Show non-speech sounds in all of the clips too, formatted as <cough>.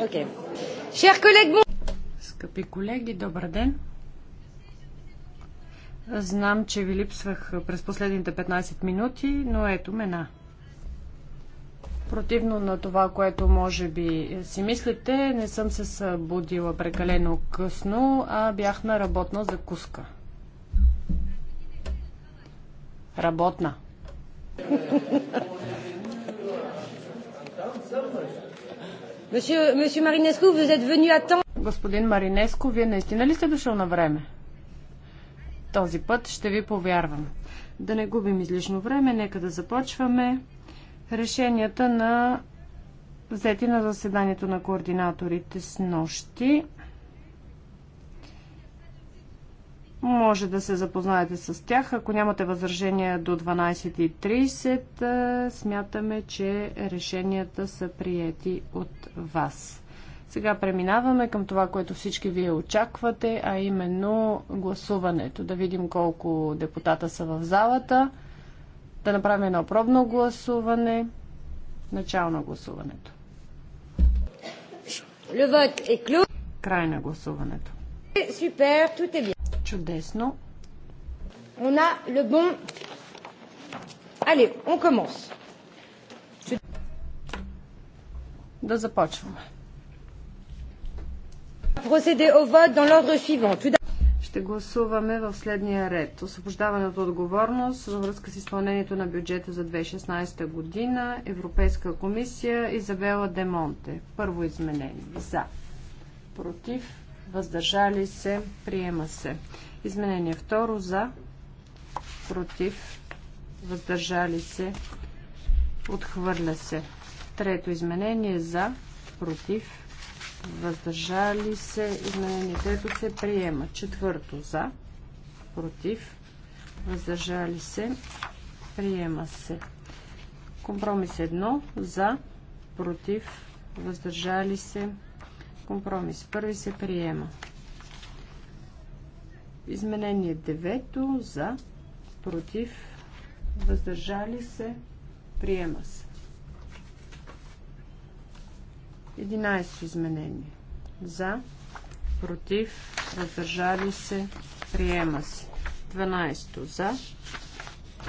Okay. Скъпи колеги, добър ден! Знам, че ви липсвах през последните 15 минути, но ето мена. Противно на това, което може би си мислите, не съм се събудила прекалено късно, а бях на работна закуска. Работна. <laughs> Господин Маринеско, вие наистина ли сте дошъл на време? Този път ще ви повярвам. Да не губим излишно време, нека да започваме решенията на взети на заседанието на координаторите с нощи. Може да се запознаете с тях. Ако нямате възражения до 12.30, е, смятаме, че решенията са приети от вас. Сега преминаваме към това, което всички вие очаквате, а именно гласуването. Да видим колко депутата са в залата. Да направим едно пробно гласуване. Начало на гласуването. Край на гласуването. Супер, тут е Чудесно. On a le bon. Allez, on commence. Да започваме. Procéder au vote dans l'ordre suivant. ще гласуваме в следния ред. Освобождаване от отговорност във връзка с изпълнението на бюджета за 2016 година, Европейска комисия, Изабела Демонте. Първо изменение. За. Против въздържали се, приема се. Изменение второ за, против, въздържали се, отхвърля се. Трето изменение за, против, въздържали се, изменение трето се приема. Четвърто за, против, въздържали се, приема се. Компромис едно за, против, въздържали се, приема се Компромис. Първи се приема. Изменение 9 за, против, въздържали се, приема се. 11 изменение. За, против, въздържали се, приема се. 12 за,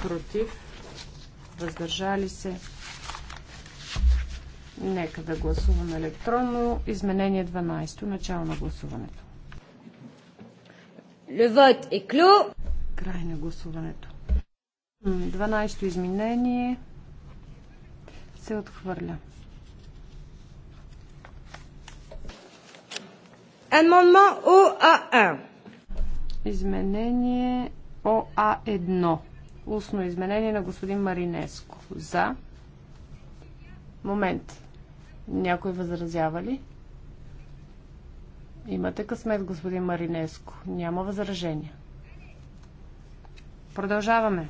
против, въздържали се, Нека да гласуваме електронно. Изменение 12. Начало на гласуването. vote е клю. Край на гласуването. 12-то изменение се отхвърля. Amendement ОА1. Изменение ОА1. Устно изменение на господин Маринеско. За. Момент. Някой възразява ли? Имате късмет, господин Маринеско. Няма възражения. Продължаваме.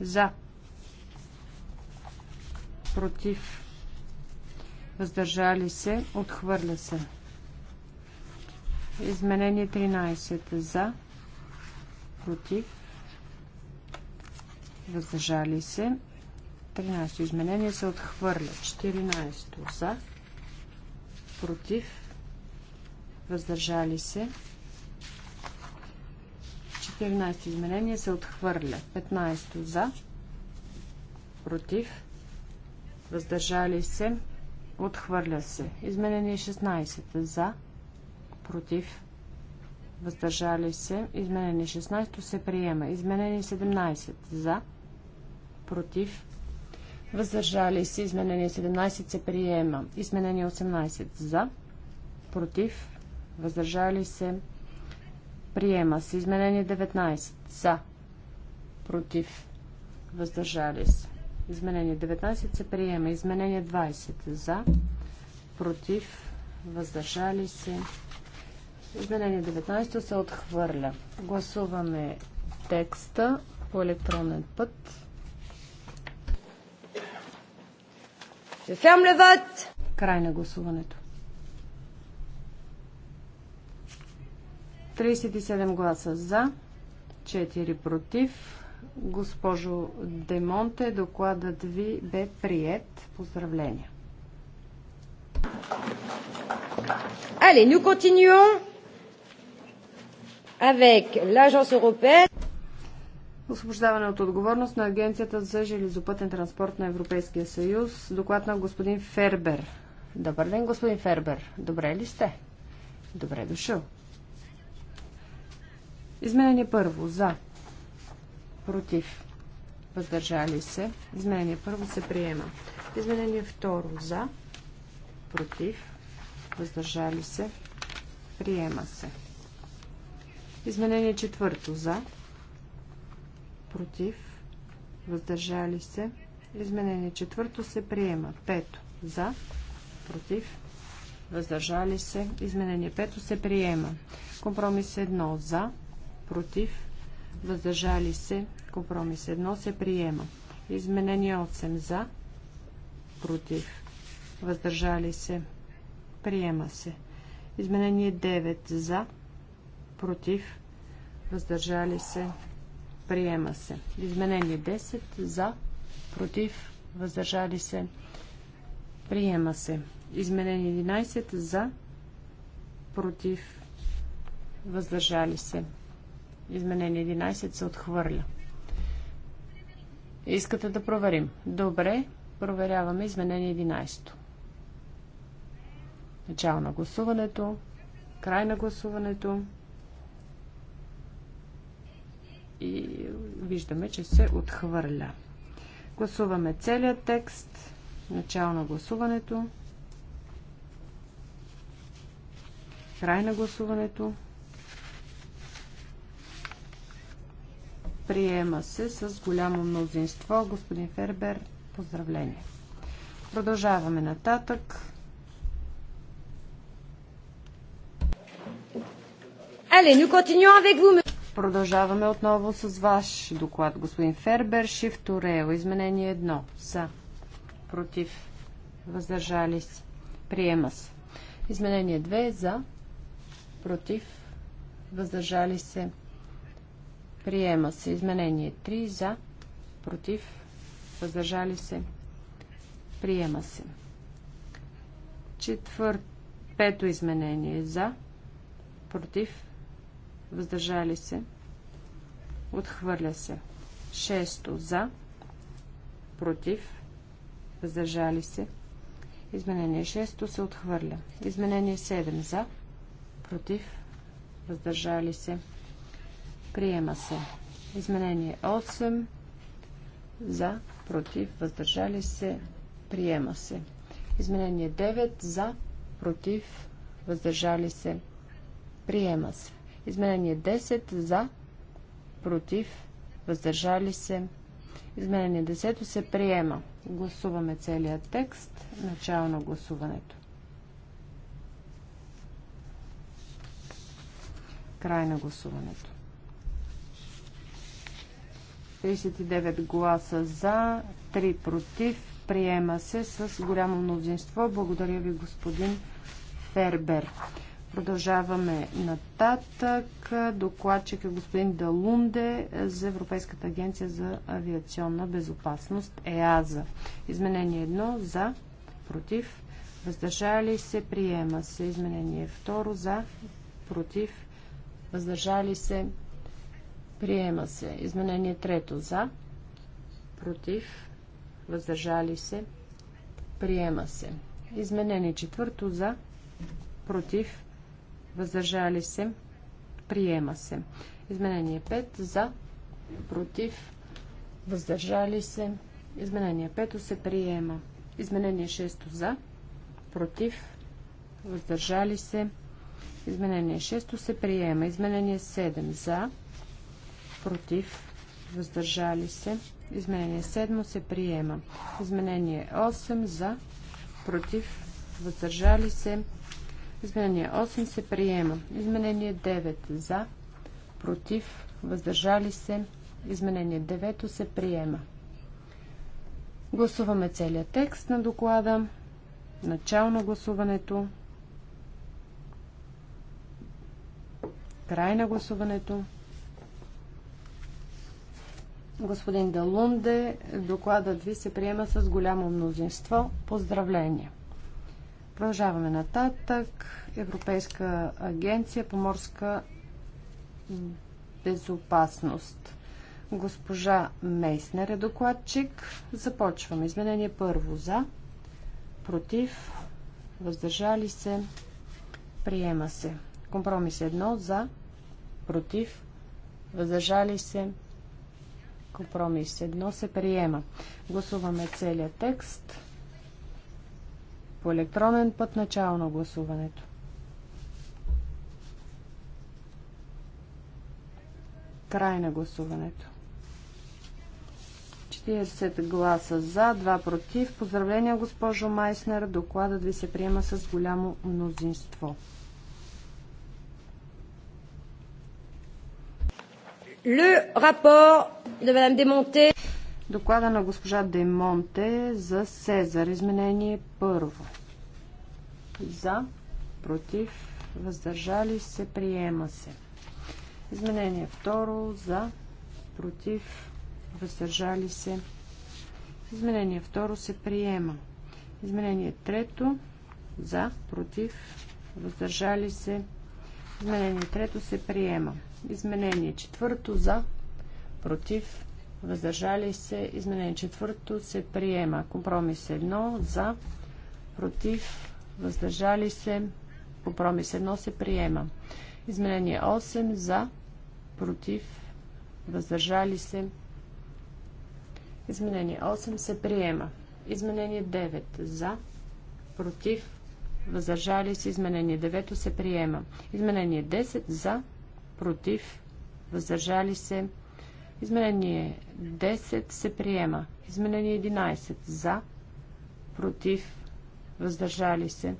За. Против. Въздържали се. Отхвърля се. Изменение 13. За. Против. Въздържали се. 13 изменение се отхвърля. 14 за, против, въздържали се. 14 изменение се отхвърля. 15 за, против, въздържали се, отхвърля се. Изменение 16 за, против, въздържали се. Изменение 16 се приема. Изменение 17 за, против, Въздържали се. Изменение 17 се приема. Изменение 18 за. Против. Въздържали се. Приема се. Изменение 19 за. Против. Въздържали се. Изменение 19 се приема. Изменение 20 за. Против. Въздържали се. Изменение 19 се отхвърля. Гласуваме текста по електронен път. Се ферм леват. Край на гласуването. 37 гласа за, 4 против. Госпожо Демонте, докладът ви бе прият. Поздравления! Allez, nous continuons avec l'Agence européenne. Освобождаване от отговорност на Агенцията за железопътен транспорт на Европейския съюз. Доклад на господин Фербер. Добър ден, господин Фербер. Добре ли сте? Добре дошъл. Изменение първо. За. Против. Въздържали се. Изменение първо се приема. Изменение второ. За. Против. Въздържали се. Приема се. Изменение четвърто. За против, въздържали се. Изменение четвърто се приема. Пето за, против, въздържали се. Изменение пето се приема. Компромис едно за, против, въздържали се. Компромис едно се приема. Изменение 8 за, против, въздържали се. Приема се. Изменение 9 за, против, въздържали се. Приема се. Изменение 10. За. Против. Въздържали се. Приема се. Изменение 11. За. Против. Въздържали се. Изменение 11 се отхвърля. Искате да проверим. Добре. Проверяваме изменение 11. Начало на гласуването. Край на гласуването. И Виждаме, че се отхвърля. Гласуваме целият текст. Начало на гласуването. Край на гласуването. Приема се с голямо мнозинство. Господин Фербер, поздравление. Продължаваме нататък. Allez, nous continuons avec vous, Продължаваме отново с ваш доклад, господин Фербер. Шифт Орео. Изменение 1. За. Против. Въздържали се. Приема се. Изменение 2. За. Против. Въздържали се. Приема се. Изменение 3. За. Против. Въздържали се. Приема се. Четвърт. Пето изменение. За. Против въздържали се, отхвърля се. 6 за, против, въздържали се. Изменение 6 се отхвърля. Изменение 7 за, против, въздържали се. Приема се. Изменение 8 за, против, въздържали се. Приема се. Изменение 9 за, против, въздържали се. Приема се. Изменение 10 за, против, въздържали се. Изменение 10 се приема. Гласуваме целият текст. Начало на гласуването. Край на гласуването. 39 гласа за, 3 против. Приема се с голямо мнозинство. Благодаря ви, господин Фербер. Продължаваме нататък. Докладчик е господин Далунде за Европейската агенция за авиационна безопасност ЕАЗа. Изменение 1 за, против, въздържали се, приема се. Изменение 2 за, против, въздържали се, приема се. Изменение 3 за, против, въздържали се, приема се. Изменение 4 за, против, въздържали се, приема се. Изменение 5 за, против, въздържали се. Изменение 5 се приема. Изменение 6 за, против, въздържали се. Изменение 6 се приема. Изменение 7 за, против, въздържали се. Изменение 7 се приема. Изменение 8 за, против, въздържали се. Изменение 8 се приема. Изменение 9 за, против, въздържали се. Изменение 9 се приема. Гласуваме целият текст на доклада. Начало на гласуването. Край на гласуването. Господин Далунде, докладът ви се приема с голямо мнозинство. Поздравления! Продължаваме нататък. Европейска агенция по морска безопасност. Госпожа Мейснер е докладчик. Започваме. Изменение първо за, против, въздържали се, приема се. Компромис едно за, против, въздържали се, компромис едно се приема. Гласуваме целият текст по електронен път начало на гласуването. Край на гласуването. 40 гласа за, 2 против. Поздравления, госпожо Майснер. Докладът ви се приема с голямо мнозинство. Le rapport de Madame Демонте Доклада на госпожа Демонте за Сезар. Изменение първо. За, против, въздържали се, приема се. Изменение второ. За, против, въздържали се. Изменение второ се приема. Изменение трето. За, против, въздържали се. Изменение трето се приема. Изменение четвърто. За, против, въздържали се. Изменение четвърто се приема. Компромис едно за, против, въздържали се. Компромис едно се приема. Изменение 8 за, против, въздържали се. Изменение 8 се приема. Изменение 9 за, против, въздържали се. Изменение 9 се приема. Изменение 10 за, против, въздържали се. Изменение 10 се приема. Изменение 11 за, против, въздържали се.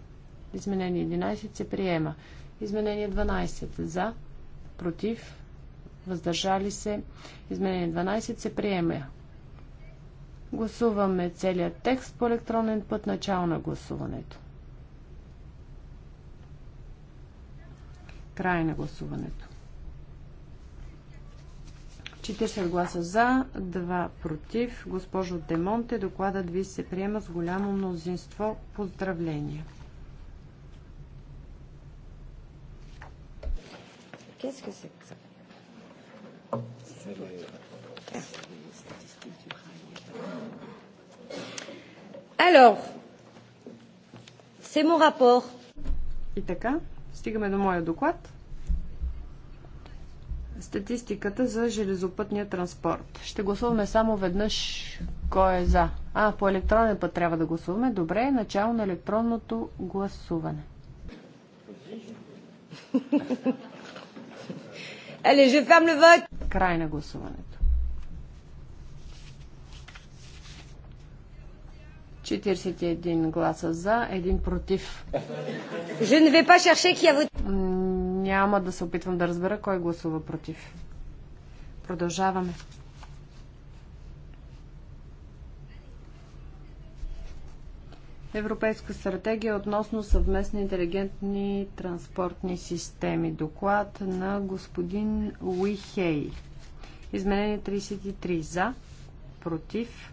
Изменение 11 се приема. Изменение 12 за, против, въздържали се. Изменение 12 се приема. Гласуваме целият текст по електронен път начало на гласуването. Край на гласуването. 40 гласа за, 2 против. Госпожо Демонте, докладът ви се приема с голямо мнозинство. Поздравления! Alors, c'est mon rapport. И така, стигаме до моя доклад статистиката за железопътния транспорт. Ще гласуваме само веднъж кой е за. А, по електронен път трябва да гласуваме. Добре, начало на електронното гласуване. Еле, je ferme Край на гласуването. 41 гласа за, 1 против. Je ne vais pas chercher qui a voté. Няма да се опитвам да разбера кой гласува против. Продължаваме. Европейска стратегия относно съвместни интелигентни транспортни системи. Доклад на господин Уихей. Изменение 33 за, против,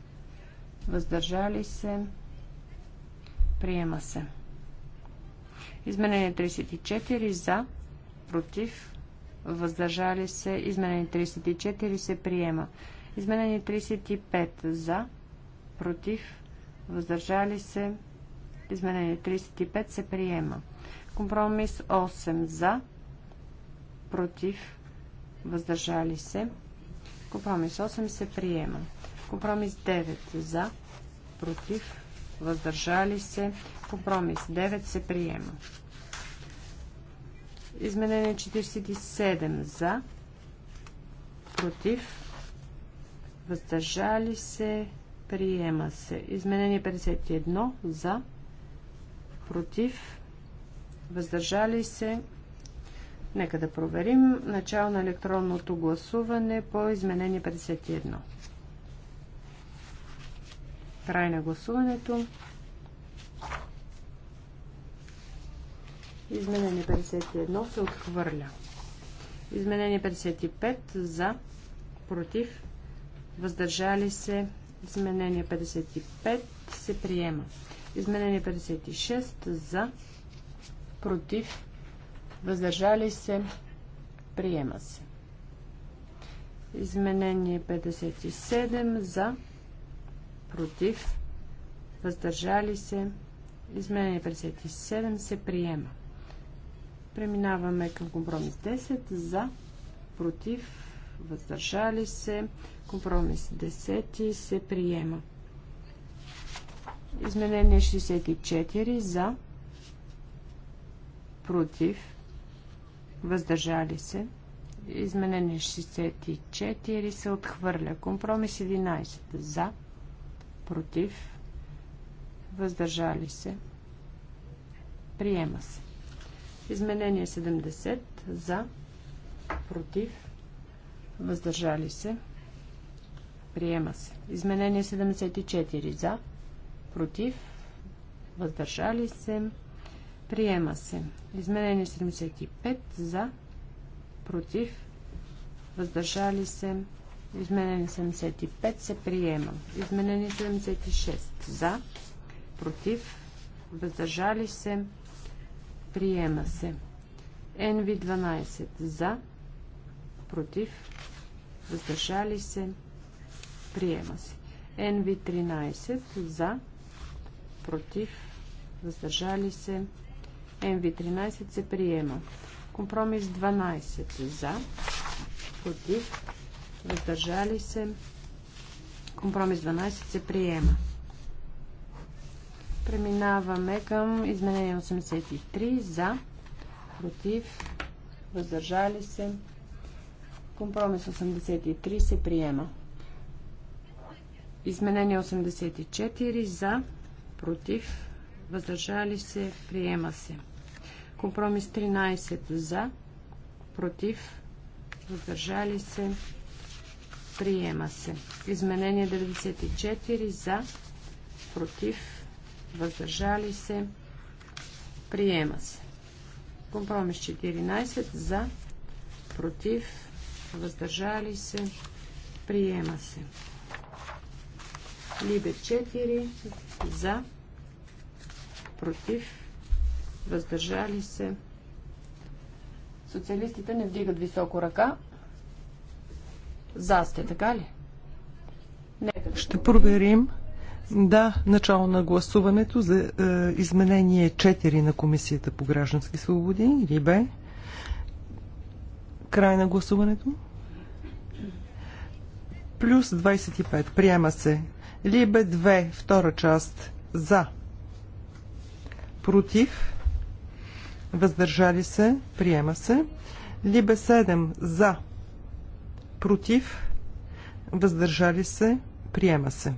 въздържали се, приема се. Изменение 34 за, против, въздържали се, изменени 34 се приема. Изменени 35 за, против, въздържали се, изменени 35 се приема. Компромис 8 за, против, въздържали се. Компромис 8 се приема. Компромис 9 за, против, въздържали се. Компромис 9 се приема. Изменение 47 за, против, въздържали се, приема се. Изменение 51 за, против, въздържали се. Нека да проверим начало на електронното гласуване по изменение 51. Край на гласуването. Изменение 51 се отхвърля. Изменение 55 за, против, въздържали се. Изменение 55 се приема. Изменение 56 за, против, въздържали се, приема се. Изменение 57 за, против, въздържали се. Изменение 57 се приема. Преминаваме към компромис 10 за, против, въздържали се. Компромис 10 се приема. Изменение 64 за, против, въздържали се. Изменение 64 се отхвърля. Компромис 11 за, против, въздържали се. Приема се. Изменение 70 за, против, въздържали се, приема се. Изменение 74 за, против, въздържали се, приема се. Изменение 75 за, против, въздържали се, изменение 75 се приема. Изменение 76 за, против, въздържали се, приема се. Приема се. НВ 12 за. Против. Въздържали се. Приема се. НВ 13 за. Против. Въздържали се. НВ 13 се приема. Компромис 12 за. Против. Въздържали се. Компромис 12 се приема. Преминаваме към изменение 83 за, против, въздържали се. Компромис 83 се приема. Изменение 84 за, против, въздържали се, приема се. Компромис 13 за, против, въздържали се, приема се. Изменение 94 за, против, въздържали се, приема се. Компромис 14 за, против, въздържали се, приема се. Либе 4 за, против, въздържали се. Социалистите не вдигат високо ръка. За сте, така ли? Не. Ще проверим. Да, начало на гласуването за е, изменение 4 на Комисията по граждански свободи, РИБЕ. Край на гласуването. Плюс 25. Приема се. Либе 2, втора част. За. Против. Въздържали се. Приема се. Либе 7. За. Против. Въздържали се. Приема се.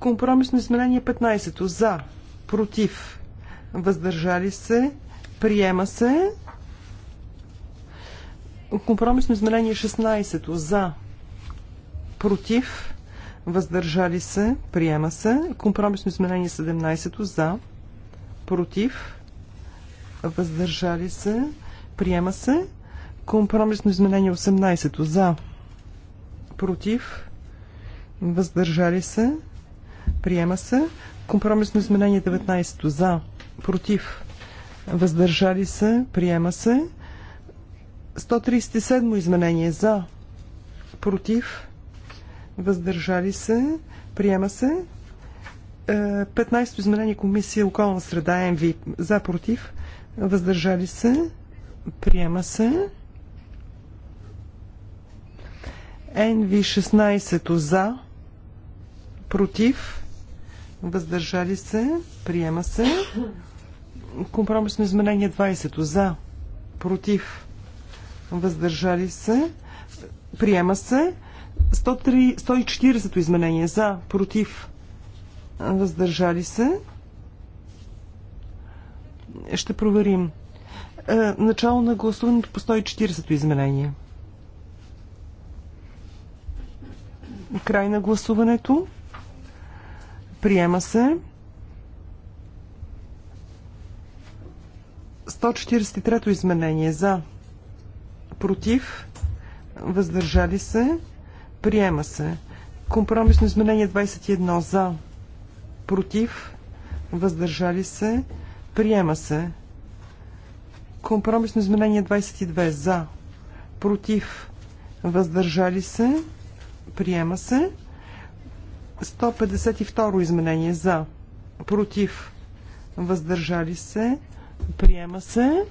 Компромисно изменение 15 за, против, въздържали се, приема се. Компромисно изменение 16 за, против, въздържали се, приема се. Компромисно изменение 17 за, против, въздържали се, приема се. Компромисно изменение 18 за, против, въздържали се, Приема се. Компромисно изменение 19 за. Против. Въздържали се. Приема се. 137 изменение за. Против. Въздържали се. Приема се. 15 е, изменение комисия околна среда МВ за против. Въздържали се. Приема се. НВ 16 за. Против въздържали се, приема се. Компромисно изменение 20 за, против, въздържали се, приема се. 140 140 изменение за, против, въздържали се. Ще проверим. Е, начало на гласуването по 140 изменение. Край на гласуването. Приема се. 143-то изменение за против, въздържали се, приема се. Компромисно изменение 21 за против, въздържали се, приема се. Компромисно изменение 22 за против, въздържали се, приема се. 152 изменение за, против, въздържали се, приема се.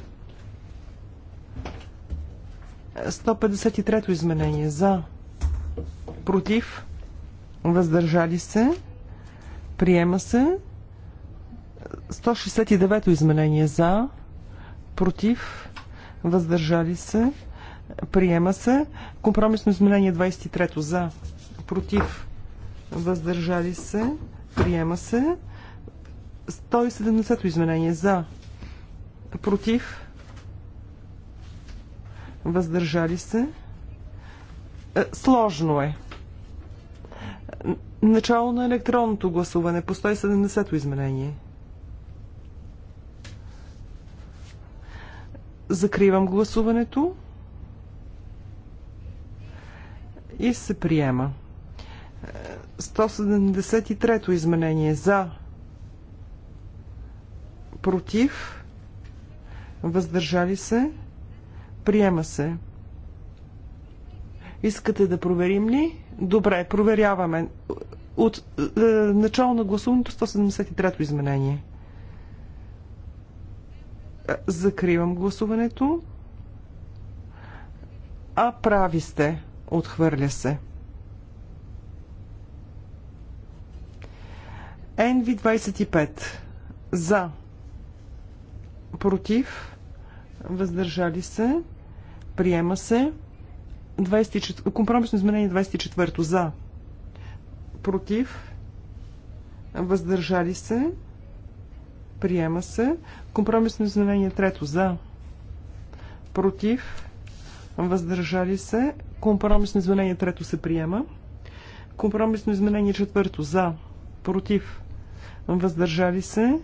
153 изменение за, против, въздържали се, приема се. 169 изменение за, против, въздържали се, приема се. Компромисно изменение 23 за, против, въздържали се, приема се. 170-то изменение за, против, въздържали се. Е, сложно е. Начало на електронното гласуване по 170-то изменение. Закривам гласуването и се приема. 173-то изменение за против въздържали се приема се искате да проверим ли? Добре, проверяваме от е, начало на гласуването 173-то изменение е, закривам гласуването а прави сте отхвърля се NV25 за против въздържали се приема се 24, компромисно изменение 24 за против въздържали се приема се компромисно изменение 3 за против въздържали се компромисно изменение 3 се приема компромисно изменение 4 за против въздържали се.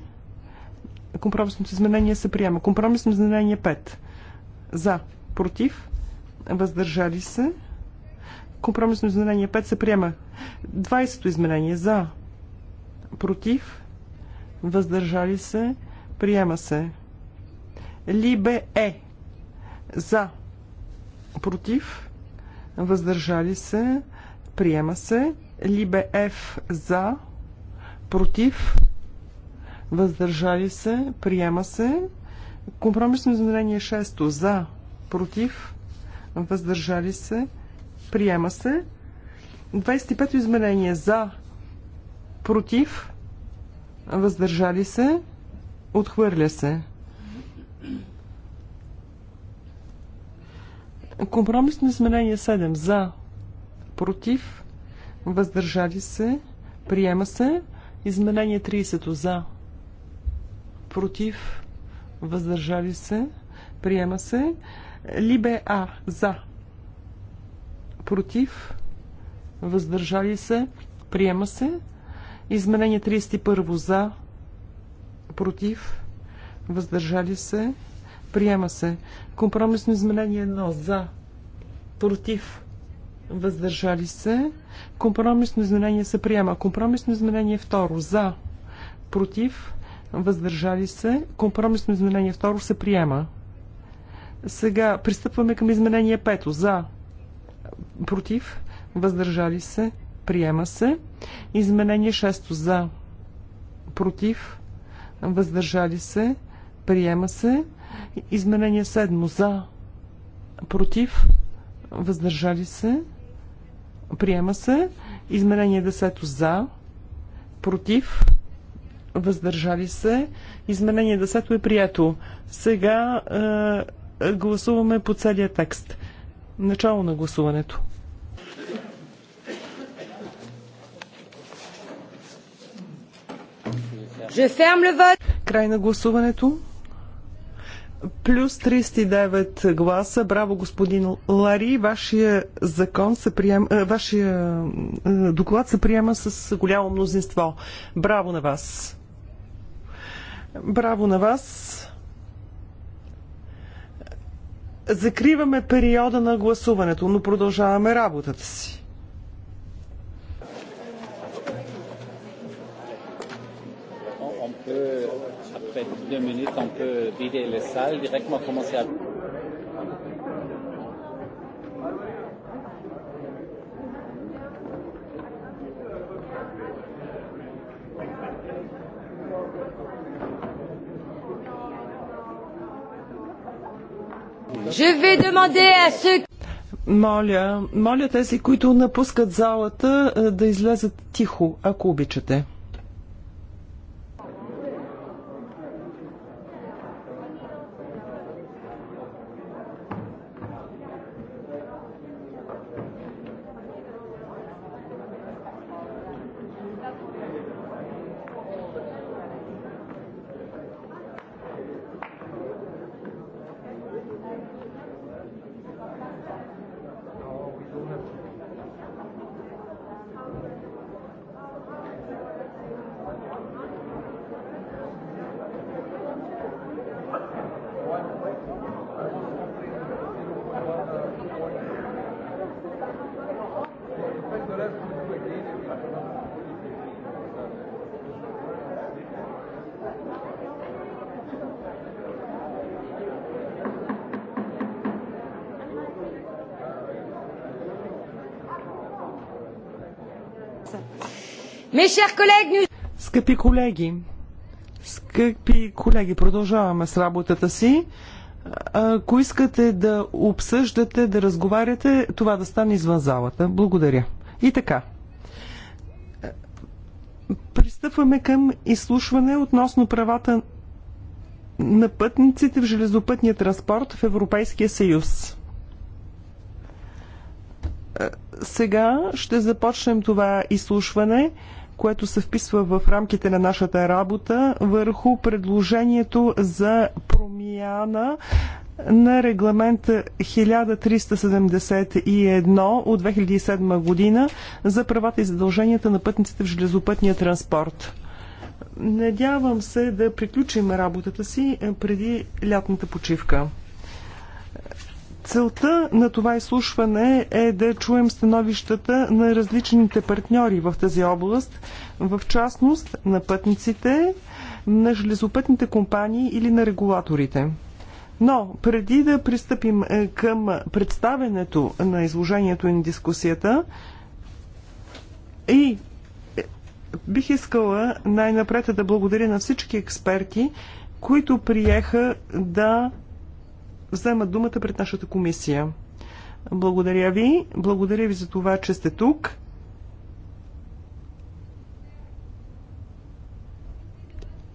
Компромисното изменение се приема. Компромисно изменение 5. За, против, въздържали се. Компромисно изменение 5 се приема. 20-то изменение за, против, въздържали се, приема се. Либе е за, против, въздържали се, приема се. Либе Ф за, против, въздържали се, приема се. Компромисно измерение 6 за, против, въздържали се, приема се. 25-то измерение за, против, въздържали се, отхвърля се. Компромисно изменение 7 за, против, въздържали се, приема се. Изменение 30 за. Против. Въздържали се. Приема се. Либе А. За. Против. Въздържали се. Приема се. Изменение 31 за. Против. Въздържали се. Приема се. Компромисно изменение 1 за. Против въздържали се. Компромисно изменение се приема. Компромисно изменение второ за, против, въздържали се. Компромисно изменение второ се приема. Сега пристъпваме към изменение пето. За, против, въздържали се, приема се. Изменение 6 за, против, въздържали се, приема се. Изменение 7 за, против, въздържали се, Приема се. Измерение 10 за. Против. Въздържали се. Измерение 10 е прието. Сега е, е, гласуваме по целия текст. Начало на гласуването. Край на гласуването. Плюс 309 гласа. Браво, господин Лари. Вашия закон се приема, е, вашия е, доклад се приема с голямо мнозинство. Браво на вас. Браво на вас. Закриваме периода на гласуването, но продължаваме работата си. Е, fait deux minutes, on peut vider les salles, directement commencer à... Je vais demander à ceux... Моля, моля тези, които напускат залата, да излезат тихо, ако обичате. Скъпи колеги, скъпи колеги, продължаваме с работата си. Ако искате да обсъждате, да разговаряте, това да стане извън залата. Благодаря. И така. Пристъпваме към изслушване относно правата на пътниците в железопътния транспорт в Европейския съюз. Сега ще започнем това изслушване което се вписва в рамките на нашата работа върху предложението за промяна на регламент 1371 от 2007 година за правата и задълженията на пътниците в железопътния транспорт. Надявам се да приключим работата си е, преди лятната почивка. Целта на това изслушване е да чуем становищата на различните партньори в тази област, в частност на пътниците, на железопътните компании или на регулаторите. Но преди да пристъпим е, към представенето на изложението и на дискусията, и е, бих искала най-напред да благодаря на всички експерти, които приеха да вземат думата пред нашата комисия. Благодаря ви. Благодаря ви за това, че сте тук.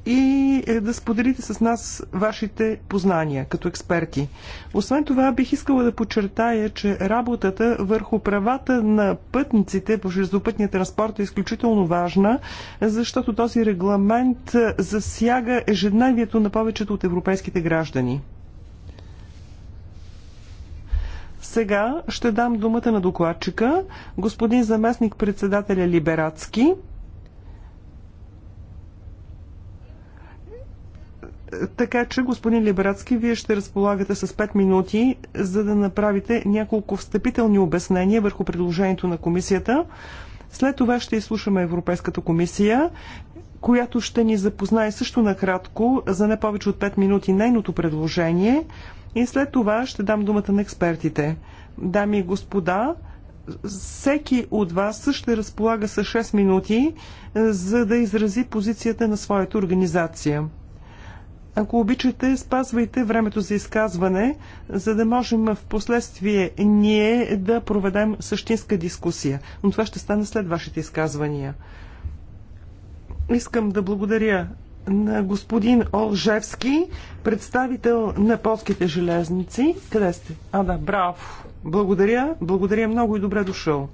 и е, да споделите с нас вашите познания като експерти. Освен това, бих искала да подчертая, че работата върху правата на пътниците по железопътния транспорт е изключително важна, защото този регламент засяга ежедневието на повечето от европейските граждани. Сега ще дам думата на докладчика, господин заместник председателя Либерацки. Така че, господин Либерацки, вие ще разполагате с 5 минути, за да направите няколко встъпителни обяснения върху предложението на комисията. След това ще изслушаме Европейската комисия, която ще ни запознае също накратко, за не повече от 5 минути, нейното предложение – и след това ще дам думата на експертите. Дами и господа, всеки от вас ще разполага с 6 минути, за да изрази позицията на своята организация. Ако обичате, спазвайте времето за изказване, за да можем в последствие ние да проведем същинска дискусия. Но това ще стане след вашите изказвания. Искам да благодаря на господин Олжевски, представител на полските железници. Къде сте? А, да, браво! Благодаря, благодаря много и добре дошъл.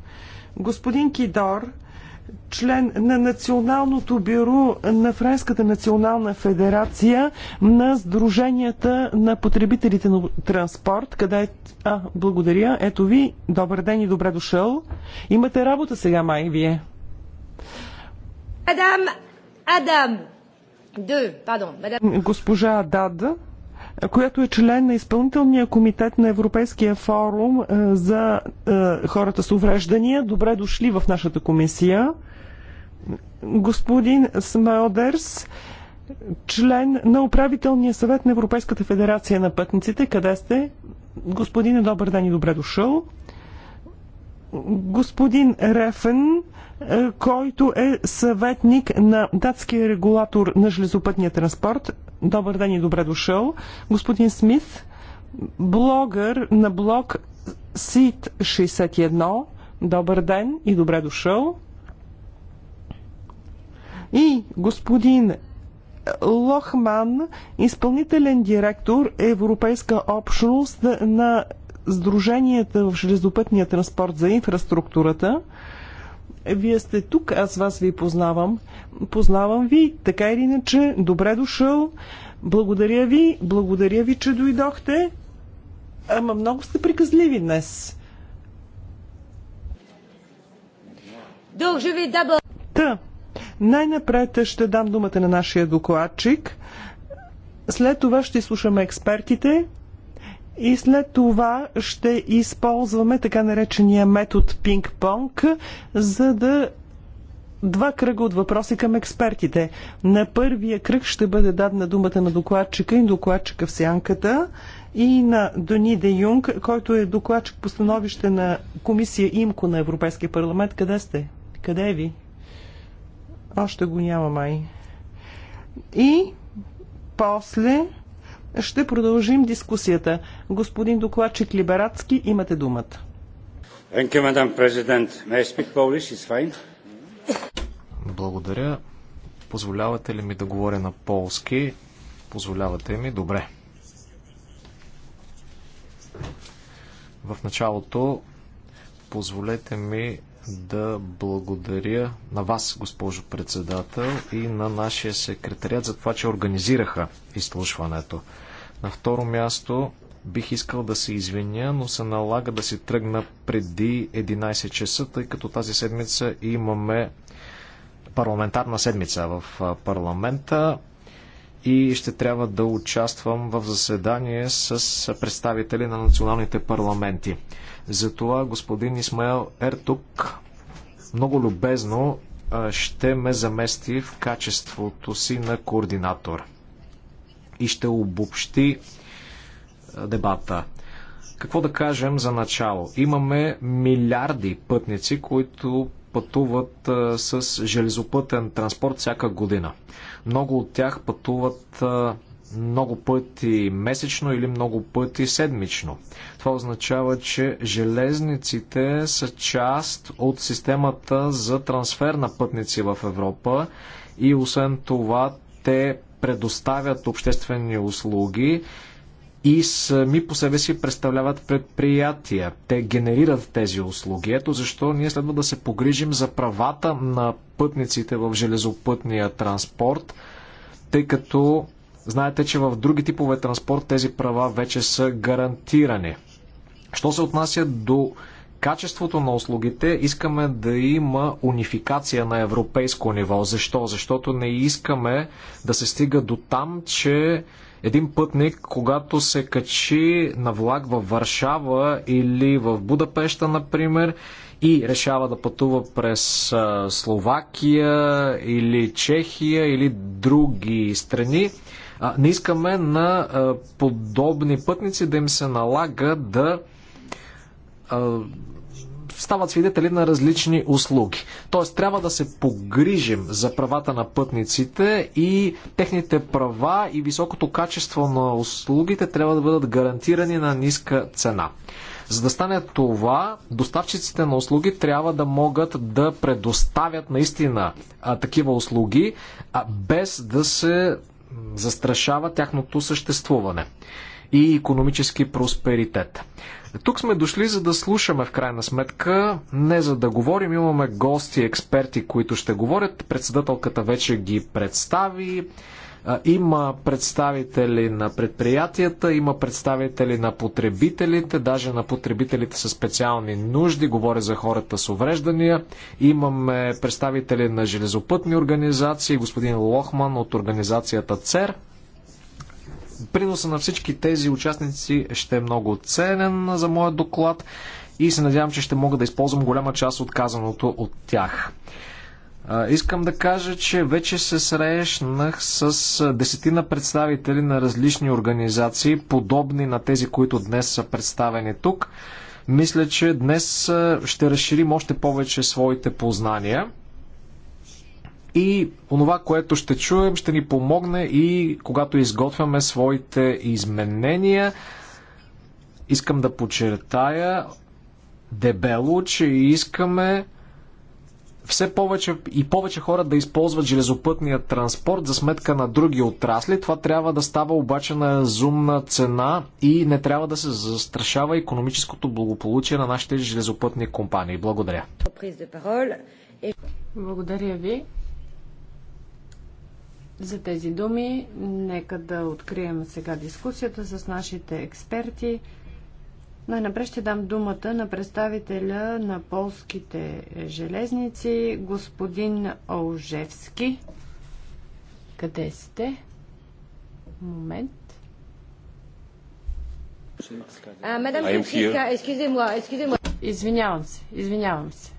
Господин Кидор, член на Националното бюро на Френската национална федерация на Сдруженията на потребителите на транспорт, къде е... А, благодаря. Ето ви. Добър ден и добре дошъл. Имате работа сега, май, вие. Адам! Адам! Госпожа Дада, която е член на изпълнителния комитет на Европейския форум е, за е, хората с увреждания. Добре дошли в нашата комисия. Господин Смалдерс, член на управителния съвет на Европейската федерация на пътниците. Къде сте? е добър ден и добре дошъл. Господин Рефен, е, който е съветник на датския регулатор на железопътния транспорт. Добър ден и добре дошъл. Господин Смит, блогър на блог СИТ 61. Добър ден и добре дошъл. И господин Лохман, изпълнителен директор Европейска общност на Сдруженията в железопътния транспорт за инфраструктурата. Вие сте тук, аз вас ви познавам. Познавам ви, така или иначе. Добре дошъл. Благодаря ви, благодаря ви, че дойдохте. Ама много сте приказливи днес. Та, най-напред ще дам думата на нашия докладчик. След това ще слушаме експертите и след това ще използваме така наречения метод пинг-понг, за да два кръга от въпроси към експертите. На първия кръг ще бъде дадена думата на докладчика и докладчика в сянката и на Дони Де Юнг, който е докладчик по становище на комисия ИМКО на Европейския парламент. Къде сте? Къде е ви? Още го няма май. И после ще продължим дискусията. Господин докладчик Либератски имате думата. Благодаря. Позволявате ли ми да говоря на полски? Позволявате ми? Добре. В началото позволете ми да благодаря на вас, госпожо председател, и на нашия секретарят за това, че организираха изслушването. На второ място бих искал да се извиня, но се налага да си тръгна преди 11 часа, тъй като тази седмица имаме парламентарна седмица в парламента и ще трябва да участвам в заседание с представители на националните парламенти. Затова господин Исмаел Ертук много любезно ще ме замести в качеството си на координатор и ще обобщи дебата. Какво да кажем за начало? Имаме милиарди пътници, които пътуват с железопътен транспорт всяка година. Много от тях пътуват много пъти месечно или много пъти седмично. Това означава, че железниците са част от системата за трансфер на пътници в Европа и освен това те предоставят обществени услуги и сами по себе си представляват предприятия. Те генерират тези услуги. Ето защо ние следва да се погрижим за правата на пътниците в железопътния транспорт, тъй като знаете, че в други типове транспорт тези права вече са гарантирани. Що се отнася до качеството на услугите, искаме да има унификация на европейско ниво. Защо? Защото не искаме да се стига до там, че един пътник, когато се качи на влак във Варшава или в Будапеща, например, и решава да пътува през Словакия или Чехия или други страни, не искаме на подобни пътници да им се налага да стават свидетели на различни услуги. Тоест трябва да се погрижим за правата на пътниците и техните права и високото качество на услугите трябва да бъдат гарантирани на ниска цена. За да стане това, доставчиците на услуги трябва да могат да предоставят наистина а, такива услуги, а, без да се застрашава тяхното съществуване и економически просперитет. Тук сме дошли за да слушаме в крайна сметка, не за да говорим. Имаме гости, експерти, които ще говорят. Председателката вече ги представи. Има представители на предприятията, има представители на потребителите, даже на потребителите с специални нужди, говоря за хората с увреждания. Имаме представители на железопътни организации, господин Лохман от организацията ЦЕР Приноса на всички тези участници ще е много ценен за моят доклад и се надявам, че ще мога да използвам голяма част от казаното от тях. Искам да кажа, че вече се срещнах с десетина представители на различни организации, подобни на тези, които днес са представени тук. Мисля, че днес ще разширим още повече своите познания. И онова, което ще чуем, ще ни помогне и когато изготвяме своите изменения. Искам да подчертая дебело, че искаме все повече и повече хора да използват железопътния транспорт за сметка на други отрасли. Това трябва да става обаче на разумна цена и не трябва да се застрашава економическото благополучие на нашите железопътни компании. Благодаря. Благодаря ви за тези думи. Нека да открием сега дискусията с нашите експерти. Най-напред ще дам думата на представителя на полските железници, господин Олжевски. Къде сте? Момент. Извинявам се, извинявам се,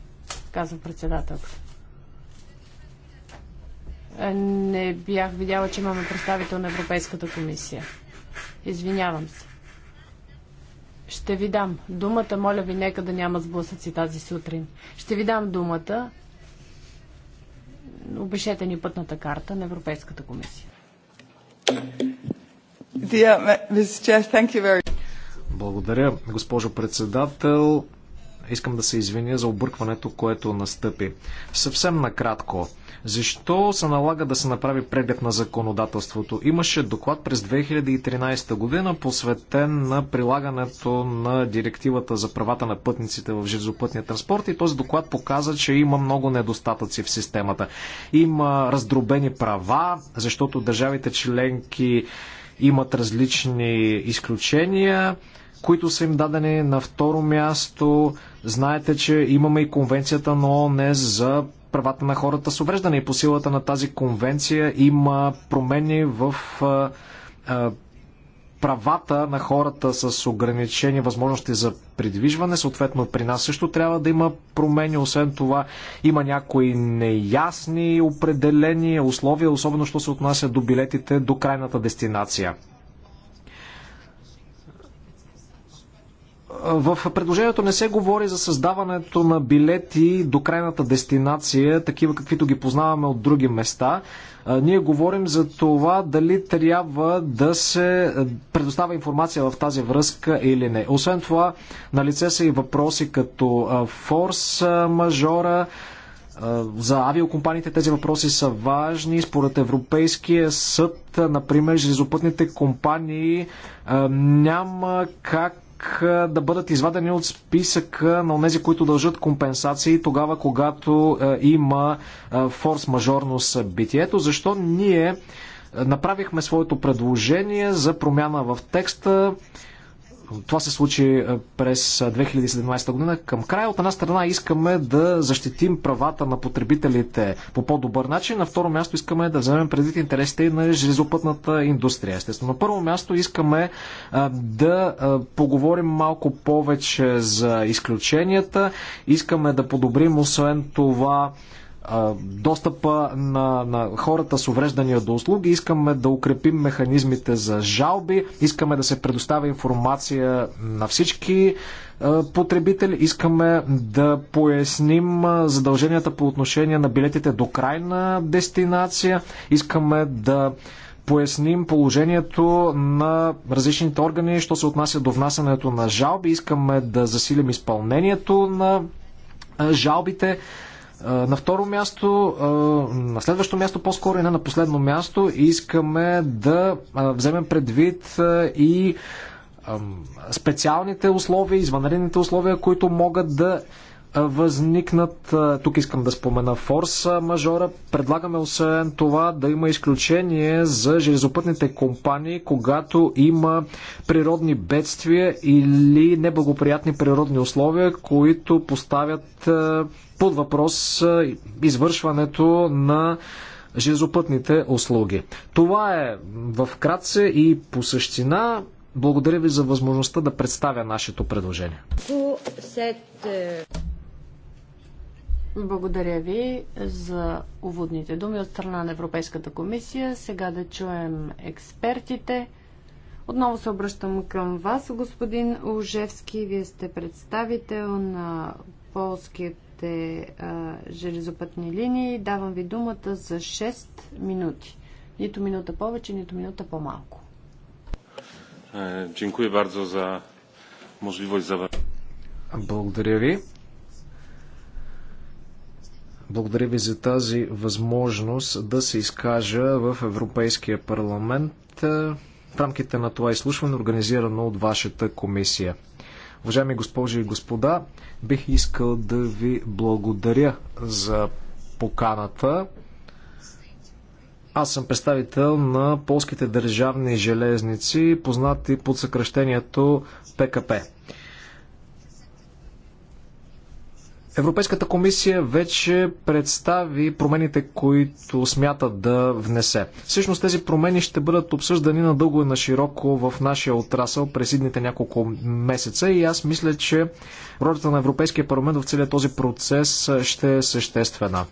казва председателката. Не бях видяла, че имаме представител на Европейската комисия. Извинявам се. Ще ви дам думата. Моля ви, нека да няма сблъсъци тази сутрин. Ще ви дам думата. Обещете ни пътната карта на Европейската комисия. Благодаря, госпожо председател. Искам да се извиня за объркването, което настъпи. Съвсем накратко. Защо се налага да се направи преглед на законодателството? Имаше доклад през 2013 година, посветен на прилагането на директивата за правата на пътниците в железопътния транспорт и този доклад показа, че има много недостатъци в системата. Има раздробени права, защото държавите членки имат различни изключения които са им дадени. На второ място, знаете, че имаме и конвенцията на ООН за правата на хората с увреждане и по силата на тази конвенция има промени в правата на хората с ограничени възможности за придвижване. Съответно, при нас също трябва да има промени. Освен това, има някои неясни определени условия, особено що се отнася до билетите до крайната дестинация. В предложението не се говори за създаването на билети до крайната дестинация, такива каквито ги познаваме от други места. Ние говорим за това дали трябва да се предоставя информация в тази връзка или не. Освен това, на лице са и въпроси като форс мажора, за авиокомпаниите тези въпроси са важни. Според Европейския съд, например, железопътните компании няма как да бъдат извадени от списъка на тези, които дължат компенсации тогава, когато има форс-мажорно събитие. Ето защо ние направихме своето предложение за промяна в текста това се случи е, през 2017 е, година. Към края от една страна искаме да защитим правата на потребителите по по-добър начин, на второ място искаме да вземем предвид интересите на железопътната индустрия. Естествено, на първо място искаме е, да поговорим малко повече за изключенията, искаме да подобрим освен това достъпа на, на хората с увреждания до услуги, искаме да укрепим механизмите за жалби, искаме да се предоставя информация на всички потребители, искаме да поясним задълженията по отношение на билетите до крайна дестинация, искаме да поясним положението на различните органи, що се отнася до внасянето на жалби, искаме да засилим изпълнението на жалбите. На второ място, на следващо място, по-скоро и не на последно място, искаме да вземем предвид и специалните условия, извънредните условия, които могат да възникнат, тук искам да спомена форса мажора, предлагаме освен това да има изключение за железопътните компании, когато има природни бедствия или неблагоприятни природни условия, които поставят под въпрос извършването на железопътните услуги. Това е в кратце и по същина. Благодаря ви за възможността да представя нашето предложение. Благодаря ви за уводните думи от страна на Европейската комисия. Сега да чуем експертите. Отново се обръщам към вас, господин Олжевски. Вие сте представител на полският новите а, железопътни линии. Давам ви думата за 6 минути. Нито минута повече, нито минута по-малко. Dziękuję е, bardzo Благодаря ви. Благодаря ви за тази възможност да се изкажа в Европейския парламент е, в рамките на това изслушване, организирано от вашата комисия. Уважаеми госпожи и господа, бих искал да ви благодаря за поканата. Аз съм представител на полските държавни железници, познати под съкръщението ПКП. Европейската комисия вече представи промените, които смята да внесе. Всъщност тези промени ще бъдат обсъждани надълго и на широко в нашия отрасъл през идните няколко месеца и аз мисля, че ролята на Европейския парламент в целият този процес ще е съществена.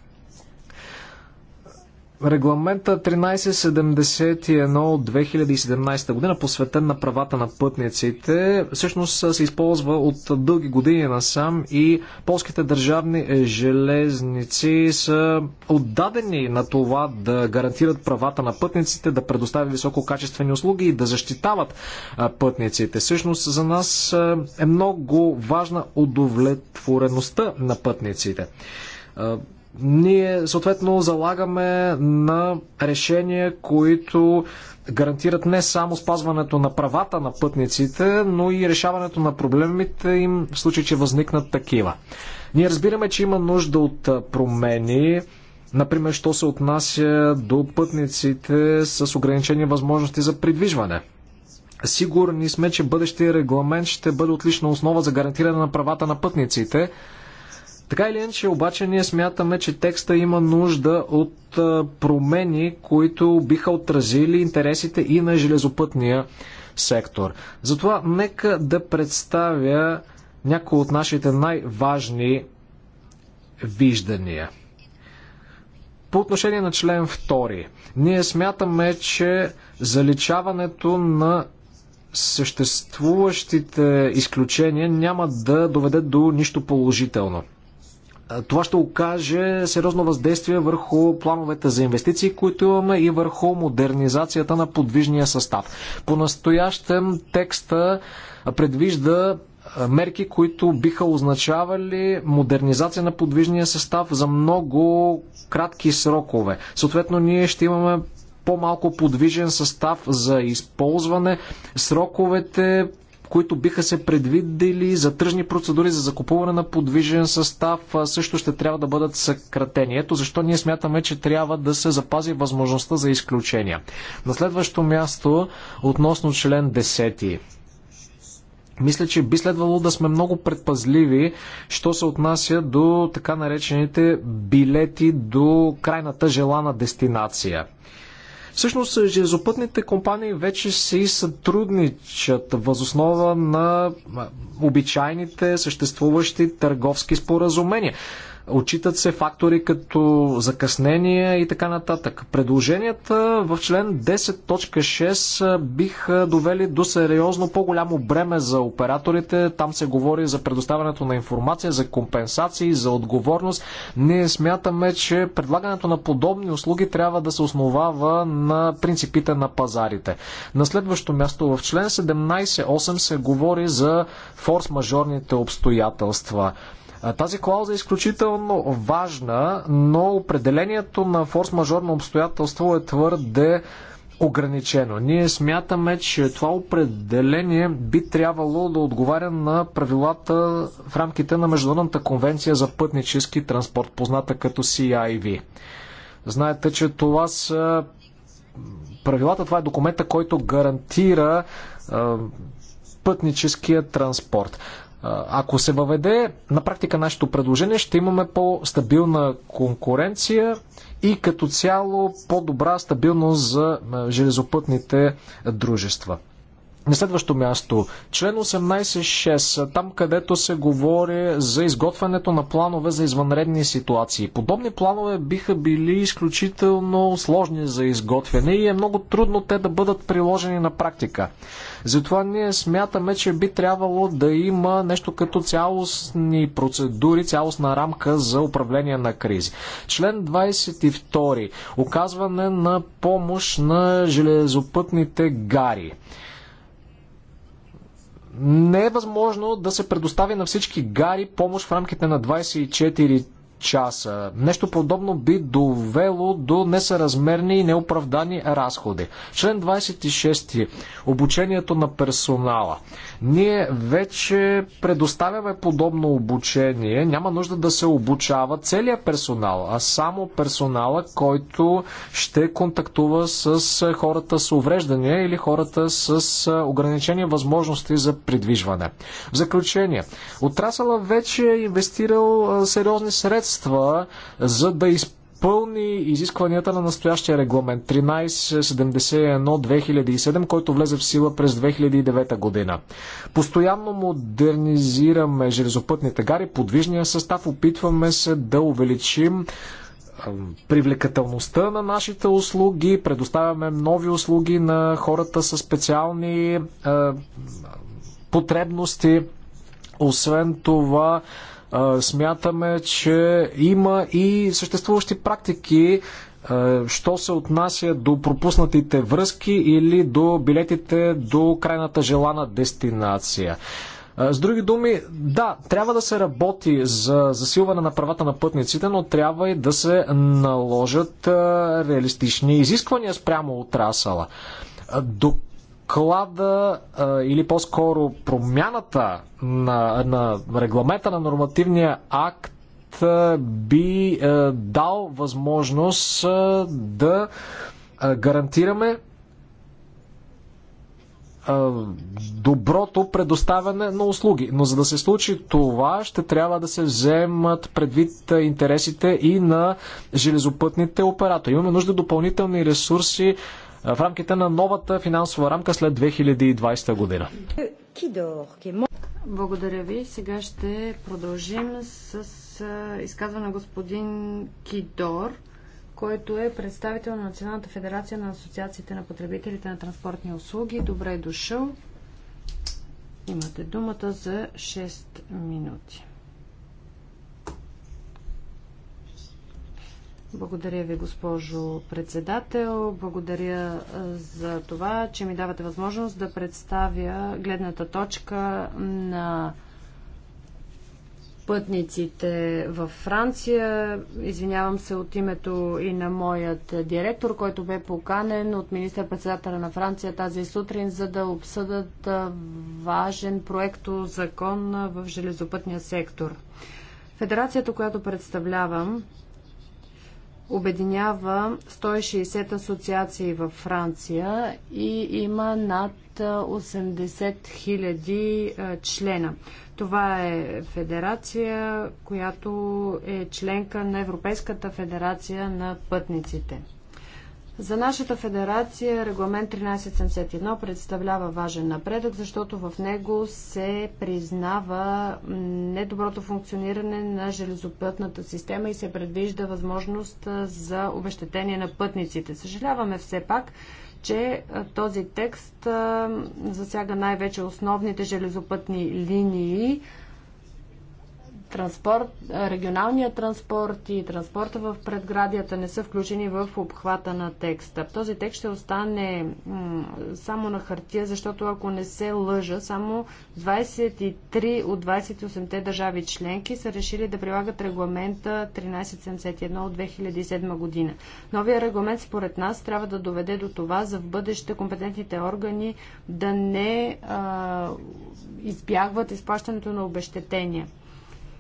Регламента 1371 от 2017 година, посветен на правата на пътниците, всъщност се използва от дълги години насам и полските държавни железници са отдадени на това да гарантират правата на пътниците, да предоставят висококачествени услуги и да защитават пътниците. Всъщност за нас е много важна удовлетвореността на пътниците ние съответно залагаме на решения, които гарантират не само спазването на правата на пътниците, но и решаването на проблемите им в случай, че възникнат такива. Ние разбираме, че има нужда от промени, например, що се отнася до пътниците с ограничени възможности за придвижване. Сигурни сме, че бъдещия регламент ще бъде отлична основа за гарантиране на правата на пътниците – така или иначе, обаче ние смятаме, че текста има нужда от промени, които биха отразили интересите и на железопътния сектор. Затова нека да представя някои от нашите най-важни виждания. По отношение на член 2, ние смятаме, че заличаването на съществуващите изключения няма да доведе до нищо положително това ще окаже сериозно въздействие върху плановете за инвестиции, които имаме и върху модернизацията на подвижния състав. По настоящем текста предвижда мерки, които биха означавали модернизация на подвижния състав за много кратки срокове. Съответно, ние ще имаме по-малко подвижен състав за използване. Сроковете които биха се предвидели за тръжни процедури за закупуване на подвижен състав, също ще трябва да бъдат съкратени. Ето защо ние смятаме, че трябва да се запази възможността за изключения. На следващо място, относно член 10. Мисля, че би следвало да сме много предпазливи, що се отнася до така наречените билети до крайната желана дестинация. Всъщност, железопътните компании вече си сътрудничат възоснова на обичайните съществуващи търговски споразумения. Отчитат се фактори като закъснения и така нататък. Предложенията в член 10.6 биха довели до сериозно по-голямо бреме за операторите. Там се говори за предоставянето на информация, за компенсации, за отговорност. Ние смятаме, че предлагането на подобни услуги трябва да се основава на принципите на пазарите. На следващо място в член 17.8 се говори за форс-мажорните обстоятелства. Тази клауза е изключително важна, но определението на форс-мажорно обстоятелство е твърде ограничено. Ние смятаме, че това определение би трябвало да отговаря на правилата в рамките на Международната конвенция за пътнически транспорт, позната като CIV. Знаете, че това са правилата, това е документа, който гарантира пътническия транспорт. Ако се въведе на практика нашето предложение, ще имаме по-стабилна конкуренция и като цяло по-добра стабилност за железопътните дружества. На следващо място, член 18.6, там където се говори за изготвянето на планове за извънредни ситуации. Подобни планове биха били изключително сложни за изготвяне и е много трудно те да бъдат приложени на практика. Затова ние смятаме, че би трябвало да има нещо като цялостни процедури, цялостна рамка за управление на кризи. Член 22. Оказване на помощ на железопътните гари не е възможно да се предостави на всички гари помощ в рамките на 24 часа. Нещо подобно би довело до несъразмерни и неоправдани разходи. Член 26. Обучението на персонала. Ние вече предоставяме подобно обучение. Няма нужда да се обучава целият персонал, а само персонала, който ще контактува с хората с увреждания или хората с ограничени възможности за придвижване. В заключение, отрасъла вече е инвестирал сериозни средства средства, за да изпълни изискванията на настоящия регламент 1371-2007, който влезе в сила през 2009 година. Постоянно модернизираме железопътните гари, подвижния състав, опитваме се да увеличим привлекателността на нашите услуги, предоставяме нови услуги на хората с специални е, потребности. Освен това, Смятаме, че има и съществуващи практики, що се отнася до пропуснатите връзки или до билетите до крайната желана дестинация. С други думи, да, трябва да се работи за засилване на правата на пътниците, но трябва и да се наложат реалистични изисквания спрямо отрасала. До доклада а, или по-скоро промяната на, на регламента на нормативния акт би е, дал възможност е, да е, гарантираме доброто предоставяне на услуги. Но за да се случи това, ще трябва да се вземат предвид интересите и на железопътните оператори. Имаме нужда допълнителни ресурси в рамките на новата финансова рамка след 2020 година. Благодаря ви. Сега ще продължим с изказване на господин Кидор, който е представител на Националната федерация на асоциациите на потребителите на транспортни услуги. Добре е дошъл. Имате думата за 6 минути. Благодаря ви, госпожо председател. Благодаря за това, че ми давате възможност да представя гледната точка на пътниците във Франция. Извинявам се от името и на моят директор, който бе поканен от министър-председателя на Франция тази сутрин, за да обсъдат важен проект закон в железопътния сектор. Федерацията, която представлявам, обединява 160 асоциации във Франция и има над 80 000 члена. Това е федерация, която е членка на Европейската федерация на пътниците. За нашата федерация регламент 1371 представлява важен напредък, защото в него се признава недоброто функциониране на железопътната система и се предвижда възможност за обещетение на пътниците. Съжаляваме все пак, че този текст засяга най-вече основните железопътни линии, транспорт, регионалният транспорт и транспорта в предградията не са включени в обхвата на текста. Този текст ще остане само на хартия, защото ако не се лъжа, само 23 от 28-те държави членки са решили да прилагат регламента 1371 от 2007 година. Новия регламент според нас трябва да доведе до това за в бъдеще компетентните органи да не а, избягват изплащането на обещетения.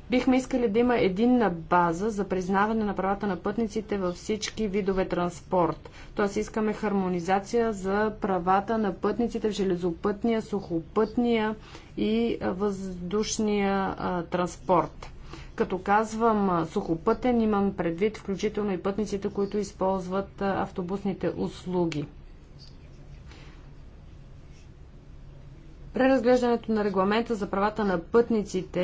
Бихме искали да има единна база за признаване на правата на пътниците във всички видове транспорт. Тоест искаме хармонизация за правата на пътниците в железопътния, сухопътния и въздушния а, транспорт. Като казвам сухопътен, имам предвид включително и пътниците, които използват автобусните услуги. Преразглеждането на регламента за правата на пътниците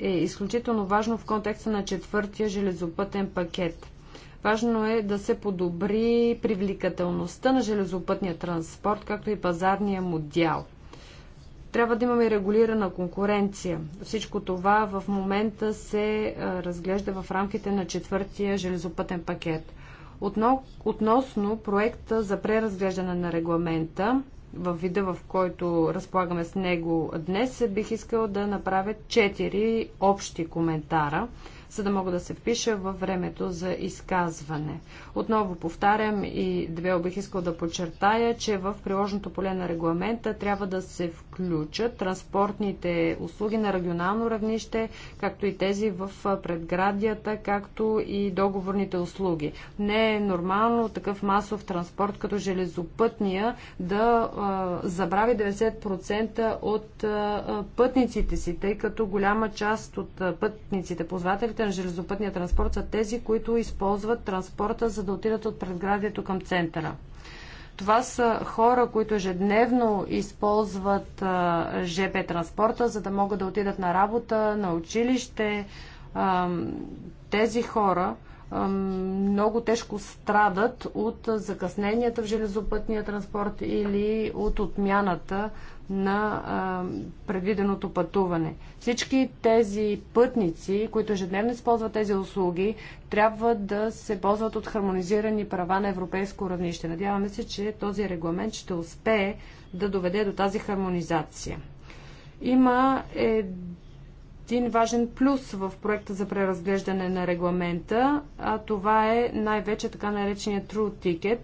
е, е изключително важно в контекста на четвъртия железопътен пакет. Важно е да се подобри привлекателността на железопътния транспорт, както и пазарния му дял. Трябва да имаме регулирана конкуренция. Всичко това в момента се е, разглежда в рамките на четвъртия железопътен пакет. Относно проекта за преразглеждане на регламента, в вида, в който разполагаме с него днес, бих искал да направя четири общи коментара за да мога да се впиша във времето за изказване. Отново повтарям и две бих искал да подчертая, че в приложното поле на регламента трябва да се включат транспортните услуги на регионално равнище, както и тези в предградията, както и договорните услуги. Не е нормално такъв масов транспорт като железопътния да а, забрави 90% от а, пътниците си, тъй като голяма част от пътниците, ползвателите служителите на железопътния транспорт са тези, които използват транспорта, за да отидат от предградието към центъра. Това са хора, които ежедневно използват ЖП транспорта, за да могат да отидат на работа, на училище. Тези хора много тежко страдат от закъсненията в железопътния транспорт или от отмяната на а, предвиденото пътуване. Всички тези пътници, които ежедневно използват тези услуги, трябва да се ползват от хармонизирани права на европейско равнище. Надяваме се, че този регламент ще успее да доведе до тази хармонизация. Има един важен плюс в проекта за преразглеждане на регламента, а това е най-вече така наречения True Ticket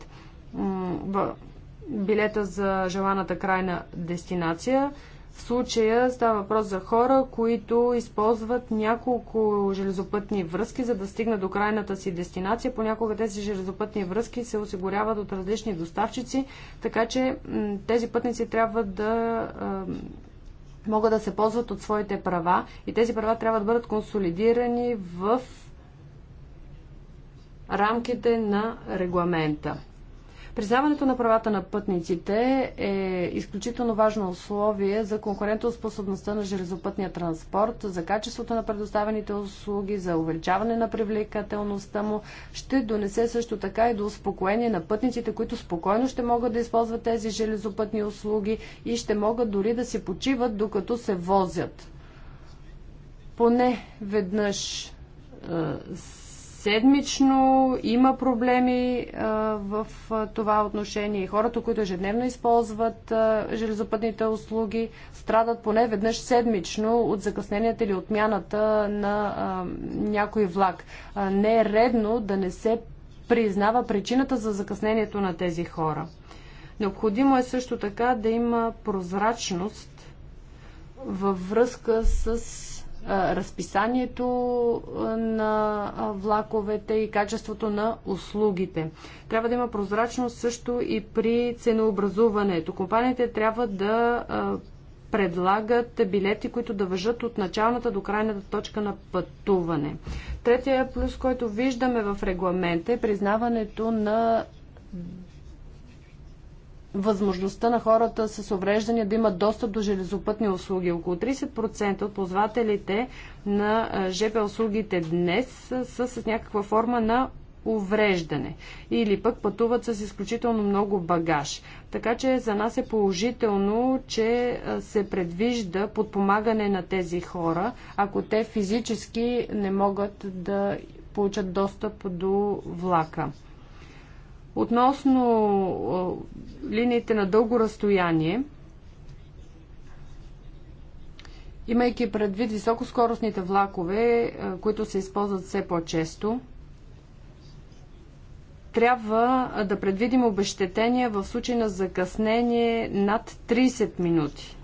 – билета за желаната крайна дестинация. В случая става въпрос за хора, които използват няколко железопътни връзки, за да стигнат до крайната си дестинация. Понякога тези железопътни връзки се осигуряват от различни доставчици, така че тези пътници трябва да могат да се ползват от своите права и тези права трябва да бъдат консолидирани в рамките на регламента. Признаването на правата на пътниците е изключително важно условие за конкурентоспособността на железопътния транспорт, за качеството на предоставените услуги, за увеличаване на привлекателността му. Ще донесе също така и до успокоение на пътниците, които спокойно ще могат да използват тези железопътни услуги и ще могат дори да се почиват докато се возят. Поне веднъж е, седмично. Има проблеми в това отношение и хората, които ежедневно използват железопътните услуги, страдат поне веднъж седмично от закъсненията или отмяната на някой влак. Не е редно да не се признава причината за закъснението на тези хора. Необходимо е също така да има прозрачност във връзка с разписанието на влаковете и качеството на услугите. Трябва да има прозрачност също и при ценообразуването. Компаниите трябва да предлагат билети, които да въжат от началната до крайната точка на пътуване. Третия плюс, който виждаме в регламента е признаването на възможността на хората с увреждания да имат достъп до железопътни услуги. Около 30% от ползвателите на ЖП услугите днес са с някаква форма на увреждане или пък пътуват с изключително много багаж. Така че за нас е положително, че се предвижда подпомагане на тези хора, ако те физически не могат да получат достъп до влака. Относно линиите на дълго разстояние, имайки предвид високоскоростните влакове, които се използват все по-често, трябва да предвидим обещетения в случай на закъснение над 30 минути.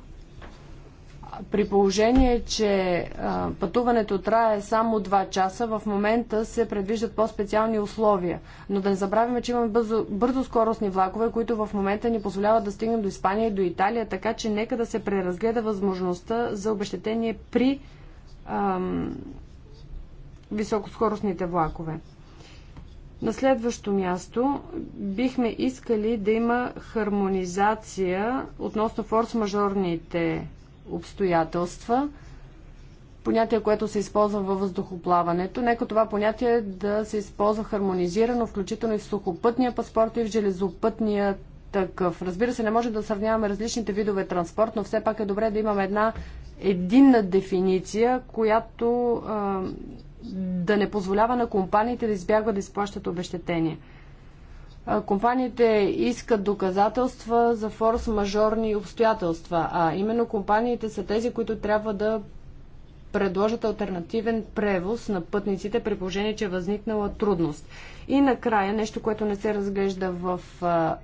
При положение, че а, пътуването трае само 2 часа, в момента се предвиждат по-специални условия. Но да не забравяме, че имаме бързо, бързо скоростни влакове, които в момента ни позволяват да стигнем до Испания и до Италия, така че нека да се преразгледа възможността за обещетение при ам, високоскоростните влакове. На следващо място бихме искали да има хармонизация относно форс-мажорните обстоятелства, понятие, което се използва във въздухоплаването. Нека това понятие да се използва хармонизирано, включително и в сухопътния паспорт и в железопътния такъв. Разбира се, не може да сравняваме различните видове транспорт, но все пак е добре да имаме една единна дефиниция, която а, да не позволява на компаниите да избягват да изплащат обещетения компаниите искат доказателства за форс-мажорни обстоятелства, а именно компаниите са тези, които трябва да предложат альтернативен превоз на пътниците при положение, че е възникнала трудност. И накрая, нещо, което не се разглежда в а,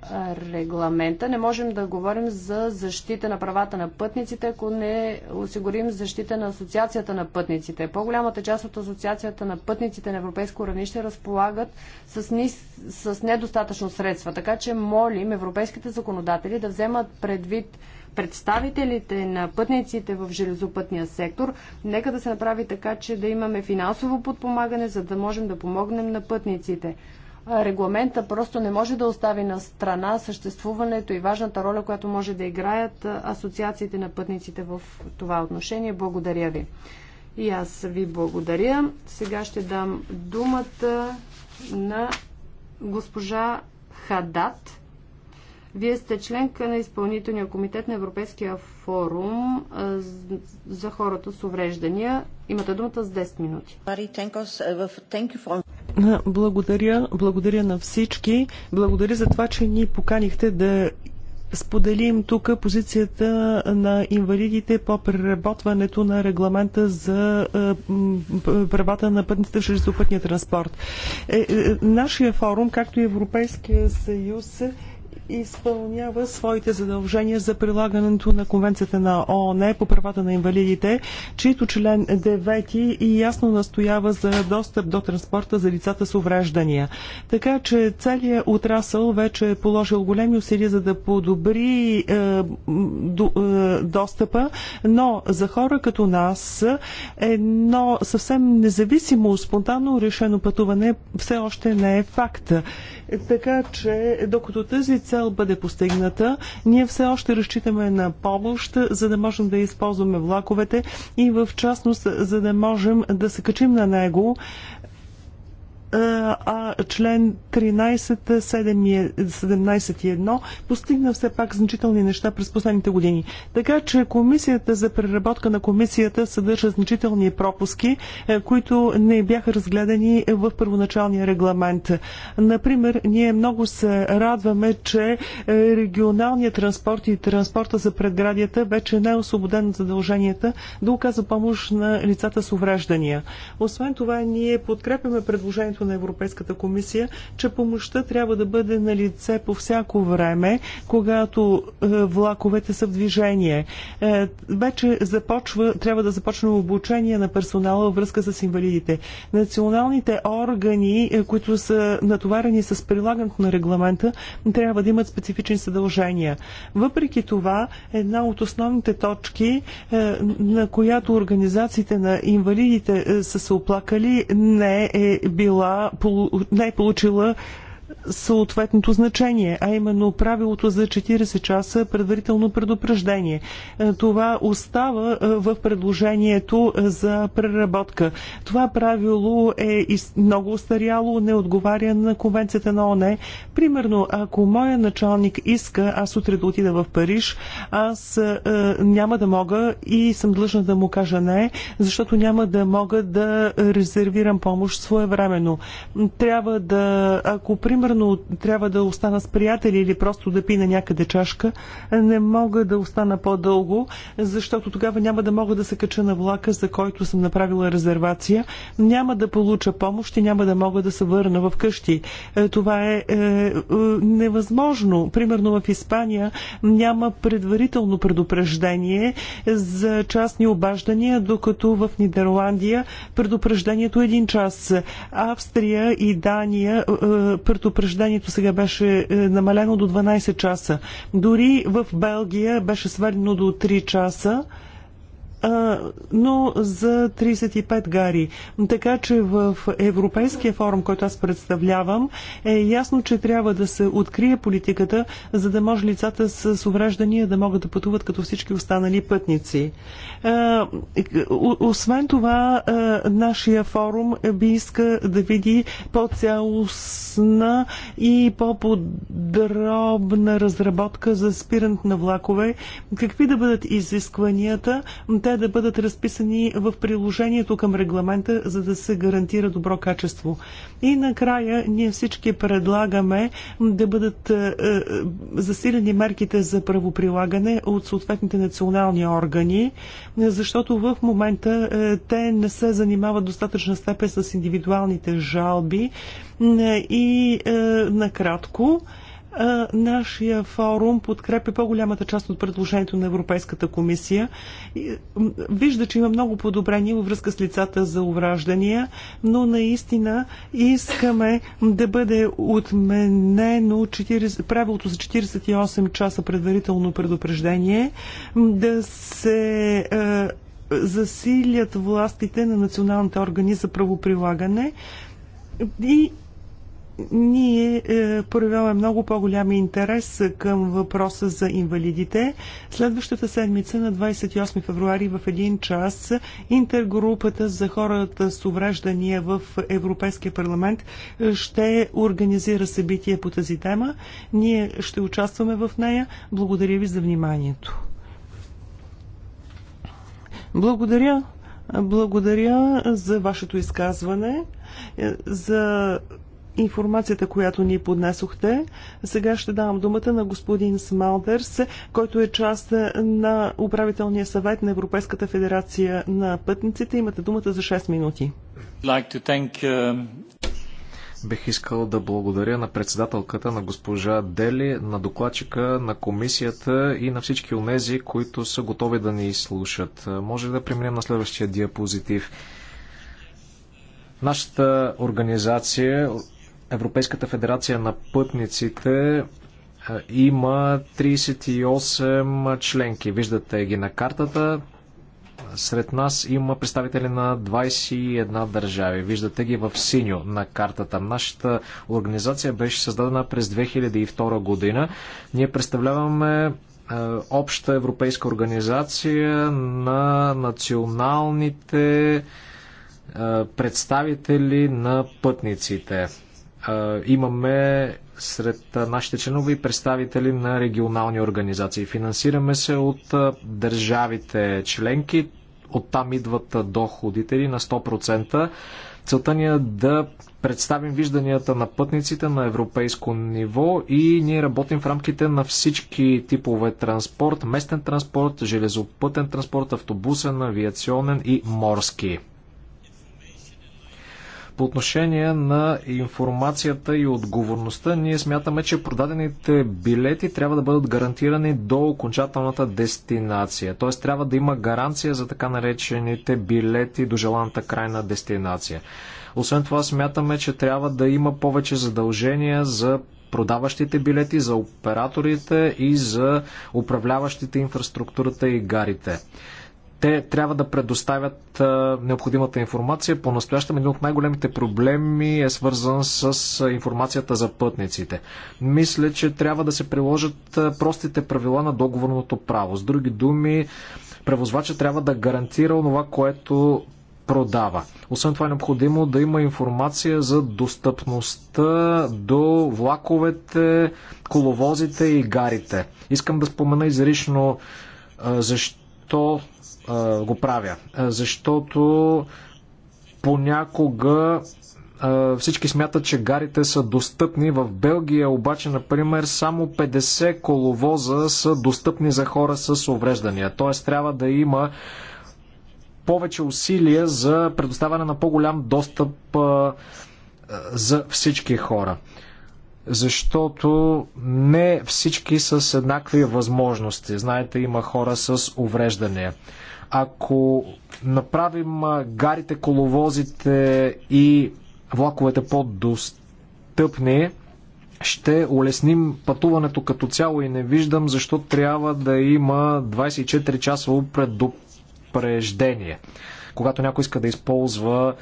регламента, не можем да говорим за защита на правата на пътниците, ако не осигурим защита на асоциацията на пътниците. По-голямата част от асоциацията на пътниците на европейско равнище разполагат с, нис... с недостатъчно средства, така че молим европейските законодатели да вземат предвид представителите на пътниците в железопътния сектор. Нека да се направи така, че да имаме финансово подпомагане, за да можем да помогнем на пътниците регламента просто не може да остави на страна съществуването и важната роля, която може да играят асоциациите на пътниците в това отношение. Благодаря ви. И аз ви благодаря. Сега ще дам думата на госпожа Хадат, вие сте членка на изпълнителния комитет на Европейския форум за хората с увреждания. Имате думата с 10 минути. Uh, благодаря, благодаря на всички. Благодаря за това, че ни поканихте да споделим тук позицията на инвалидите по преработването на регламента за правата на пътните в железопътния транспорт. Е, е, е, нашия форум, както и Европейския съюз, изпълнява своите задължения за прилагането на Конвенцията на ООН по правата на инвалидите, чието член 9 и ясно настоява за достъп до транспорта за лицата с увреждания. Така че целият отрасъл вече е положил големи усилия за да подобри е, до, е, достъпа, но за хора като нас едно съвсем независимо, спонтанно решено пътуване все още не е факт. Така че докато тази цел цел бъде постигната. Ние все още разчитаме на помощ, за да можем да използваме влаковете и в частност, за да можем да се качим на него, а член 13.17.1 е, постигна все пак значителни неща през последните години. Така че комисията за преработка на комисията съдържа значителни пропуски, е, които не бяха разгледани в първоначалния регламент. Например, ние много се радваме, че е, регионалният транспорт и транспорта за предградията вече не е освободен от задълженията да оказва помощ на лицата с увреждания. Освен това, ние подкрепяме предложението решението на Европейската комисия, че помощта трябва да бъде на лице по всяко време, когато е, влаковете са в движение. Е, вече започва, трябва да започне обучение на персонала във връзка с инвалидите. Националните органи, е, които са натоварени с прилагането на регламента, трябва да имат специфични съдължения. Въпреки това, една от основните точки, на която организациите на инвалидите са се оплакали, не е била това не е получила съответното значение, а именно правилото за 40 часа предварително предупреждение. Е, това остава е, в предложението за преработка. Това правило е много устаряло, не отговаря на конвенцията на ОНЕ. Примерно, ако моя началник иска аз утре да отида в Париж, аз е, няма да мога и съм длъжна да му кажа не, защото няма да мога да резервирам помощ своевременно. Трябва да, ако примерно примерно трябва да остана с приятели или просто да пина някъде чашка, не мога да остана по-дълго, защото тогава няма да мога да се кача на влака, за който съм направила резервация. Няма да получа помощ и няма да мога да се върна в къщи. Е, това е, е, е невъзможно. Примерно в Испания няма предварително предупреждение за частни обаждания, докато в Нидерландия предупреждението е един час. Австрия и Дания е, е предупреждението предупреждението сега беше е, намалено до 12 часа. Дори в Белгия беше сведено до 3 часа но за 35 гари. Така че в Европейския форум, който аз представлявам, е ясно, че трябва да се открие политиката, за да може лицата с увреждания да могат да пътуват като всички останали пътници. Освен това, нашия форум би иска да види по-цялостна и по-подробна разработка за спирането на влакове, какви да бъдат изискванията, те да бъдат разписани в приложението към регламента, за да се гарантира добро качество. И накрая ние всички предлагаме да бъдат е, е, засилени мерките за правоприлагане от съответните национални органи, защото в момента е, те не се занимават достатъчна степен с индивидуалните жалби и накратко. Нашия форум подкрепя по-голямата част от предложението на Европейската комисия. Вижда, че има много подобрения във връзка с лицата за увраждания, но наистина искаме да бъде отменено 40, правилото за 48 часа предварително предупреждение, да се засилят властите на националните органи за правоприлагане и ние е, проявяваме много по-голям интерес към въпроса за инвалидите. Следващата седмица на 28 февруари в един час интергрупата за хората с увреждания в Европейския парламент е, ще организира събитие по тази тема. Ние ще участваме в нея. Благодаря ви за вниманието. Благодаря. Благодаря за вашето изказване, е, за информацията, която ни поднесохте. Сега ще давам думата на господин Смалдърс, който е част на управителния съвет на Европейската федерация на пътниците. Имате думата за 6 минути. Like thank... Uh, Бих искал да благодаря на председателката, на госпожа Дели, на докладчика, на комисията и на всички онези, които са готови да ни слушат. Може да преминем на следващия диапозитив. Нашата организация, Европейската федерация на пътниците има 38 членки. Виждате ги на картата. Сред нас има представители на 21 държави. Виждате ги в синьо на картата. Нашата организация беше създадена през 2002 година. Ние представляваме обща европейска организация на националните представители на пътниците имаме сред нашите членове и представители на регионални организации. Финансираме се от държавите членки, оттам идват доходите ни на 100%. Целта ни е да представим вижданията на пътниците на европейско ниво и ние работим в рамките на всички типове транспорт, местен транспорт, железопътен транспорт, автобусен, авиационен и морски. По отношение на информацията и отговорността, ние смятаме, че продадените билети трябва да бъдат гарантирани до окончателната дестинация. Т.е. трябва да има гаранция за така наречените билети до желаната крайна дестинация. Освен това, смятаме, че трябва да има повече задължения за продаващите билети, за операторите и за управляващите инфраструктурата и гарите. Те трябва да предоставят необходимата информация. По-настоящем един от най-големите проблеми е свързан с информацията за пътниците. Мисля, че трябва да се приложат простите правила на договорното право. С други думи, превозвача трябва да гарантира онова, което продава. Освен това е необходимо да има информация за достъпността до влаковете, коловозите и гарите. Искам да спомена изрично защо го правя. Защото понякога всички смятат, че гарите са достъпни. В Белгия обаче, например, само 50 коловоза са достъпни за хора с увреждания. Т.е. трябва да има повече усилия за предоставяне на по-голям достъп за всички хора. Защото не всички са с еднакви възможности. Знаете, има хора с увреждания. Ако направим гарите, коловозите и влаковете по-достъпни, ще улесним пътуването като цяло и не виждам защо трябва да има 24-часово предупреждение, когато някой иска да използва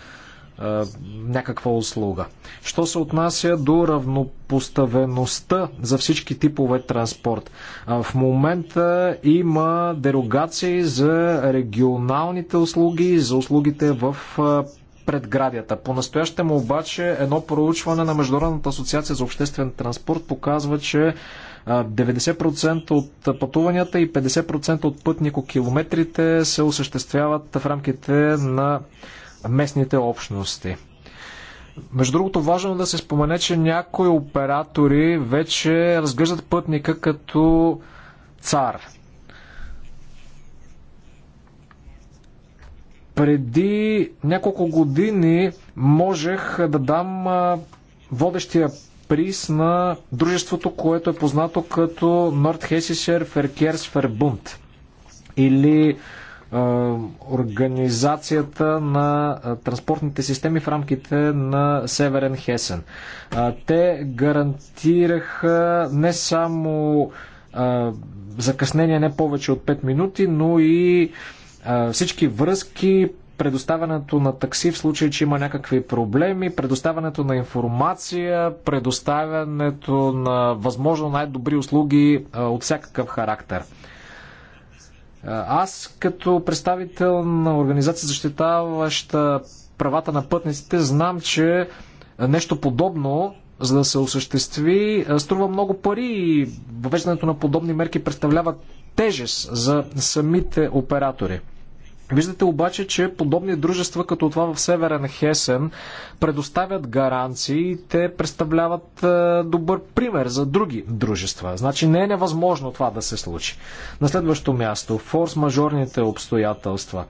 някаква услуга. Що се отнася до равнопоставеността за всички типове транспорт? В момента има дерогации за регионалните услуги и за услугите в предградията. По-настоящем обаче едно проучване на Международната асоциация за обществен транспорт показва, че 90% от пътуванията и 50% от пътникокилометрите се осъществяват в рамките на местните общности. Между другото, важно е да се спомене, че някои оператори вече разглеждат пътника като цар. Преди няколко години можех да дам водещия приз на дружеството, което е познато като Nordhessischer Verkehrsverbund или организацията на транспортните системи в рамките на Северен Хесен. Те гарантираха не само закъснение не повече от 5 минути, но и всички връзки, предоставянето на такси в случай, че има някакви проблеми, предоставянето на информация, предоставянето на възможно най-добри услуги от всякакъв характер. Аз като представител на организация защитаваща правата на пътниците знам, че нещо подобно за да се осъществи, струва много пари и въвеждането на подобни мерки представлява тежест за самите оператори. Виждате обаче, че подобни дружества, като това в Северен Хесен, предоставят гаранции и те представляват е, добър пример за други дружества. Значи не е невъзможно това да се случи. На следващо място, форс-мажорните обстоятелства.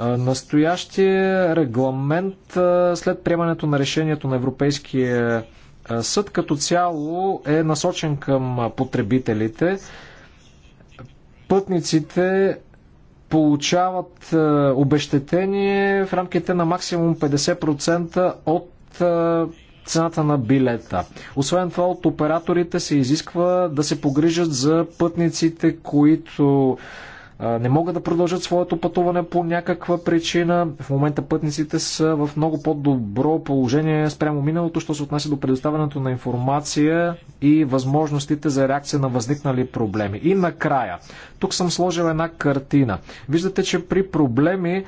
Е, настоящия регламент е, след приемането на решението на Европейския съд като цяло е насочен към потребителите. Пътниците получават е, обещетение в рамките на максимум 50% от е, цената на билета. Освен това, от операторите се изисква да се погрижат за пътниците, които не могат да продължат своето пътуване по някаква причина. В момента пътниците са в много по-добро положение спрямо миналото, що се отнася до предоставянето на информация и възможностите за реакция на възникнали проблеми. И накрая, тук съм сложил една картина. Виждате, че при проблеми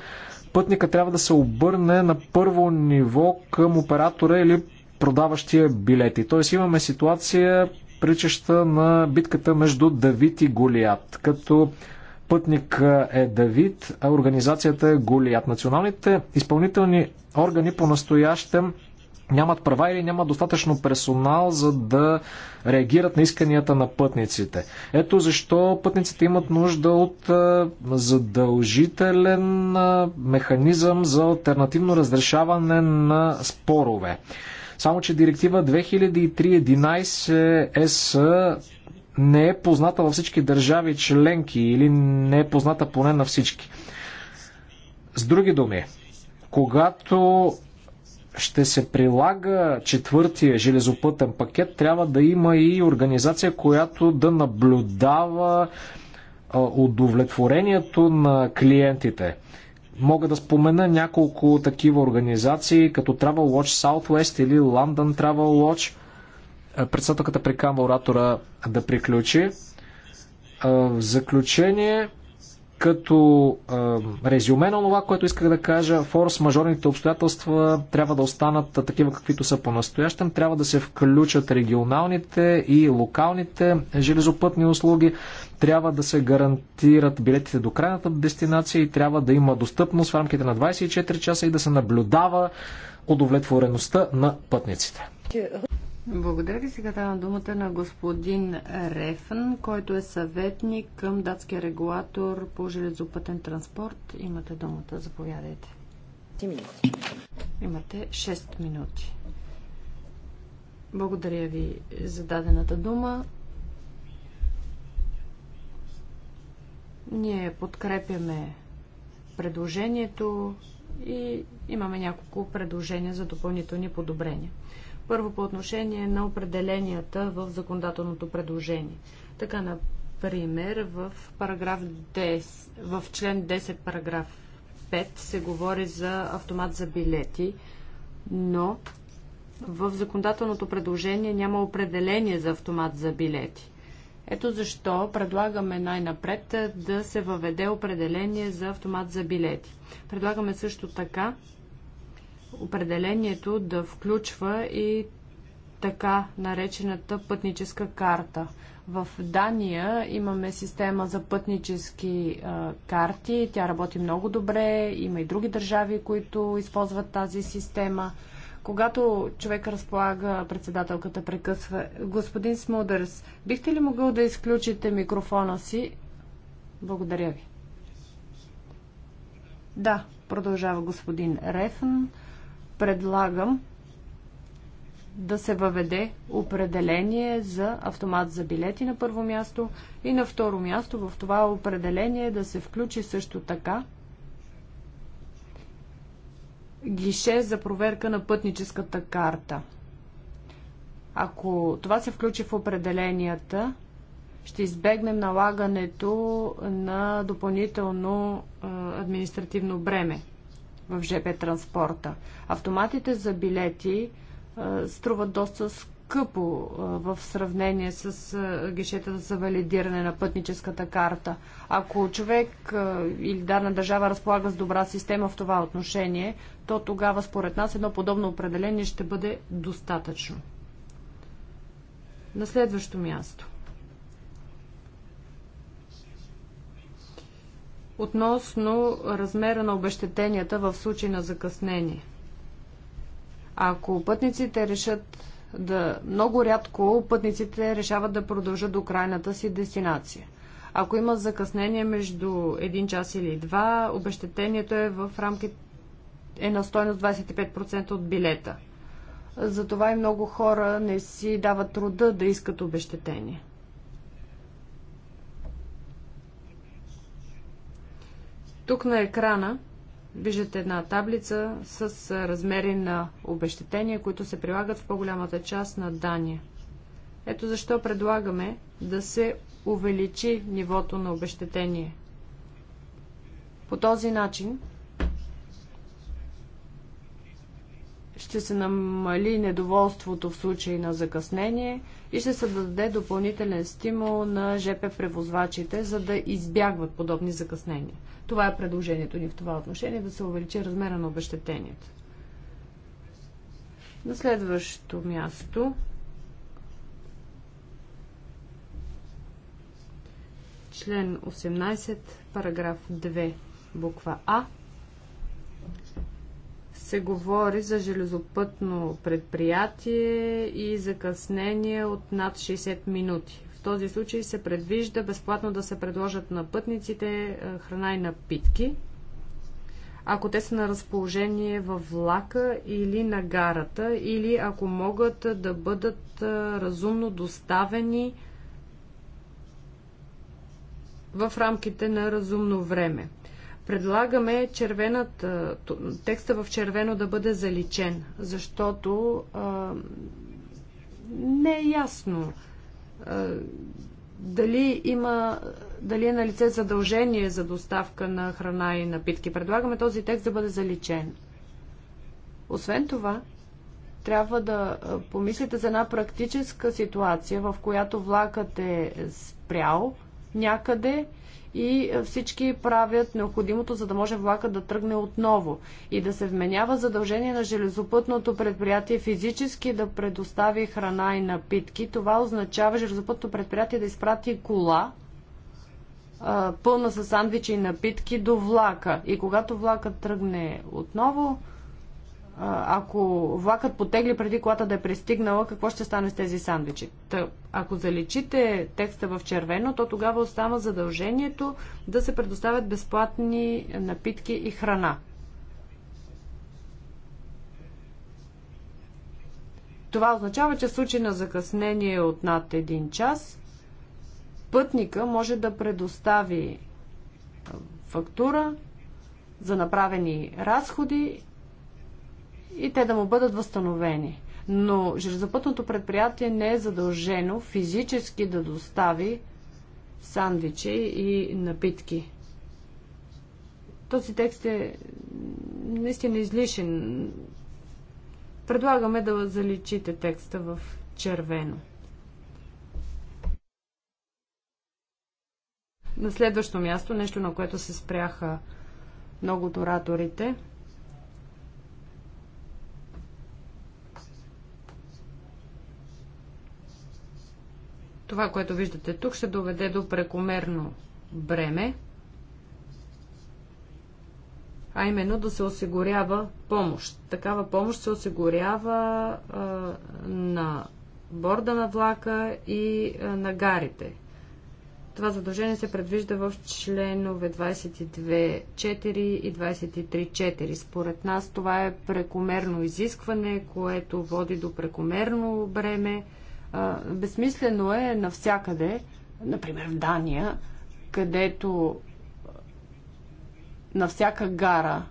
пътника трябва да се обърне на първо ниво към оператора или продаващия билети. Тоест имаме ситуация причаща на битката между Давид и Голият, като Пътник е Давид, а организацията е Голият. Националните изпълнителни органи по-настоящем нямат права или нямат достатъчно персонал, за да реагират на исканията на пътниците. Ето защо пътниците имат нужда от задължителен механизъм за альтернативно разрешаване на спорове. Само, че директива 2003-11 ЕС не е позната във всички държави членки или не е позната поне на всички. С други думи, когато ще се прилага четвъртия железопътен пакет, трябва да има и организация, която да наблюдава удовлетворението на клиентите. Мога да спомена няколко такива организации, като Travel Watch Southwest или London Travel Watch – Председателката приканва оратора да приключи. В заключение, като резюме на това, което исках да кажа, форс-мажорните обстоятелства трябва да останат такива, каквито са по-настоящем. Трябва да се включат регионалните и локалните железопътни услуги. Трябва да се гарантират билетите до крайната дестинация и трябва да има достъпност в рамките на 24 часа и да се наблюдава удовлетвореността на пътниците. Благодаря ви. Сега давам думата на господин Рефен, който е съветник към датския регулатор по железопътен транспорт. Имате думата, заповядайте. Имате 6 минути. Благодаря ви за дадената дума. Ние подкрепяме предложението и имаме няколко предложения за допълнителни подобрения. Първо по отношение на определенията в законодателното предложение. Така, например, в, параграф 10, в член 10, параграф 5 се говори за автомат за билети, но в законодателното предложение няма определение за автомат за билети. Ето защо предлагаме най-напред да се въведе определение за автомат за билети. Предлагаме също така определението да включва и така наречената пътническа карта. В Дания имаме система за пътнически а, карти. Тя работи много добре. Има и други държави, които използват тази система. Когато човек разполага, председателката прекъсва. Господин Смудърс, бихте ли могъл да изключите микрофона си? Благодаря ви. Да, продължава господин Рефн предлагам да се въведе определение за автомат за билети на първо място и на второ място в това определение да се включи също така гише за проверка на пътническата карта. Ако това се включи в определенията, ще избегнем налагането на допълнително административно бреме в ЖП транспорта. Автоматите за билети струват доста скъпо в сравнение с гишетата за валидиране на пътническата карта. Ако човек или дарна държава разполага с добра система в това отношение, то тогава според нас едно подобно определение ще бъде достатъчно. На следващо място. относно размера на обещетенията в случай на закъснение. Ако пътниците решат да... Много рядко пътниците решават да продължат до крайната си дестинация. Ако има закъснение между 1 час или 2, обещетението е в рамките е на стойност 25% от билета. Затова и много хора не си дават труда да искат обещетение. Тук на екрана виждате една таблица с размери на обещетения, които се прилагат в по-голямата част на Дания. Ето защо предлагаме да се увеличи нивото на обещетение. По този начин ще се намали недоволството в случай на закъснение и ще се даде допълнителен стимул на ЖП превозвачите, за да избягват подобни закъснения. Това е предложението ни в това отношение, да се увеличи размера на обещетението. На следващото място член 18, параграф 2, буква А – се говори за железопътно предприятие и закъснение от над 60 минути. В този случай се предвижда безплатно да се предложат на пътниците е, храна и напитки, ако те са на разположение във влака или на гарата, или ако могат да бъдат е, разумно доставени в рамките на разумно време. Предлагаме червената, текста в червено да бъде заличен, защото а, не е ясно а, дали има дали е на лице задължение за доставка на храна и напитки. Предлагаме този текст да бъде заличен. Освен това, трябва да помислите за една практическа ситуация, в която влакът е спрял някъде и всички правят необходимото, за да може влака да тръгне отново и да се вменява задължение на железопътното предприятие физически да предостави храна и напитки. Това означава железопътното предприятие да изпрати кола, пълна с сандвичи и напитки до влака. И когато влака тръгне отново, ако влакът потегли преди колата да е пристигнала, какво ще стане с тези сандвичи? Та, ако заличите текста в червено, то тогава остава задължението да се предоставят безплатни напитки и храна. Това означава, че в случай на закъснение от над един час, пътника може да предостави фактура за направени разходи и те да му бъдат възстановени. Но железопътното предприятие не е задължено физически да достави сандвичи и напитки. Този текст е наистина излишен. Предлагаме да заличите текста в червено. На следващо място, нещо на което се спряха много от ораторите – Това, което виждате тук, ще доведе до прекомерно бреме, а именно да се осигурява помощ. Такава помощ се осигурява а, на борда на влака и а, на гарите. Това задължение се предвижда в членове 22.4 и 23.4. Според нас това е прекомерно изискване, което води до прекомерно бреме безсмислено е навсякъде, например в Дания, където на всяка гара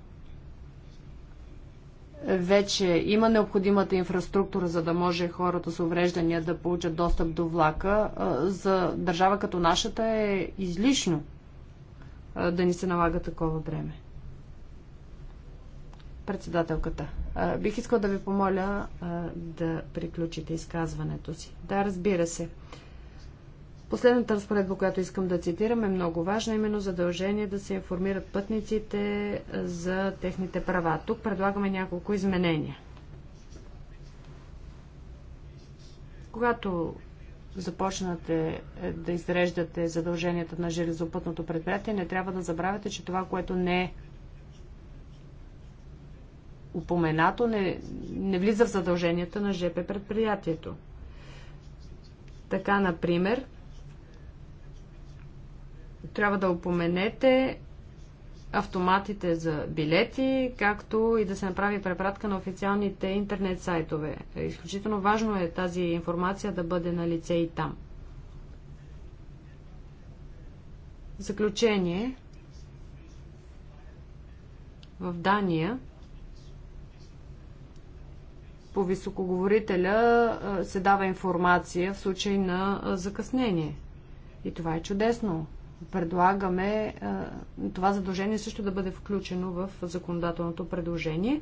вече има необходимата инфраструктура, за да може хората с увреждания да получат достъп до влака, за държава като нашата е излишно да ни се налага такова време. Председателката, бих искал да ви помоля да приключите изказването си. Да, разбира се. Последната разпоредба, която искам да цитирам, е много важна, именно задължение да се информират пътниците за техните права. Тук предлагаме няколко изменения. Когато започнате е, да изреждате задълженията на железопътното предприятие, не трябва да забравяте, че това, което не е упоменато, не, не влиза в задълженията на ЖП предприятието. Така, например, трябва да упоменете автоматите за билети, както и да се направи препратка на официалните интернет сайтове. Изключително важно е тази информация да бъде на лице и там. заключение, в Дания по високоговорителя се дава информация в случай на закъснение. И това е чудесно. Предлагаме това задължение също да бъде включено в законодателното предложение.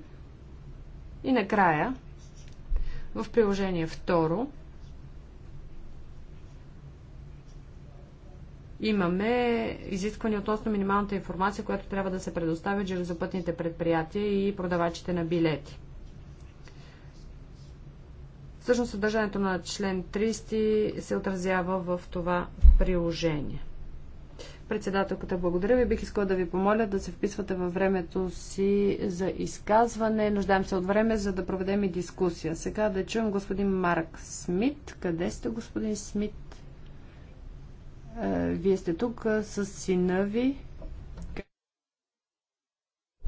И накрая, в приложение 2, имаме изискване относно минималната информация, която трябва да се предоставя от железопътните предприятия и продавачите на билети. Всъщност съдържанието на член 30 се отразява в това приложение. Председателката, благодаря ви. Бих искала да ви помоля да се вписвате във времето си за изказване. Нуждаем се от време, за да проведем и дискусия. Сега да чуем господин Марк Смит. Къде сте, господин Смит? Е, вие сте тук с сина ви.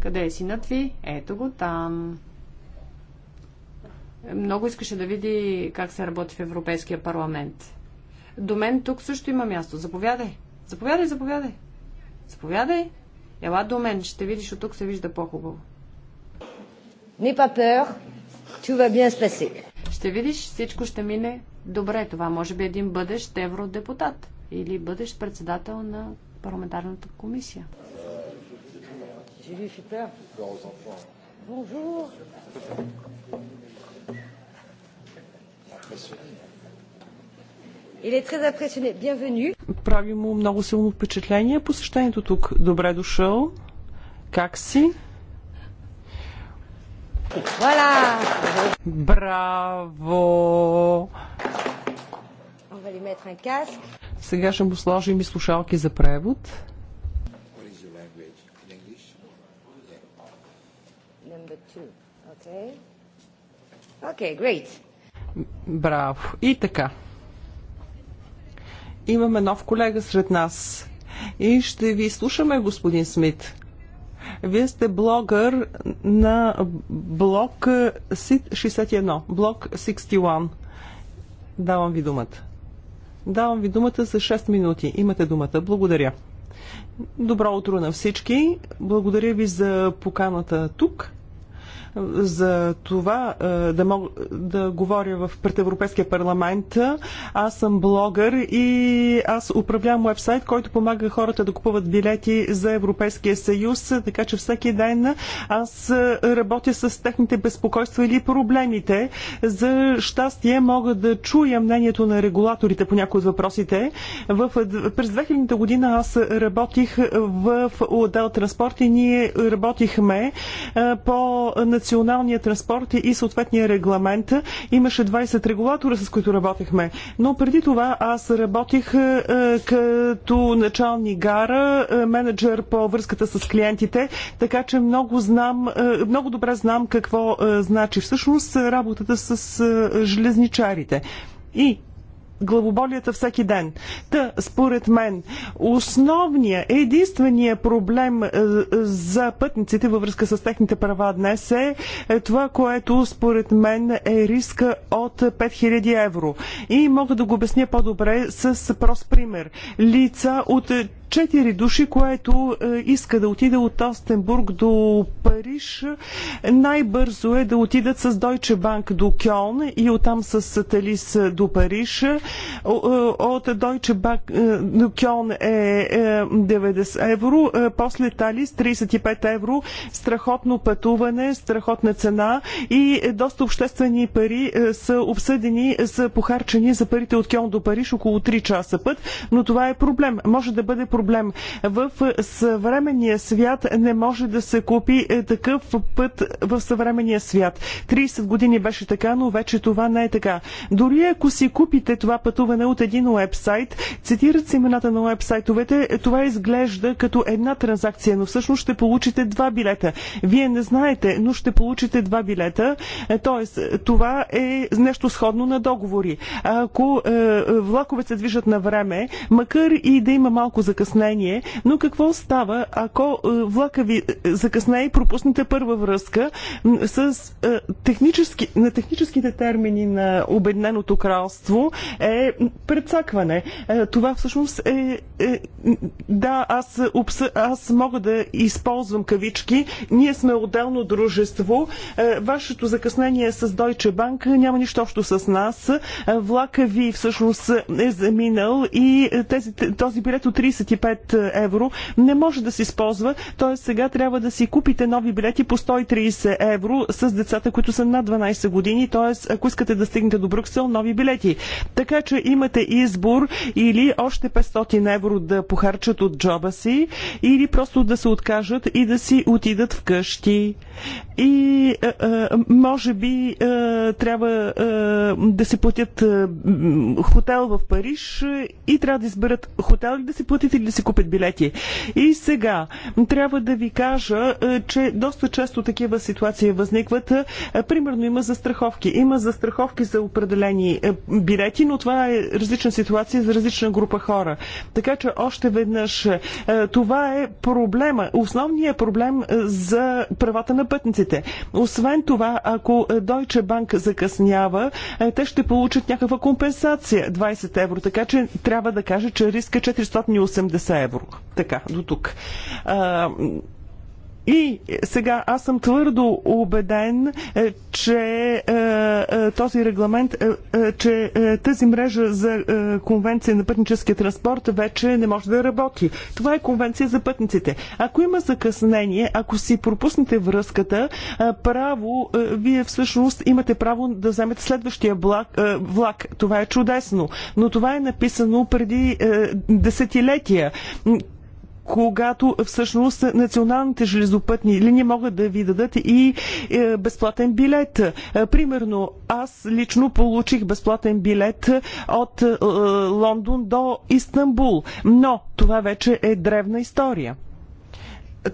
Къде е синът ви? Ето го там много искаше да види как се работи в Европейския парламент. До мен тук също има място. Заповядай. Заповядай, заповядай. Заповядай. Ела до мен. Ще видиш, от тук се вижда по-хубаво. Не па пър. Tout va bien Ще видиш, всичко ще мине добре. Това може би един бъдещ евродепутат или бъдещ председател на парламентарната комисия. Je lui ai прави му много силно впечатление посещението тук. Добре дошъл. Как си? Voilà. Браво! Сега ще му сложим и слушалки за превод. Okay, great. Браво. И така. Имаме нов колега сред нас. И ще ви слушаме, господин Смит. Вие сте блогър на блок 61. Блок 61. Давам ви думата. Давам ви думата за 6 минути. Имате думата. Благодаря. Добро утро на всички. Благодаря ви за поканата тук за това е, да, мог, да говоря в пред Европейския парламент. Аз съм блогър и аз управлявам вебсайт, който помага хората да купуват билети за Европейския съюз, така че всеки ден аз работя с техните безпокойства или проблемите. За щастие мога да чуя мнението на регулаторите по някои от въпросите. В, през 2000 година аз работих в отдел транспорт и ние работихме е, по национално националния транспорт и съответния регламент. Имаше 20 регулатора, с които работехме. Но преди това аз работих е, като начални гара, е, менеджер по връзката с клиентите, така че много знам, е, много добре знам какво значи всъщност работата с железничарите. И главоболията всеки ден. Та, според мен, основният, единствения проблем е, е, за пътниците във връзка с техните права днес е, е това, което според мен е риска от 5000 евро. И мога да го обясня по-добре с прост пример. Лица от четири души, което е, иска да отиде от Остенбург до Париж. Най-бързо е да отидат с Deutsche Bank до Кьон и оттам с Сателис до Париж. Е, от Deutsche Bank е, до Кьон е 90 евро, после Талис 35 евро. Страхотно пътуване, страхотна цена и доста обществени пари са обсъдени, са похарчени за парите от Кьон до Париж около 3 часа път, но това е проблем. Може да бъде проблем. В съвременния свят не може да се купи е, такъв път в съвременния свят. 30 години беше така, но вече това не е така. Дори ако си купите това пътуване от един уебсайт, цитират се имената на уебсайтовете, е, това изглежда като една транзакция, но всъщност ще получите два билета. Вие не знаете, но ще получите два билета. Е, тоест, това е нещо сходно на договори. Ако влаковете се движат на време, макар и да има малко закъснение, закъснение, но какво става, ако е, влака ви е, закъсне и пропуснете първа връзка с е, технически, на техническите термини на Обединеното кралство е предсакване. Това всъщност е, е да, аз, обсъ... аз мога да използвам кавички. Ние сме отделно дружество. Вашето закъснение с Deutsche Bank няма нищо общо с нас. Влака ви всъщност е заминал и тези, този билет от 35 125 е, евро не може да се използва, т.е. сега трябва да си купите нови билети по 130 евро с децата, които са над 12 години, т.е. ако искате да стигнете до Брюксел, нови билети. Така че имате избор или още 500 евро да похарчат от джоба си, или просто да се откажат и да си отидат вкъщи. И а, е, а, е, може би а, трябва а, да си платят а, хотел в Париж и трябва да изберат хотел или да си платят да си купят билети. И сега трябва да ви кажа, е, че доста често такива ситуации възникват. Е, примерно има застраховки. Има застраховки за определени е, билети, но това е различна ситуация за различна група хора. Така че още веднъж това е проблема, основният проблем за правата на пътниците. Освен това, ако Deutsche Bank закъснява, те ще получат някаква компенсация 20 евро. Така че трябва да кажа, че риска 480 са евро. Така, до тук. И сега аз съм твърдо убеден, е, че е, е, този регламент, че тази мрежа за конвенция на пътническия транспорт вече не може да работи. Това е конвенция за пътниците. Ако има закъснение, ако си пропуснете връзката, право, вие всъщност имате право да вземете следващия влак. влак. Това е чудесно. Но това е написано преди десетилетия когато всъщност националните железопътни линии могат да ви дадат и е, безплатен билет. Е, примерно, аз лично получих безплатен билет от е, Лондон до Истанбул, но това вече е древна история.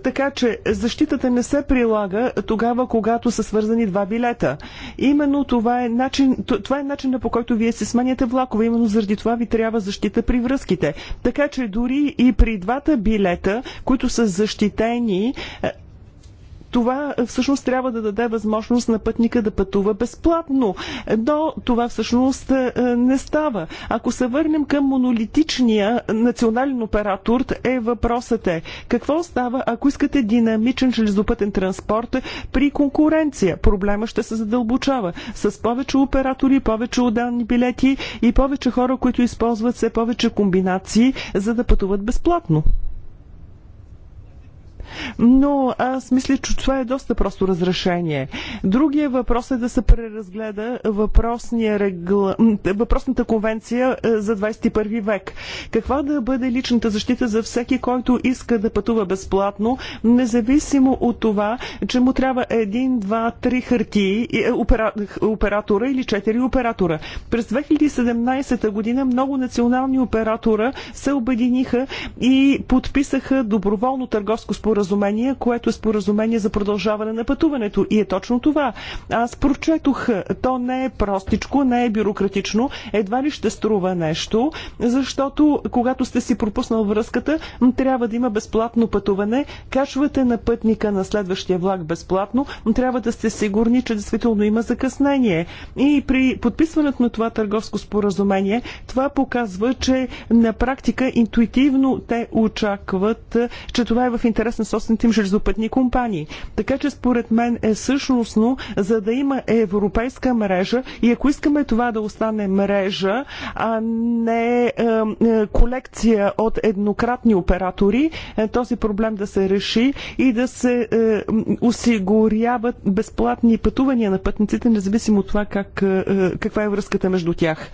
Така че защитата не се прилага тогава, когато са свързани два билета. Именно това е, начин, това е начинът по който вие се сменяте влакове. Именно заради това ви трябва защита при връзките. Така че дори и при двата билета, които са защитени, е, това е, всъщност трябва да даде възможност на пътника да пътува безплатно. Но това всъщност е, е, не става. Ако се върнем към монолитичния национален оператор, е въпросът е какво става, ако искате динамичен железопътен транспорт при конкуренция? Проблема ще се задълбочава. С повече оператори, повече отделни билети и повече хора, които използват все повече комбинации, за да пътуват безплатно но аз мисля, че това е доста просто разрешение. Другия въпрос е да се преразгледа регла... въпросната конвенция е, за 21 век. Каква да бъде личната защита за всеки, който иска да пътува безплатно, независимо от това, че му трябва един, два, три хартии, е, опера... оператора или четири оператора. През 2017 година много национални оператора се обединиха и подписаха доброволно търговско споразумение споразумение, което е споразумение за продължаване на пътуването. И е точно това. Аз прочетох, то не е простичко, не е бюрократично, едва ли ще струва нещо, защото когато сте си пропуснал връзката, трябва да има безплатно пътуване, качвате на пътника на следващия влак безплатно, трябва да сте сигурни, че действително има закъснение. И при подписването на това търговско споразумение, това показва, че на практика интуитивно те очакват, че това е в интерес на собствените им железопътни компании. Така че според мен е същностно, за да има европейска мрежа и ако искаме това да остане мрежа, а не е, е, колекция от еднократни оператори, е, този проблем да се реши и да се осигуряват безплатни пътувания на пътниците, независимо от това как, каква е връзката между тях.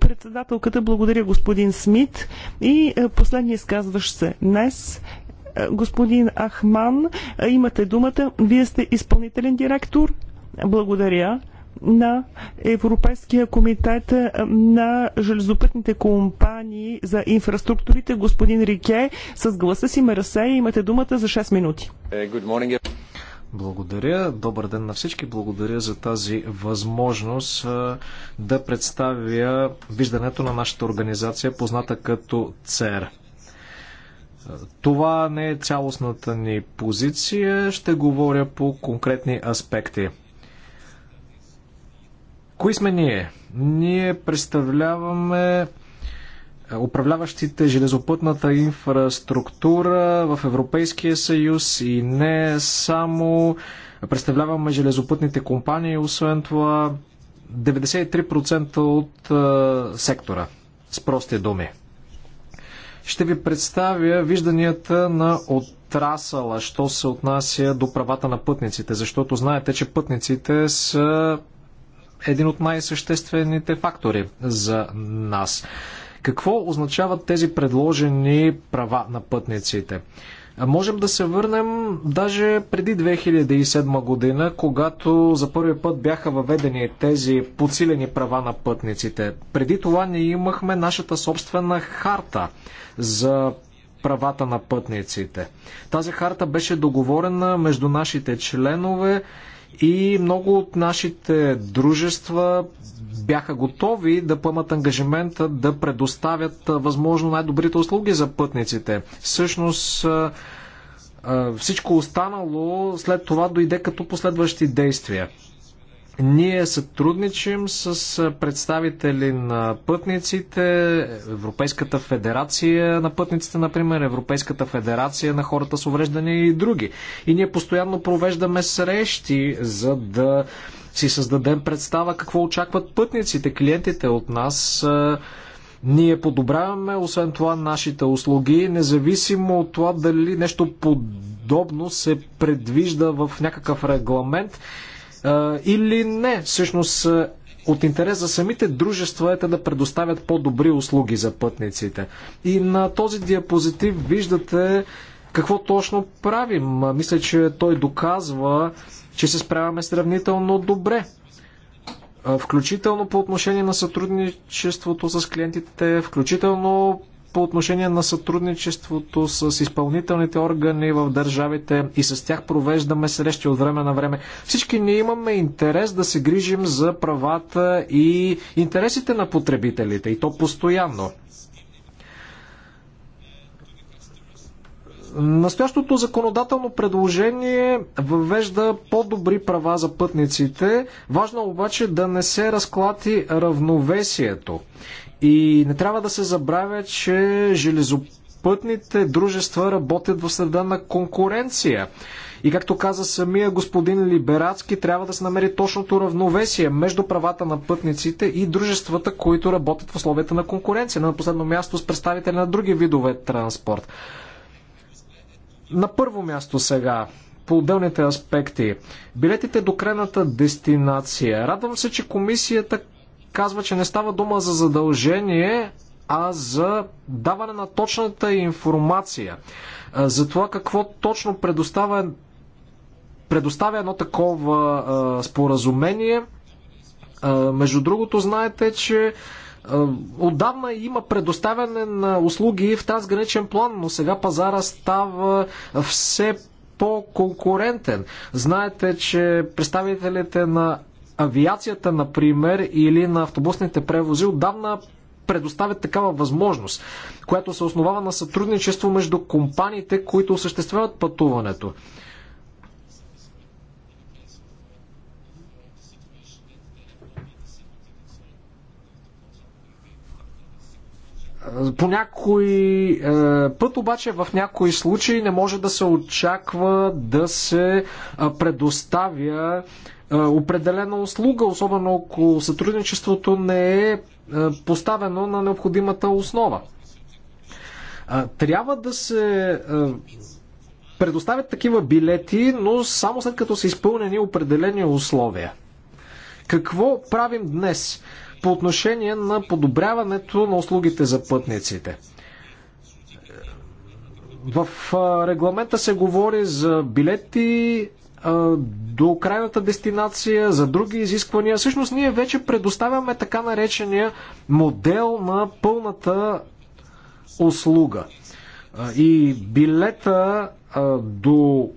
Председателката, благодаря господин Смит и последния изказващ се днес Господин Ахман, имате думата. Вие сте изпълнителен директор. Благодаря на Европейския комитет на железопътните компании за инфраструктурите. Господин Рике, с гласа си ме разсея. Имате думата за 6 минути. Благодаря. Добър ден на всички. Благодаря за тази възможност да представя виждането на нашата организация, позната като ЦЕР. Това не е цялостната ни позиция. Ще говоря по конкретни аспекти. Кои сме ние? Ние представляваме е, управляващите железопътната инфраструктура в Европейския съюз и не само представляваме железопътните компании, освен това 93% от е, сектора, с прости думи ще ви представя вижданията на отрасъла, що се отнася до правата на пътниците, защото знаете, че пътниците са един от най-съществените фактори за нас. Какво означават тези предложени права на пътниците? Можем да се върнем даже преди 2007 година, когато за първи път бяха въведени тези подсилени права на пътниците. Преди това ние имахме нашата собствена харта за правата на пътниците. Тази харта беше договорена между нашите членове и много от нашите дружества бяха готови да поемат ангажимента да предоставят възможно най-добрите услуги за пътниците. Всъщност всичко останало след това дойде като последващи действия. Ние сътрудничим с представители на пътниците, Европейската федерация на пътниците, например, Европейската федерация на хората с увреждания и други. И ние постоянно провеждаме срещи, за да си създадем представа какво очакват пътниците, клиентите от нас. Ние подобряваме, освен това, нашите услуги, независимо от това дали нещо подобно се предвижда в някакъв регламент или не. Всъщност от интерес за самите дружества е да предоставят по-добри услуги за пътниците. И на този диапозитив виждате какво точно правим. Мисля, че той доказва, че се справяме сравнително добре. Включително по отношение на сътрудничеството с клиентите, включително по отношение на сътрудничеството с изпълнителните органи в държавите и с тях провеждаме срещи от време на време. Всички ние имаме интерес да се грижим за правата и интересите на потребителите и то постоянно. Настоящото законодателно предложение въвежда по-добри права за пътниците. Важно е обаче да не се разклати равновесието. И не трябва да се забравя, че железопътните дружества работят в среда на конкуренция. И както каза самия господин Либерацки, трябва да се намери точното равновесие между правата на пътниците и дружествата, които работят в условията на конкуренция. На последно място с представители на други видове транспорт. На първо място сега, по отделните аспекти. Билетите до крайната дестинация. Радвам се, че комисията казва, че не става дума за задължение, а за даване на точната информация за това какво точно предоставя, предоставя едно такова а, споразумение. А, между другото, знаете, че а, отдавна има предоставяне на услуги в трансграничен план, но сега пазара става все по-конкурентен. Знаете, че представителите на авиацията, например, или на автобусните превози отдавна предоставят такава възможност, която се основава на сътрудничество между компаниите, които осъществяват пътуването. По някой е, път обаче в някои случаи не може да се очаква да се е, предоставя е, определена услуга, особено ако сътрудничеството не е поставено на необходимата основа. Трябва да се предоставят такива билети, но само след като са изпълнени определени условия. Какво правим днес по отношение на подобряването на услугите за пътниците? В регламента се говори за билети до крайната дестинация, за други изисквания. Всъщност ние вече предоставяме така наречения модел на пълната услуга. И билета до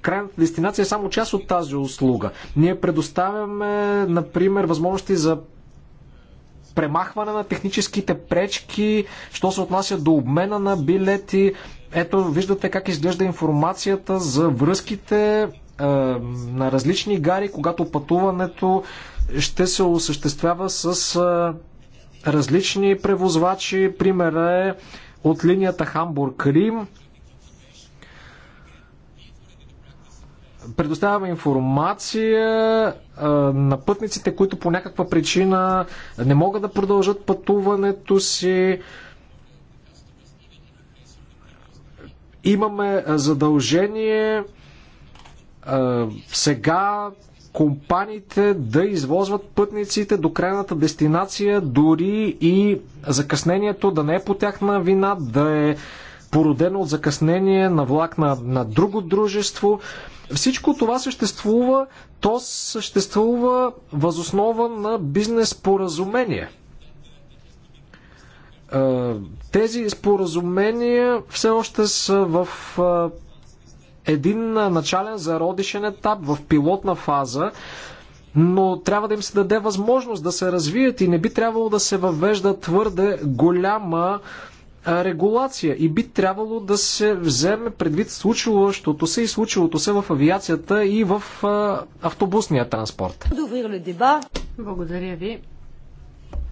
крайната дестинация е само част от тази услуга. Ние предоставяме, например, възможности за премахване на техническите пречки, що се отнася до обмена на билети. Ето, виждате как изглежда информацията за връзките е, на различни гари, когато пътуването ще се осъществява с е, различни превозвачи. Примера е от линията Хамбург-Рим. Предоставяме информация е, на пътниците, които по някаква причина не могат да продължат пътуването си. Имаме задължение сега компаниите да извозват пътниците до крайната дестинация, дори и закъснението да не е по тяхна вина, да е породено от закъснение на влак на, на друго дружество. Всичко това съществува, то съществува възоснова на бизнес поразумение. Тези споразумения все още са в един начален зародишен етап в пилотна фаза, но трябва да им се даде възможност да се развият и не би трябвало да се въвежда твърде голяма регулация и би трябвало да се вземе предвид случващото се и случилото се в авиацията и в автобусния транспорт. Благодаря ви.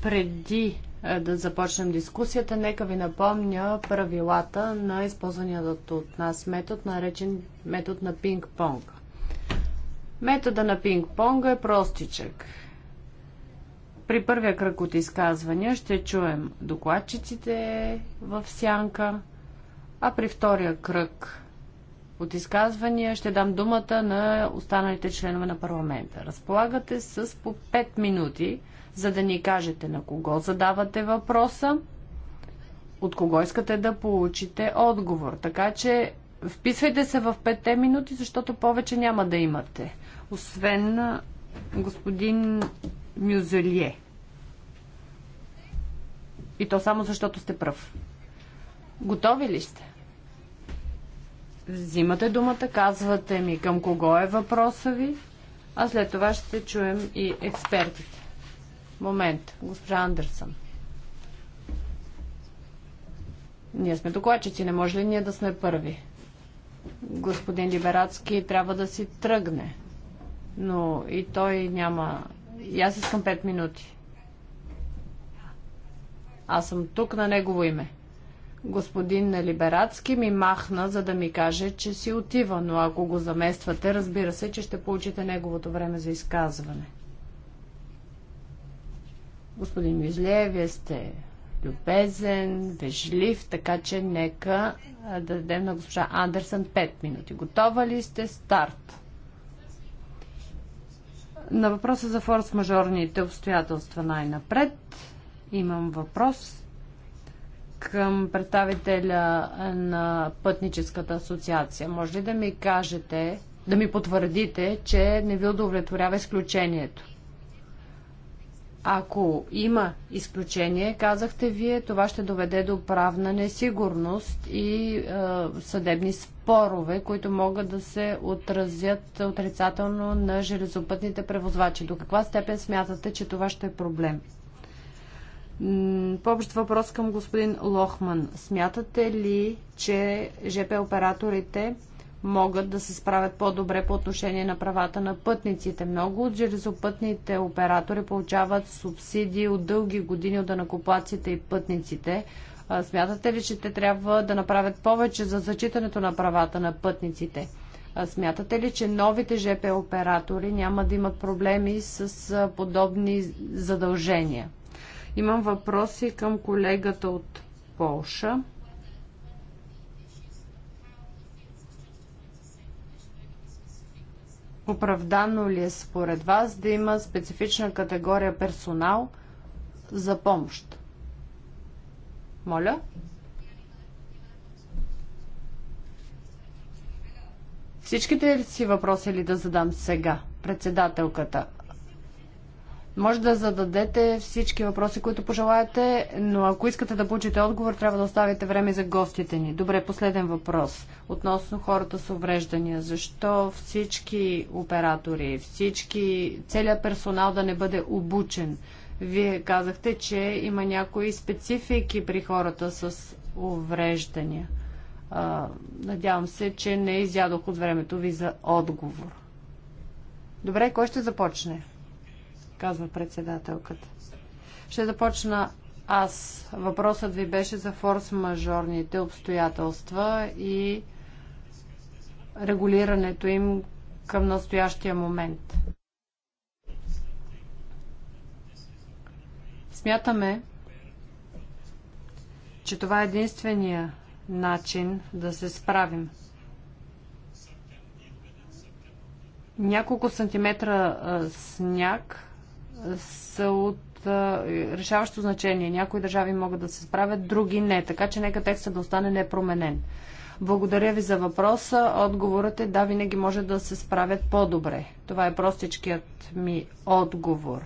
Преди е, да започнем дискусията, нека ви напомня правилата на използвания от нас метод, наречен метод на пинг-понг. Метода на пинг-понга е простичък. При първия кръг от изказвания ще чуем докладчиците в сянка, а при втория кръг от изказвания ще дам думата на останалите членове на парламента. Разполагате с по 5 минути за да ни кажете на кого задавате въпроса, от кого искате да получите отговор. Така че вписвайте се в петте минути, защото повече няма да имате. Освен господин Мюзелие. И то само защото сте пръв. Готови ли сте? Взимате думата, казвате ми към кого е въпроса ви, а след това ще чуем и експертите момент. Госпожа Андерсън. Ние сме докладчици, не може ли ние да сме първи? Господин Либерацки трябва да си тръгне. Но и той няма... И аз искам 5 минути. Аз съм тук на негово име. Господин Либерацки ми махна, за да ми каже, че си отива, но ако го замествате, разбира се, че ще получите неговото време за изказване. Господин Вижле, вие сте любезен, вежлив, така че нека да дадем на госпожа Андерсън 5 минути. Готова ли сте? Старт! На въпроса за форс-мажорните обстоятелства най-напред имам въпрос към представителя на Пътническата асоциация. Може ли да ми кажете, да ми потвърдите, че не ви удовлетворява изключението? Ако има изключение, казахте вие, това ще доведе до правна несигурност и е, съдебни спорове, които могат да се отразят отрицателно на железопътните превозвачи. До каква степен смятате, че това ще е проблем? Пообщ въпрос към господин Лохман. Смятате ли, че ЖП операторите могат да се справят по-добре по отношение на правата на пътниците. Много от железопътните оператори получават субсидии от дълги години от данакоплаците и пътниците. Смятате ли, че те трябва да направят повече за зачитането на правата на пътниците? Смятате ли, че новите ЖП оператори няма да имат проблеми с подобни задължения? Имам въпроси към колегата от Полша. Оправдано ли е според вас да има специфична категория персонал за помощ? Моля? Всичките си въпроси ли да задам сега, председателката? Може да зададете всички въпроси, които пожелаете, но ако искате да получите отговор, трябва да оставите време за гостите ни. Добре, последен въпрос относно хората с увреждания. Защо всички оператори, всички, целият персонал да не бъде обучен? Вие казахте, че има някои специфики при хората с увреждания. надявам се, че не изядох от времето ви за отговор. Добре, кой ще започне? казва председателката. Ще започна аз. Въпросът ви беше за форс-мажорните обстоятелства и регулирането им към настоящия момент. Смятаме, че това е единствения начин да се справим. Няколко сантиметра а, сняг са от а, решаващо значение. Някои държави могат да се справят, други не. Така че нека текстът да остане непроменен. Благодаря ви за въпроса. Отговорът е да, винаги може да се справят по-добре. Това е простичкият ми отговор.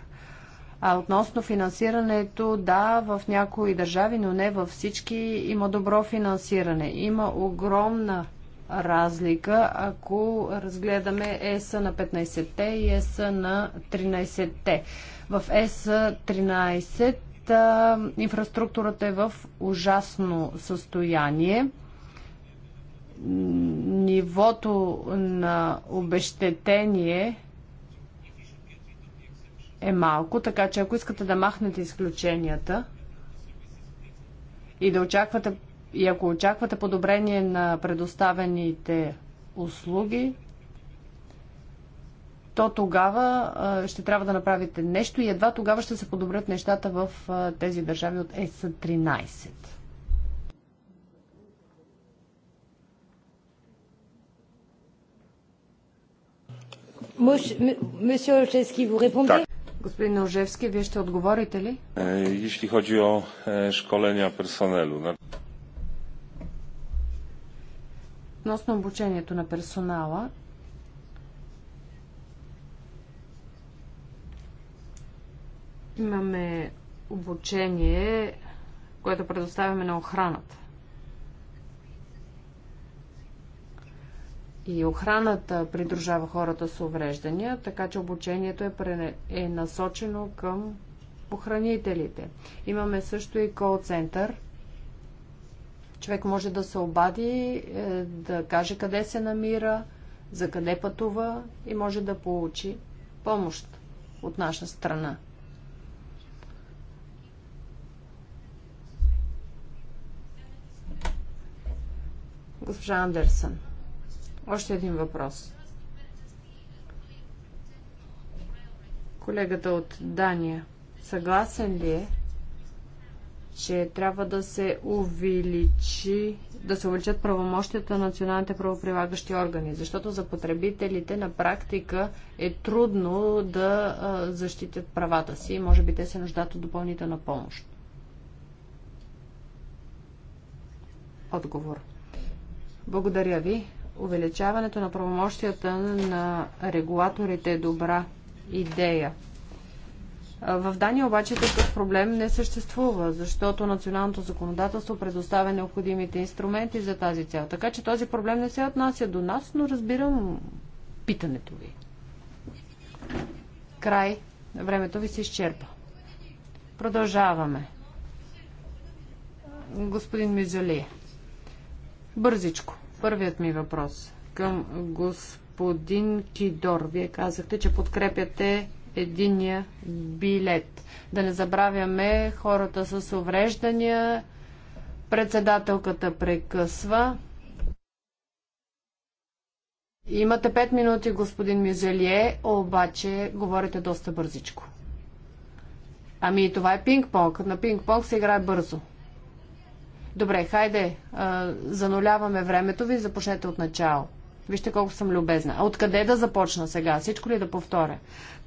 А относно финансирането, да, в някои държави, но не във всички има добро финансиране. Има огромна разлика, ако разгледаме ЕС на 15-те и ЕС на 13-те. В ЕС 13 инфраструктурата е в ужасно състояние. Нивото на обещетение е малко, така че ако искате да махнете изключенията и да очаквате и ако очаквате подобрение на предоставените услуги, то тогава ще трябва да направите нещо и едва тогава ще се подобрят нещата в тези държави от ЕС-13. Господин Ожевски, вие ще отговорите ли? Jeśli е, ходжи о е, школения персонелу. Относно обучението на персонала, имаме обучение, което предоставяме на охраната. И охраната придружава хората с увреждания, така че обучението е, пре... е насочено към охранителите. Имаме също и кол-център, Човек може да се обади, е, да каже къде се намира, за къде пътува и може да получи помощ от наша страна. Госпожа Андерсън, още един въпрос. Колегата от Дания, съгласен ли е че трябва да се увеличи, да се увеличат правомощията на националните правоприлагащи органи, защото за потребителите на практика е трудно да защитят правата си и може би те се нуждат от допълнителна помощ. Отговор. Благодаря ви. Увеличаването на правомощията на регулаторите е добра идея. В Дания обаче такъв проблем не съществува, защото националното законодателство предоставя необходимите инструменти за тази цел. Така че този проблем не се отнася до нас, но разбирам питането ви. Край. Времето ви се изчерпа. Продължаваме. Господин Мизолие. Бързичко. Първият ми въпрос към господин Кидор. Вие казахте, че подкрепяте единия билет. Да не забравяме хората с увреждания. Председателката прекъсва. Имате 5 минути, господин Мюзелие, обаче говорите доста бързичко. Ами това е пинг-понг. На пинг-понг се играе бързо. Добре, хайде, зануляваме времето ви и започнете от начало. Вижте колко съм любезна. А откъде да започна сега? Всичко ли да повторя?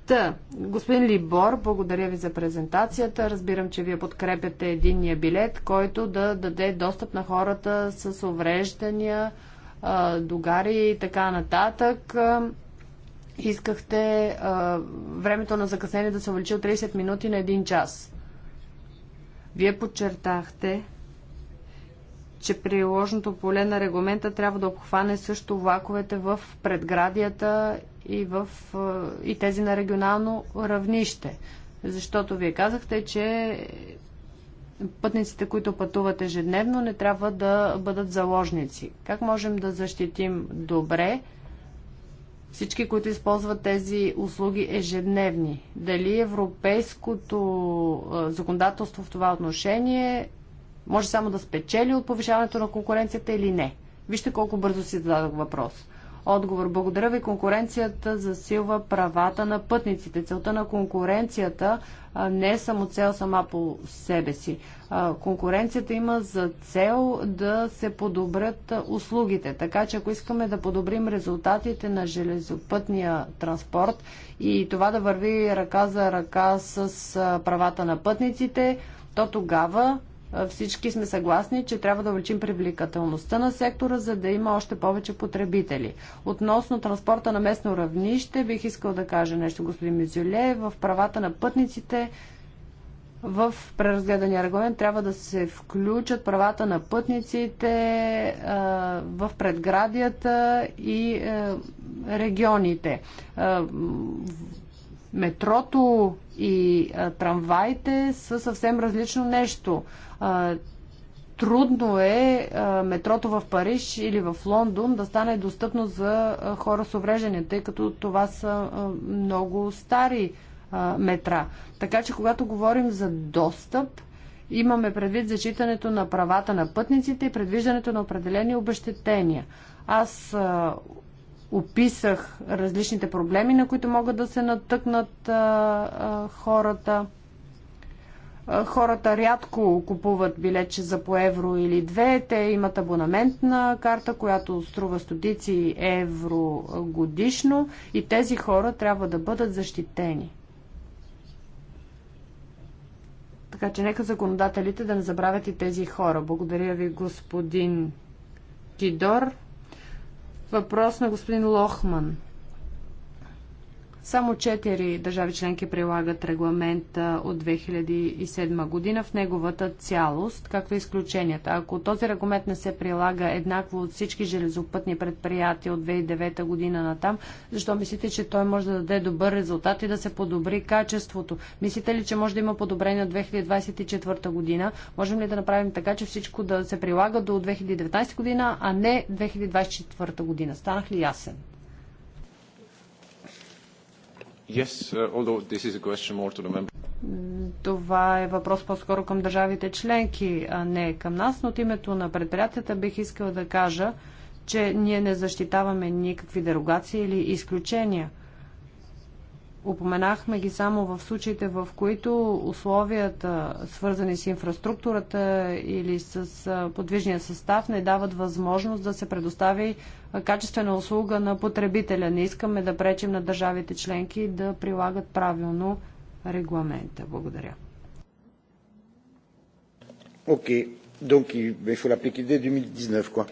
Та, господин Либор, благодаря ви за презентацията. Разбирам, че вие подкрепяте единния билет, който да даде достъп на хората с увреждания, догари и така нататък. Искахте времето на закъснение да се увеличи от 30 минути на 1 час. Вие подчертахте, че приложното поле на регламента трябва да обхване също влаковете в предградията и, в, и тези на регионално равнище. Защото вие казахте, че пътниците, които пътуват ежедневно, не трябва да бъдат заложници. Как можем да защитим добре всички, които използват тези услуги ежедневни? Дали европейското законодателство в това отношение може само да спечели от повишаването на конкуренцията или не? Вижте колко бързо си зададох въпрос отговор. Благодаря ви. Конкуренцията засилва правата на пътниците. Целта на конкуренцията не е само цел сама по себе си. Конкуренцията има за цел да се подобрят услугите. Така че ако искаме да подобрим резултатите на железопътния транспорт и това да върви ръка за ръка с правата на пътниците, то тогава всички сме съгласни, че трябва да увеличим привлекателността на сектора, за да има още повече потребители. Относно транспорта на местно равнище, бих искал да кажа нещо, господин Мизюле. В правата на пътниците в преразгледания регламент трябва да се включат правата на пътниците а, в предградията и а, регионите. А, метрото и а, трамваите са съвсем различно нещо. А, трудно е а, метрото в Париж или в Лондон да стане достъпно за а, хора с увреждания, тъй като това са а, много стари а, метра. Така че, когато говорим за достъп, имаме предвид зачитането на правата на пътниците и предвиждането на определени обещетения. Аз а, описах различните проблеми, на които могат да се натъкнат а, а, хората. А, хората рядко купуват билече за по евро или две. Те имат абонаментна карта, която струва стотици евро годишно и тези хора трябва да бъдат защитени. Така че нека законодателите да не забравят и тези хора. Благодаря ви, господин Кидор. Въпрос на господин Лохман. Само четири държави членки прилагат регламента от 2007 година в неговата цялост, както и изключенията. Ако този регламент не се прилага еднакво от всички железопътни предприятия от 2009 година натам, защо мислите, че той може да даде добър резултат и да се подобри качеството? Мислите ли, че може да има подобрение от 2024 година? Можем ли да направим така, че всичко да се прилага до 2019 година, а не 2024 година? Станах ли ясен? Yes, uh, although this is a question more to the member. Това е въпрос по-скоро към държавите членки, а не към нас, но от името на предприятията бих искала да кажа, че ние не защитаваме никакви дерогации или изключения – Упоменахме ги само в случаите, в които условията, свързани с инфраструктурата или с подвижния състав, не дават възможност да се предостави качествена услуга на потребителя. Не искаме да пречим на държавите членки да прилагат правилно регламента. Благодаря. Окей. Okay. Donc, il 2019, quoi.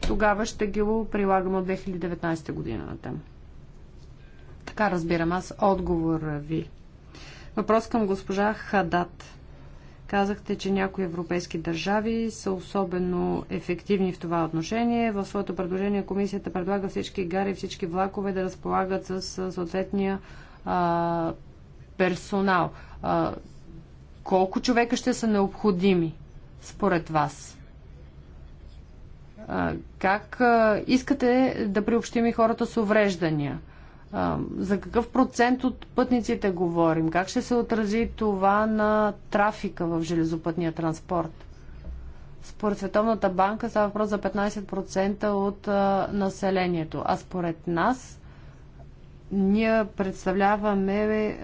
Тогава ще ги прилагаме от 2019 година на тема. Така разбирам аз отговора ви. Въпрос към госпожа Хадат. Казахте, че някои европейски държави са особено ефективни в това отношение. В своето предложение комисията предлага всички гари, всички влакове да разполагат с съответния а, персонал. А, колко човека ще са необходими според вас? А, как а, искате да приобщим и хората с увреждания? За какъв процент от пътниците говорим? Как ще се отрази това на трафика в железопътния транспорт? Според Световната банка става въпрос за 15% от населението, а според нас ние представляваме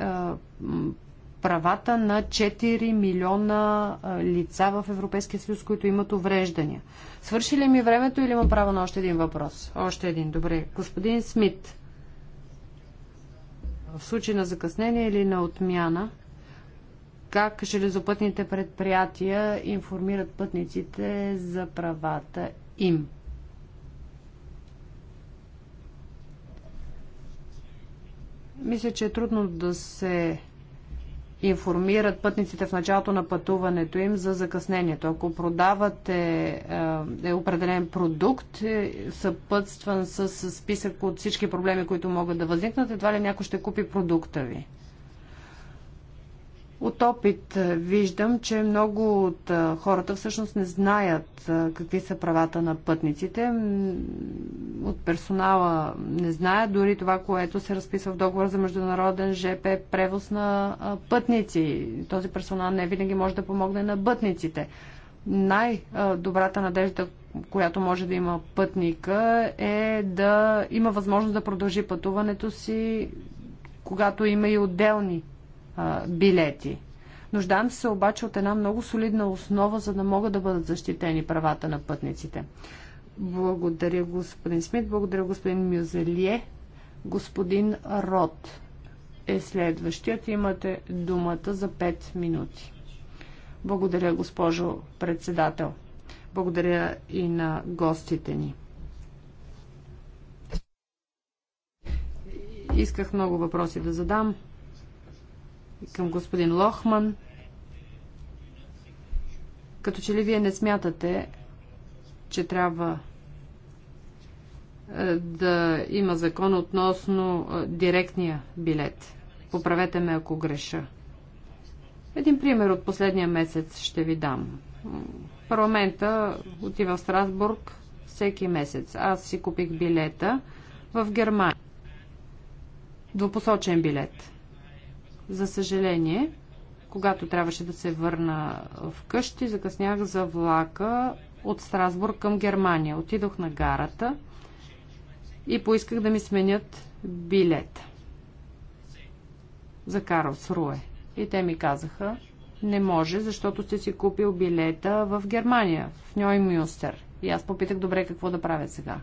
правата на 4 милиона лица в Европейския съюз, които имат увреждания. Свърши ли ми времето или има право на още един въпрос? Още един. Добре. Господин Смит в случай на закъснение или на отмяна, как железопътните предприятия информират пътниците за правата им. Мисля, че е трудно да се информират пътниците в началото на пътуването им за закъснението. Ако продавате е, е определен продукт, е, съпътстван с списък от всички проблеми, които могат да възникнат, едва ли някой ще купи продукта ви. От опит е, виждам, че много от е, хората всъщност не знаят е, какви са правата на пътниците. От персонала не знаят дори това, което се разписва в договора за международен ЖП превоз на пътници. Този персонал не винаги може да помогне на пътниците. Най-добрата надежда, която може да има пътника, е да има възможност да продължи пътуването си, когато има и отделни билети. Нуждаем се обаче от една много солидна основа, за да могат да бъдат защитени правата на пътниците. Благодаря господин Смит, благодаря господин Мюзелие, господин Рот е следващият. Имате думата за 5 минути. Благодаря, госпожо председател. Благодаря и на гостите ни. Исках много въпроси да задам и към господин Лохман. Като че ли вие не смятате, че трябва е, да има закон относно е, директния билет. Поправете ме, ако греша. Един пример от последния месец ще ви дам. Парламента отива в Страсбург всеки месец. Аз си купих билета в Германия. Двупосочен билет. За съжаление, когато трябваше да се върна вкъщи, закъснях за влака от Страсбург към Германия. Отидох на гарата и поисках да ми сменят билет за Карлсруе. И те ми казаха, не може, защото сте си купил билета в Германия, в Ньой Мюстер. И аз попитах, добре, какво да правя сега?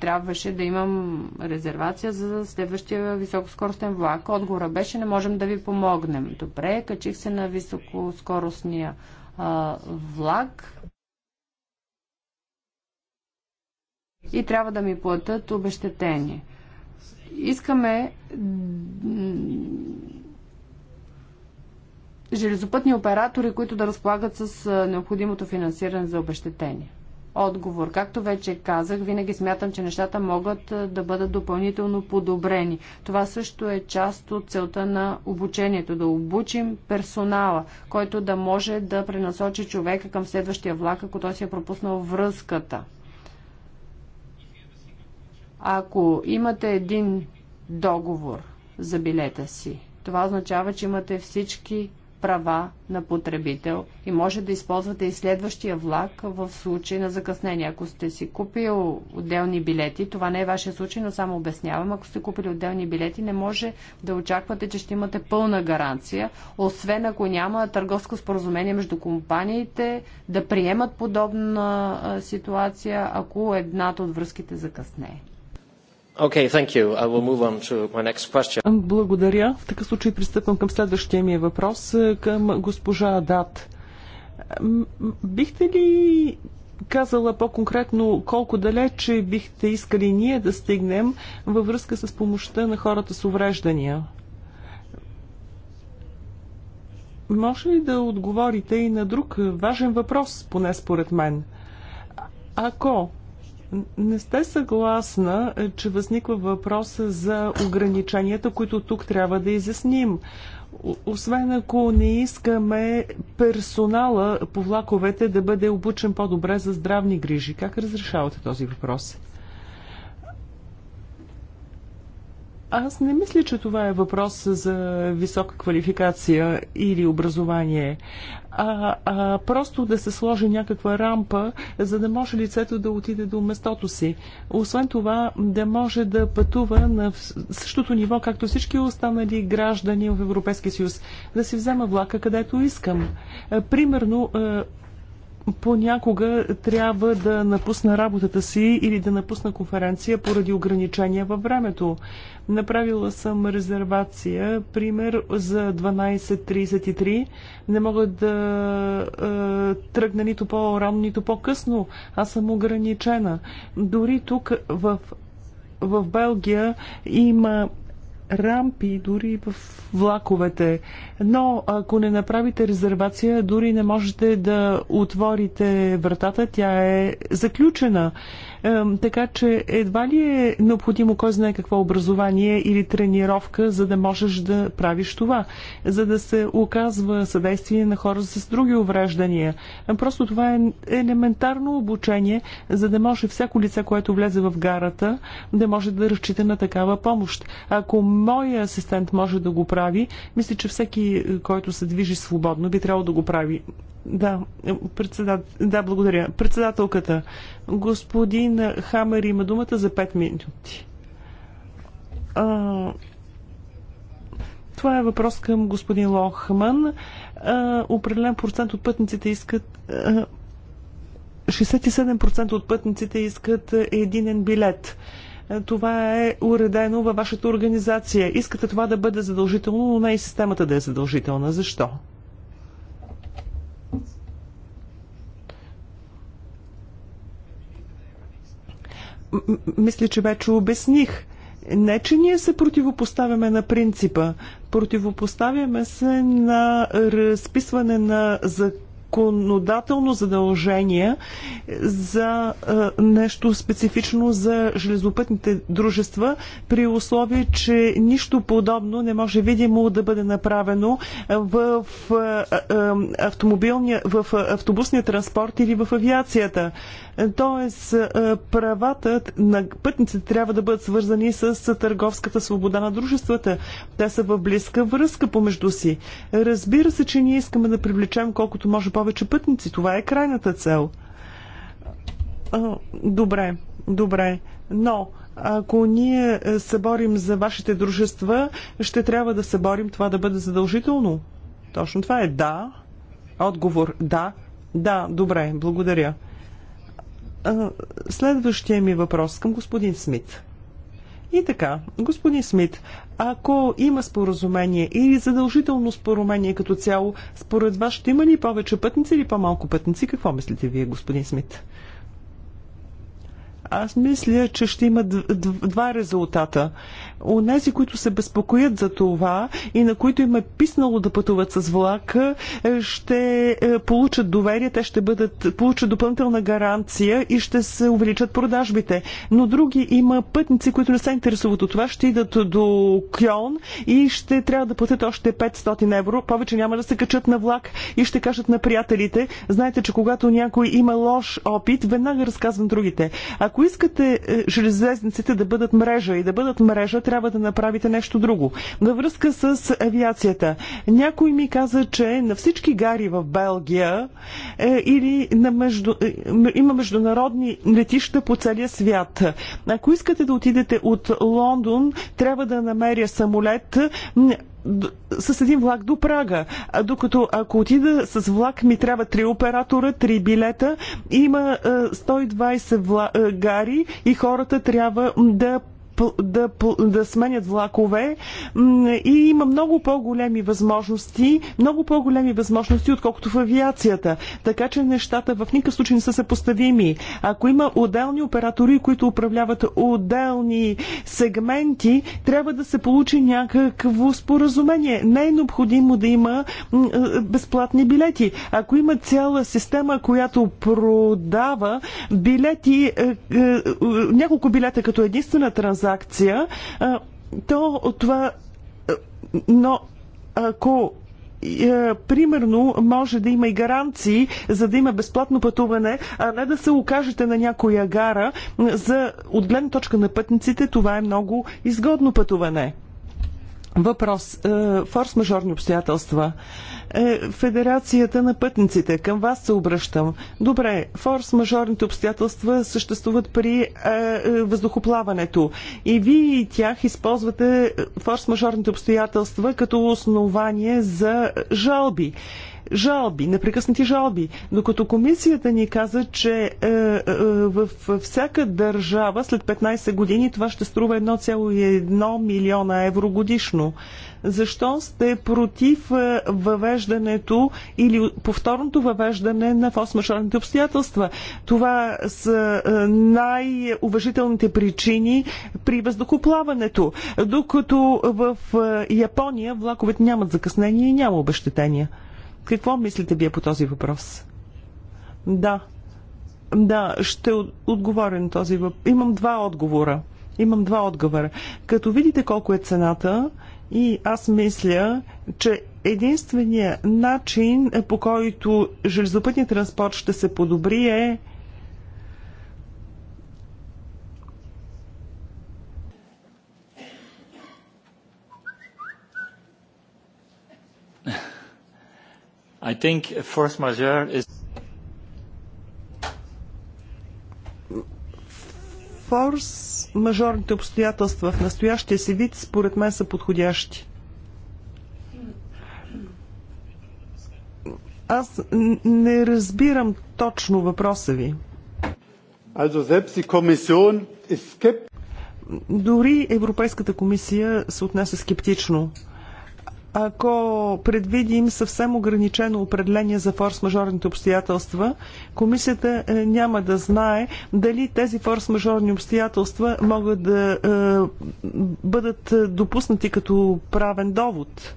трябваше да имам резервация за следващия високоскоростен влак. Отговора беше, не можем да ви помогнем. Добре, качих се на високоскоростния а, влак. И трябва да ми платят обещетение. Искаме железопътни оператори, които да разполагат с необходимото финансиране за обещетение отговор. Както вече казах, винаги смятам, че нещата могат да бъдат допълнително подобрени. Това също е част от целта на обучението да обучим персонала, който да може да пренасочи човека към следващия влак, ако той си е пропуснал връзката. Ако имате един договор за билета си, това означава, че имате всички права на потребител и може да използвате и следващия влак в случай на закъснение. Ако сте си купил отделни билети, това не е вашия случай, но само обяснявам, ако сте купили отделни билети, не може да очаквате, че ще имате пълна гаранция, освен ако няма търговско споразумение между компаниите да приемат подобна ситуация, ако едната от връзките закъснее. Okay, thank you. I will move on to my next question. Благодаря. В такъв случай пристъпвам към следващия ми въпрос е, към госпожа Дат. Бихте ли казала по-конкретно колко далече бихте искали ние да стигнем във връзка с помощта на хората с увреждания? Може ли да отговорите и на друг важен въпрос, поне според мен? Ако не сте съгласна, е, че възниква въпроса за ограниченията, които тук трябва да изясним. Освен ако не искаме персонала по влаковете да бъде обучен по-добре за здравни грижи. Как разрешавате този въпрос? Аз не мисля, че това е въпрос за висока квалификация или образование, а, а просто да се сложи някаква рампа, за да може лицето да отиде до местото си. Освен това, да може да пътува на същото ниво, както всички останали граждани в Европейския съюз, да си взема влака където искам. Е, примерно, е, понякога трябва да напусна работата си или да напусна конференция поради ограничения във времето. Направила съм резервация, пример за 12.33. Не мога да е, тръгна нито по-рано, нито по-късно. Аз съм ограничена. Дори тук в, в Белгия има рампи, дори в влаковете но ако не направите резервация, дори не можете да отворите вратата, тя е заключена. Така че едва ли е необходимо кой знае какво образование или тренировка, за да можеш да правиш това, за да се оказва съдействие на хора с други увреждания. Просто това е елементарно обучение, за да може всяко лице, което влезе в гарата, да може да разчита на такава помощ. Ако моя асистент може да го прави, мисля, че всеки който се движи свободно, би трябвало да го прави. Да, председат... да, благодаря. Председателката, господин Хамер има думата за 5 минути. А... Това е въпрос към господин Лохман. А, определен процент от пътниците искат. А, 67% от пътниците искат единен билет. А, е, това е уредено във вашата организация. Искате това да бъде задължително, но не и системата да е задължителна. Защо? мисля, че вече обясних. Не, че ние се противопоставяме на принципа. Противопоставяме се на разписване на закон законодателно задължение за е, нещо специфично за железопътните дружества, при условие, че нищо подобно не може видимо да бъде направено в, е, е, автомобилния, в автобусния транспорт или в авиацията. Тоест, правата на пътниците трябва да бъдат свързани с търговската свобода на дружествата. Те са в близка връзка помежду си. Разбира се, че ние искаме да привлечем колкото може по повече пътници. Това е крайната цел. Добре, добре. Но ако ние е, се борим за вашите дружества, ще трябва да се борим това да бъде задължително. Точно това е да. Отговор да. Да, добре, благодаря. Следващия ми въпрос към господин Смит. И така, господин Смит, ако има споразумение или задължително споразумение като цяло, според вас ще има ли повече пътници или по-малко пътници? Какво мислите вие, господин Смит? Аз мисля, че ще има два резултата. Онези, които се безпокоят за това и на които им е писнало да пътуват с влак, е, ще е, получат доверие, те ще бъдат, получат допълнителна гаранция и ще се увеличат продажбите. Но други има пътници, които не се интересуват от това, ще идат до Кьон и ще трябва да платят още 500 евро. Повече няма да се качат на влак и ще кажат на приятелите. Знаете, че когато някой има лош опит, веднага разказвам другите. Ако искате е, железниците да бъдат мрежа и да бъдат мрежа, трябва да направите нещо друго. Във връзка с авиацията. Някой ми каза, че на всички гари в Белгия е, или на между... Е, има международни летища по целия свят. Ако искате да отидете от Лондон, трябва да намеря самолет с един влак до Прага. А докато ако отида с влак, ми трябва три оператора, три билета. Има 120 е, вла... Е, гари и хората трябва да да, да сменят влакове и има много по-големи възможности, много по-големи възможности, отколкото в авиацията. Така че нещата в никакъв случай не са съпоставими. Ако има отделни оператори, които управляват отделни сегменти, трябва да се получи някакво споразумение. Не е необходимо да има е, безплатни билети. Ако има цяла система, която продава билети, е, е, няколко билета като единствена транзакция, транзакция, то това. Но ако е, примерно може да има и гаранции, за да има безплатно пътуване, а не да се окажете на някоя гара. За, от гледна точка на пътниците това е много изгодно пътуване. Въпрос. Е, Форс-мажорни обстоятелства. Е, Федерацията на пътниците. Към вас се обръщам. Добре, форс-мажорните обстоятелства съществуват при е, въздухоплаването. И вие и тях използвате форс-мажорните обстоятелства като основание за жалби жалби, непрекъснати жалби. Докато комисията ни каза, че е, е, във всяка държава след 15 години това ще струва 1,1 милиона евро годишно. Защо сте против е, въвеждането или повторното въвеждане на фосмашорните обстоятелства? Това са е, най-уважителните причини при въздухоплаването, докато в е, Япония влаковете нямат закъснение и няма обещетения. Какво мислите вие по този въпрос? Да. Да, ще отговоря на този въпрос. Имам два отговора. Имам два отговора. Като видите колко е цената, и аз мисля, че единственият начин по който железопътният транспорт ще се подобри е I think force majeure is... Форс мажорните обстоятелства в настоящия си вид според мен са подходящи. Аз не разбирам точно въпроса ви. Also selbst die Kommission ist Европейската комисия се отнася скептично ако предвидим съвсем ограничено определение за форс-мажорните обстоятелства, комисията е, няма да знае дали тези форс-мажорни обстоятелства могат да е, бъдат е, допуснати като правен довод.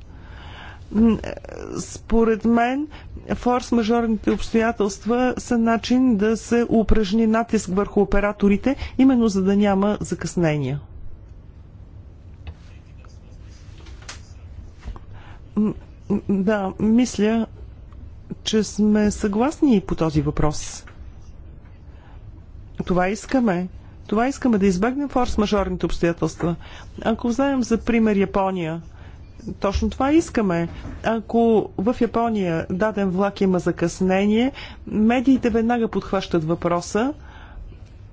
Е, според мен, форс-мажорните обстоятелства са начин да се упражни натиск върху операторите, именно за да няма закъснения. Да, мисля, че сме съгласни и по този въпрос. Това искаме. Това искаме да избегнем форс-мажорните обстоятелства. Ако вземем за пример Япония, точно това искаме. Ако в Япония даден влак има закъснение, медиите веднага подхващат въпроса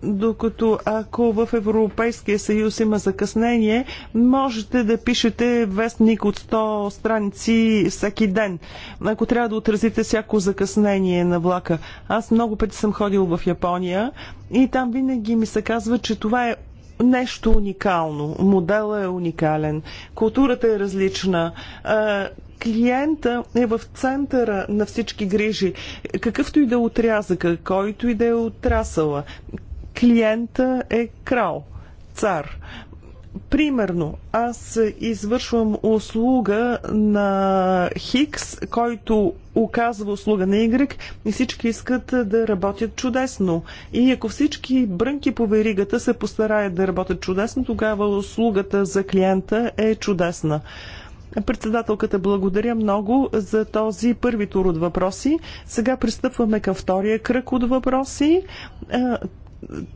докато ако в Европейския съюз има закъснение, можете да пишете вестник от 100 страници всеки ден. Ако трябва да отразите всяко закъснение на влака. Аз много пъти съм ходил в Япония и там винаги ми се казва, че това е нещо уникално. Модела е уникален. Културата е различна клиента е в центъра на всички грижи, какъвто и да е отрязъка, който и да е отрасъла, клиента е крал, цар. Примерно, аз извършвам услуга на Хикс, който оказва услуга на Y и всички искат да работят чудесно. И ако всички брънки по веригата се постараят да работят чудесно, тогава услугата за клиента е чудесна. Председателката благодаря много за този първи тур от въпроси. Сега пристъпваме към втория кръг от въпроси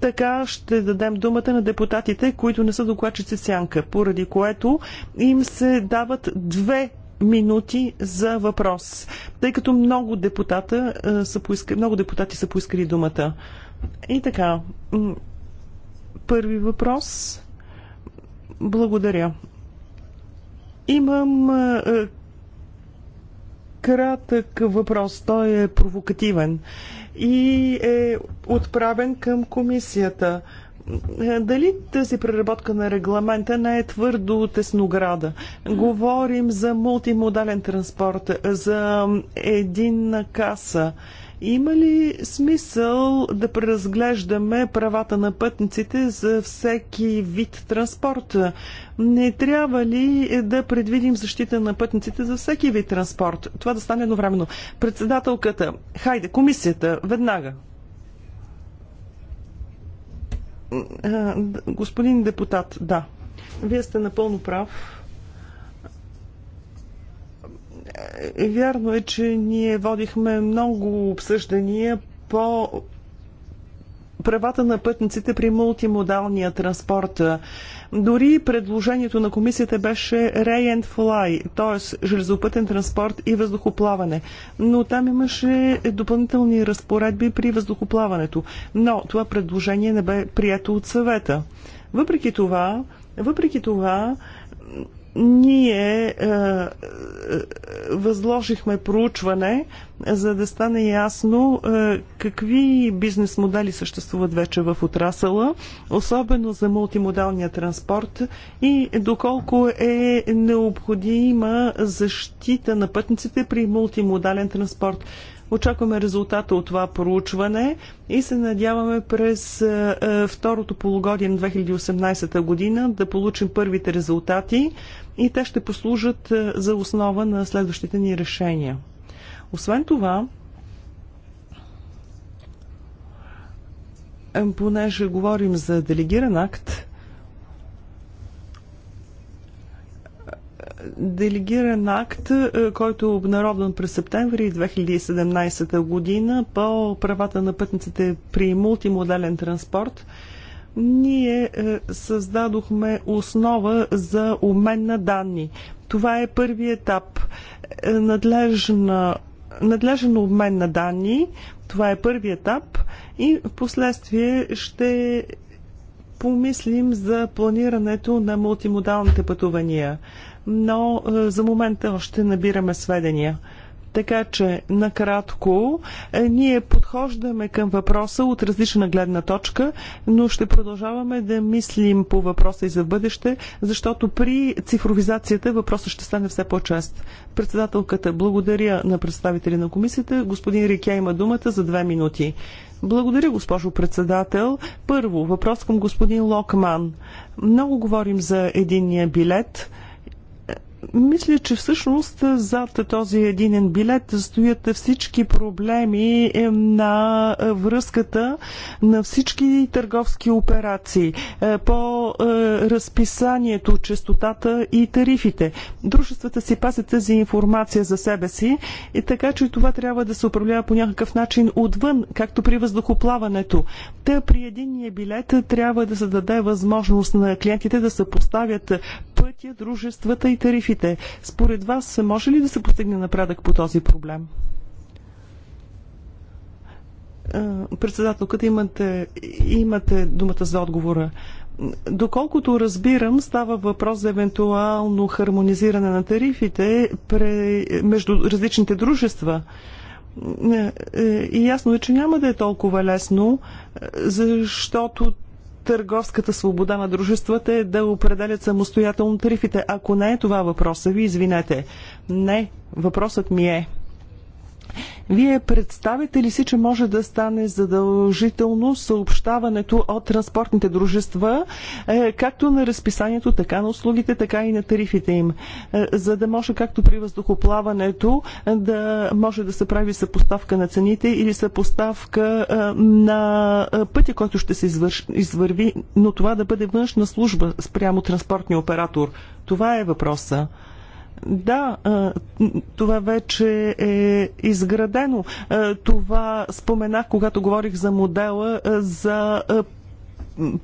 така ще дадем думата на депутатите, които не са докладчици сянка, поради което им се дават две минути за въпрос, тъй като много, депутата, е, са поискали, много депутати са поискали думата. И така, първи въпрос. Благодаря. Имам е, е, кратък въпрос. Той е провокативен и е отправен към комисията. Дали тази преработка на регламента не е твърдо теснограда? Говорим за мултимодален транспорт, за един каса. Има ли смисъл да преразглеждаме правата на пътниците за всеки вид транспорт? Не трябва ли да предвидим защита на пътниците за всеки вид транспорт? Това да стане едновременно. Председателката, хайде, комисията, веднага. Господин депутат, да. Вие сте напълно прав. Е, вярно е, че ние водихме много обсъждания по правата на пътниците при мултимодалния транспорт. Дори предложението на комисията беше Ray and Fly, т.е. железопътен транспорт и въздухоплаване. Но там имаше допълнителни разпоредби при въздухоплаването. Но това предложение не бе прието от съвета. Въпреки това, въпреки това, ние е, е, възложихме проучване, за да стане ясно е, какви бизнес модели съществуват вече в отрасъла, особено за мултимодалния транспорт и доколко е необходима защита на пътниците при мултимодален транспорт. Очакваме резултата от това проучване и се надяваме през е, е, второто полугодие на 2018 година да получим първите резултати и те ще послужат е, за основа на следващите ни решения. Освен това, понеже говорим за делегиран акт, делегиран акт, е, който е обнародван през септември 2017 година по правата на пътниците при мултимоделен транспорт, ние е, създадохме основа за обмен на данни. Това е първи етап. Е, надлежна надлежен обмен на данни. Това е първи етап и в последствие ще помислим за планирането на мултимодалните пътувания но е, за момента още набираме сведения. Така че, накратко, е, ние подхождаме към въпроса от различна гледна точка, но ще продължаваме да мислим по въпроса и за бъдеще, защото при цифровизацията въпросът ще стане все по-чест. Председателката благодаря на представители на комисията. Господин Рикя има думата за две минути. Благодаря, госпожо председател. Първо, въпрос към господин Локман. Много говорим за единния билет – мисля, че всъщност зад този единен билет стоят всички проблеми е, на връзката на всички търговски операции е, по е, разписанието, частотата и тарифите. Дружествата си пасят тази информация за себе си, и така че това трябва да се управлява по някакъв начин отвън, както при въздухоплаването. Та при единния билет трябва да се даде възможност на клиентите да се поставят пътя, дружествата и тарифите институциите. Според вас, може ли да се постигне напредък по този проблем? Е, председателката, имате, имате думата за отговора. Доколкото разбирам, става въпрос за евентуално хармонизиране на тарифите пре, между различните дружества. Е, е, и ясно е, че няма да е толкова лесно, защото търговската свобода на дружествата е да определят самостоятелно тарифите. Ако не е това въпроса ви, извинете. Не, въпросът ми е вие представите ли си, че може да стане задължително съобщаването от транспортните дружества, е, както на разписанието, така на услугите, така и на тарифите им, е, за да може както при въздухоплаването е, да може да се прави съпоставка на цените или съпоставка на пътя, който ще се извърви, но това да бъде външна служба спрямо транспортния оператор. Това е въпроса. Да, това вече е изградено. Това споменах, когато говорих за модела за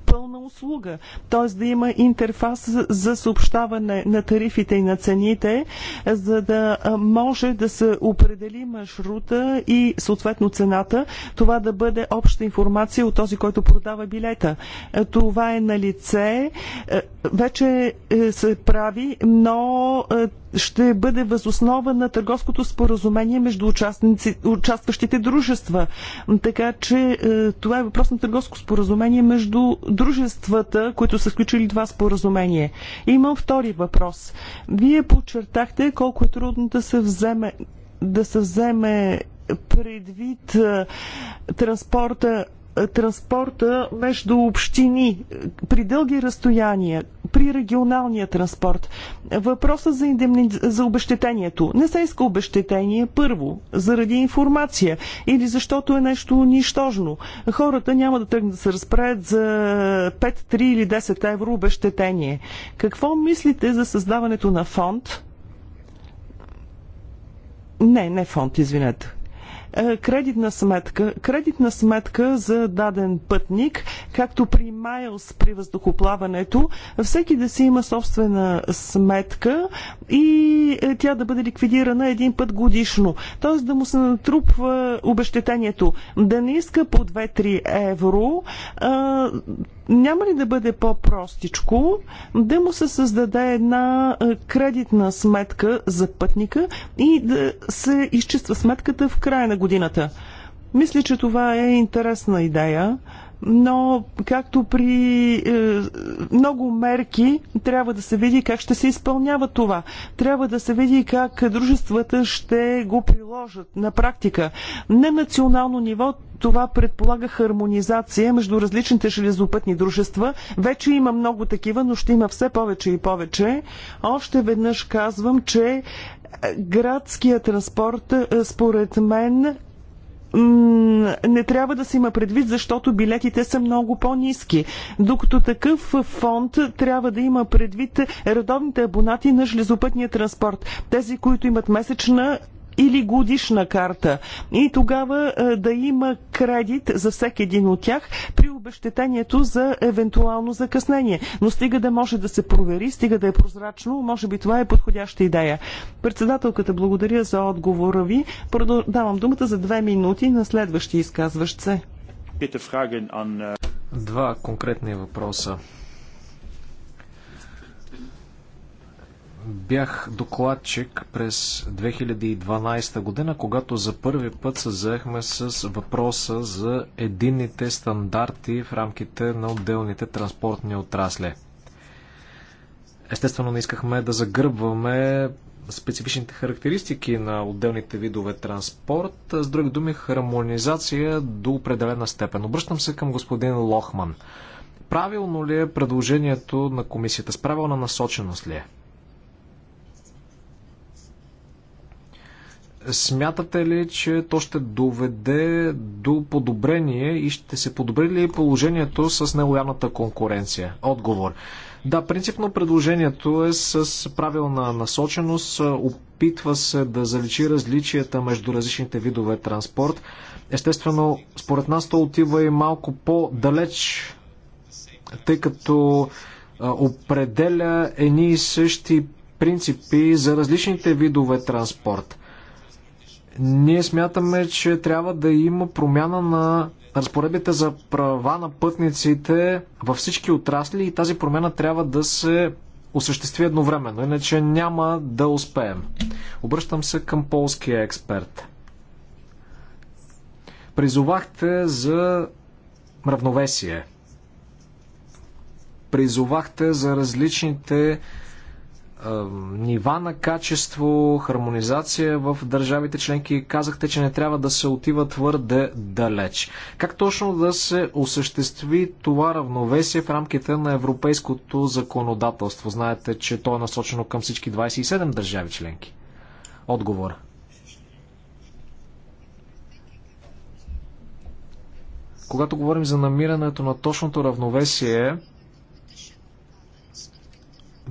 пълна услуга, т.е. да има интерфас за съобщаване на тарифите и на цените, за да може да се определи маршрута и съответно цената, това да бъде обща информация от този, който продава билета. Това е на лице, вече е, се прави, но ще бъде възоснова на търговското споразумение между участващите дружества. Така че е, това е въпрос на търговско споразумение между дружествата, които са сключили това споразумение. Имам втори въпрос. Вие подчертахте колко е трудно да се вземе да се вземе предвид е, транспорта транспорта между общини при дълги разстояния, при регионалния транспорт. Въпросът за, индемни... за обещетението. Не се иска обещетение първо, заради информация или защото е нещо нищожно. Хората няма да тръгнат да се разправят за 5, 3 или 10 евро обещетение. Какво мислите за създаването на фонд? Не, не фонд, извинете е, кредитна сметка. Кредитна сметка за даден пътник, както при Майлз при въздухоплаването, всеки да си има собствена сметка и е, тя да бъде ликвидирана един път годишно. Т.е. да му се натрупва обещетението. Да не иска по 2-3 евро, няма ли да бъде по-простичко да му се създаде една е, кредитна сметка за пътника и да се изчиства сметката в края на годината? Мисля, че това е интересна идея но както при е, много мерки трябва да се види как ще се изпълнява това. Трябва да се види как дружествата ще го приложат на практика. На национално ниво това предполага хармонизация между различните железопътни дружества. Вече има много такива, но ще има все повече и повече. Още веднъж казвам, че градския транспорт е, според мен не трябва да се има предвид, защото билетите са много по-низки. Докато такъв фонд трябва да има предвид редовните абонати на железопътния транспорт. Тези, които имат месечна или годишна карта и тогава е, да има кредит за всеки един от тях при обещетението за евентуално закъснение. Но стига да може да се провери, стига да е прозрачно, може би това е подходяща идея. Председателката, благодаря за отговора ви. Давам думата за две минути на следващия изказващ се. Е, Два конкретни въпроса. Бях докладчик през 2012 година, когато за първи път се заехме с въпроса за единните стандарти в рамките на отделните транспортни отрасли. Естествено, не искахме да загърбваме специфичните характеристики на отделните видове транспорт, с други думи хармонизация до определена степен. Обръщам се към господин Лохман. Правилно ли е предложението на комисията? С правилна насоченост ли е? Смятате ли, че то ще доведе до подобрение и ще се подобри ли положението с нелоялната конкуренция? Отговор. Да, принципно предложението е с правилна насоченост. Опитва се да заличи различията между различните видове транспорт. Естествено, според нас то отива и малко по-далеч, тъй като определя едни и същи принципи за различните видове транспорт. Ние смятаме, че трябва да има промяна на разпоредбите за права на пътниците във всички отрасли и тази промяна трябва да се осъществи едновременно, иначе няма да успеем. Обръщам се към полския експерт. Призовахте за равновесие. Призовахте за различните нива на качество, хармонизация в държавите членки. Казахте, че не трябва да се отива твърде далеч. Как точно да се осъществи това равновесие в рамките на европейското законодателство? Знаете, че то е насочено към всички 27 държави членки. Отговор. Когато говорим за намирането на точното равновесие,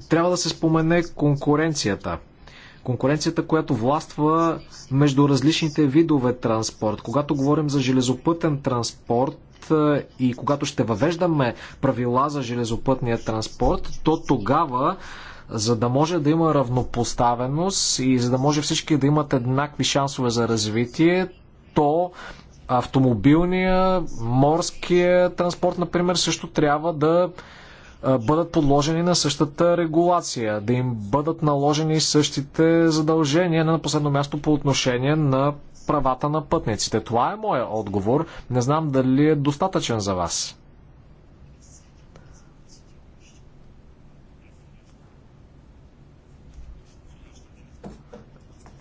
трябва да се спомене конкуренцията. Конкуренцията, която властва между различните видове транспорт. Когато говорим за железопътен транспорт, и когато ще въвеждаме правила за железопътния транспорт, то тогава за да може да има равнопоставеност и за да може всички да имат еднакви шансове за развитие, то автомобилния, морския транспорт, например, също трябва да бъдат подложени на същата регулация, да им бъдат наложени същите задължения, на последно място по отношение на правата на пътниците. Това е моя отговор. Не знам дали е достатъчен за вас.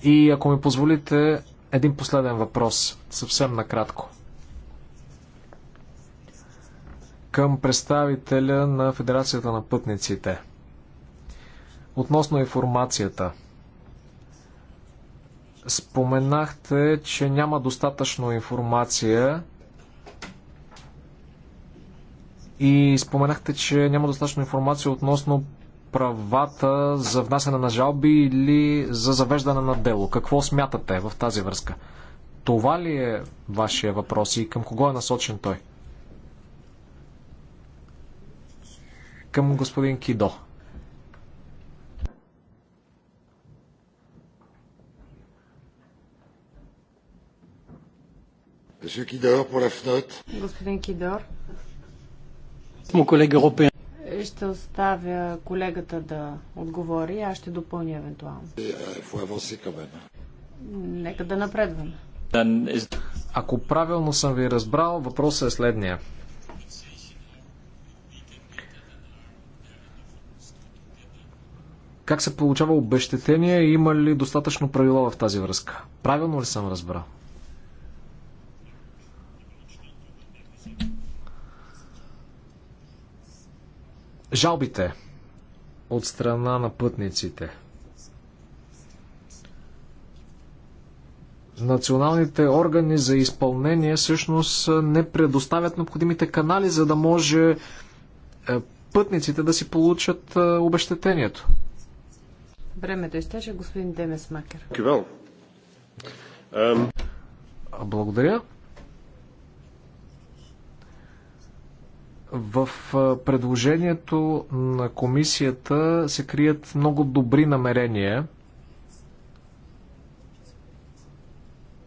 И ако ми позволите, един последен въпрос, съвсем накратко. към представителя на Федерацията на пътниците. Относно информацията. Споменахте, че няма достатъчно информация и споменахте, че няма достатъчно информация относно правата за внасяне на жалби или за завеждане на дело. Какво смятате в тази връзка? Това ли е вашия въпрос и към кого е насочен той? към господин Кидо. Господин Кидор. Ще оставя колегата да отговори, аз ще допълня евентуално. Euh, Нека да напредваме. Е- Ако правилно съм ви разбрал, въпросът е следния. Как се получава обещетение? Има ли достатъчно правила в тази връзка? Правилно ли съм разбрал? Жалбите от страна на пътниците. Националните органи за изпълнение всъщност не предоставят необходимите канали, за да може е, пътниците да си получат е, обещетението. Времето изтече. Господин Демес Макер. Благодаря. В предложението на комисията се крият много добри намерения.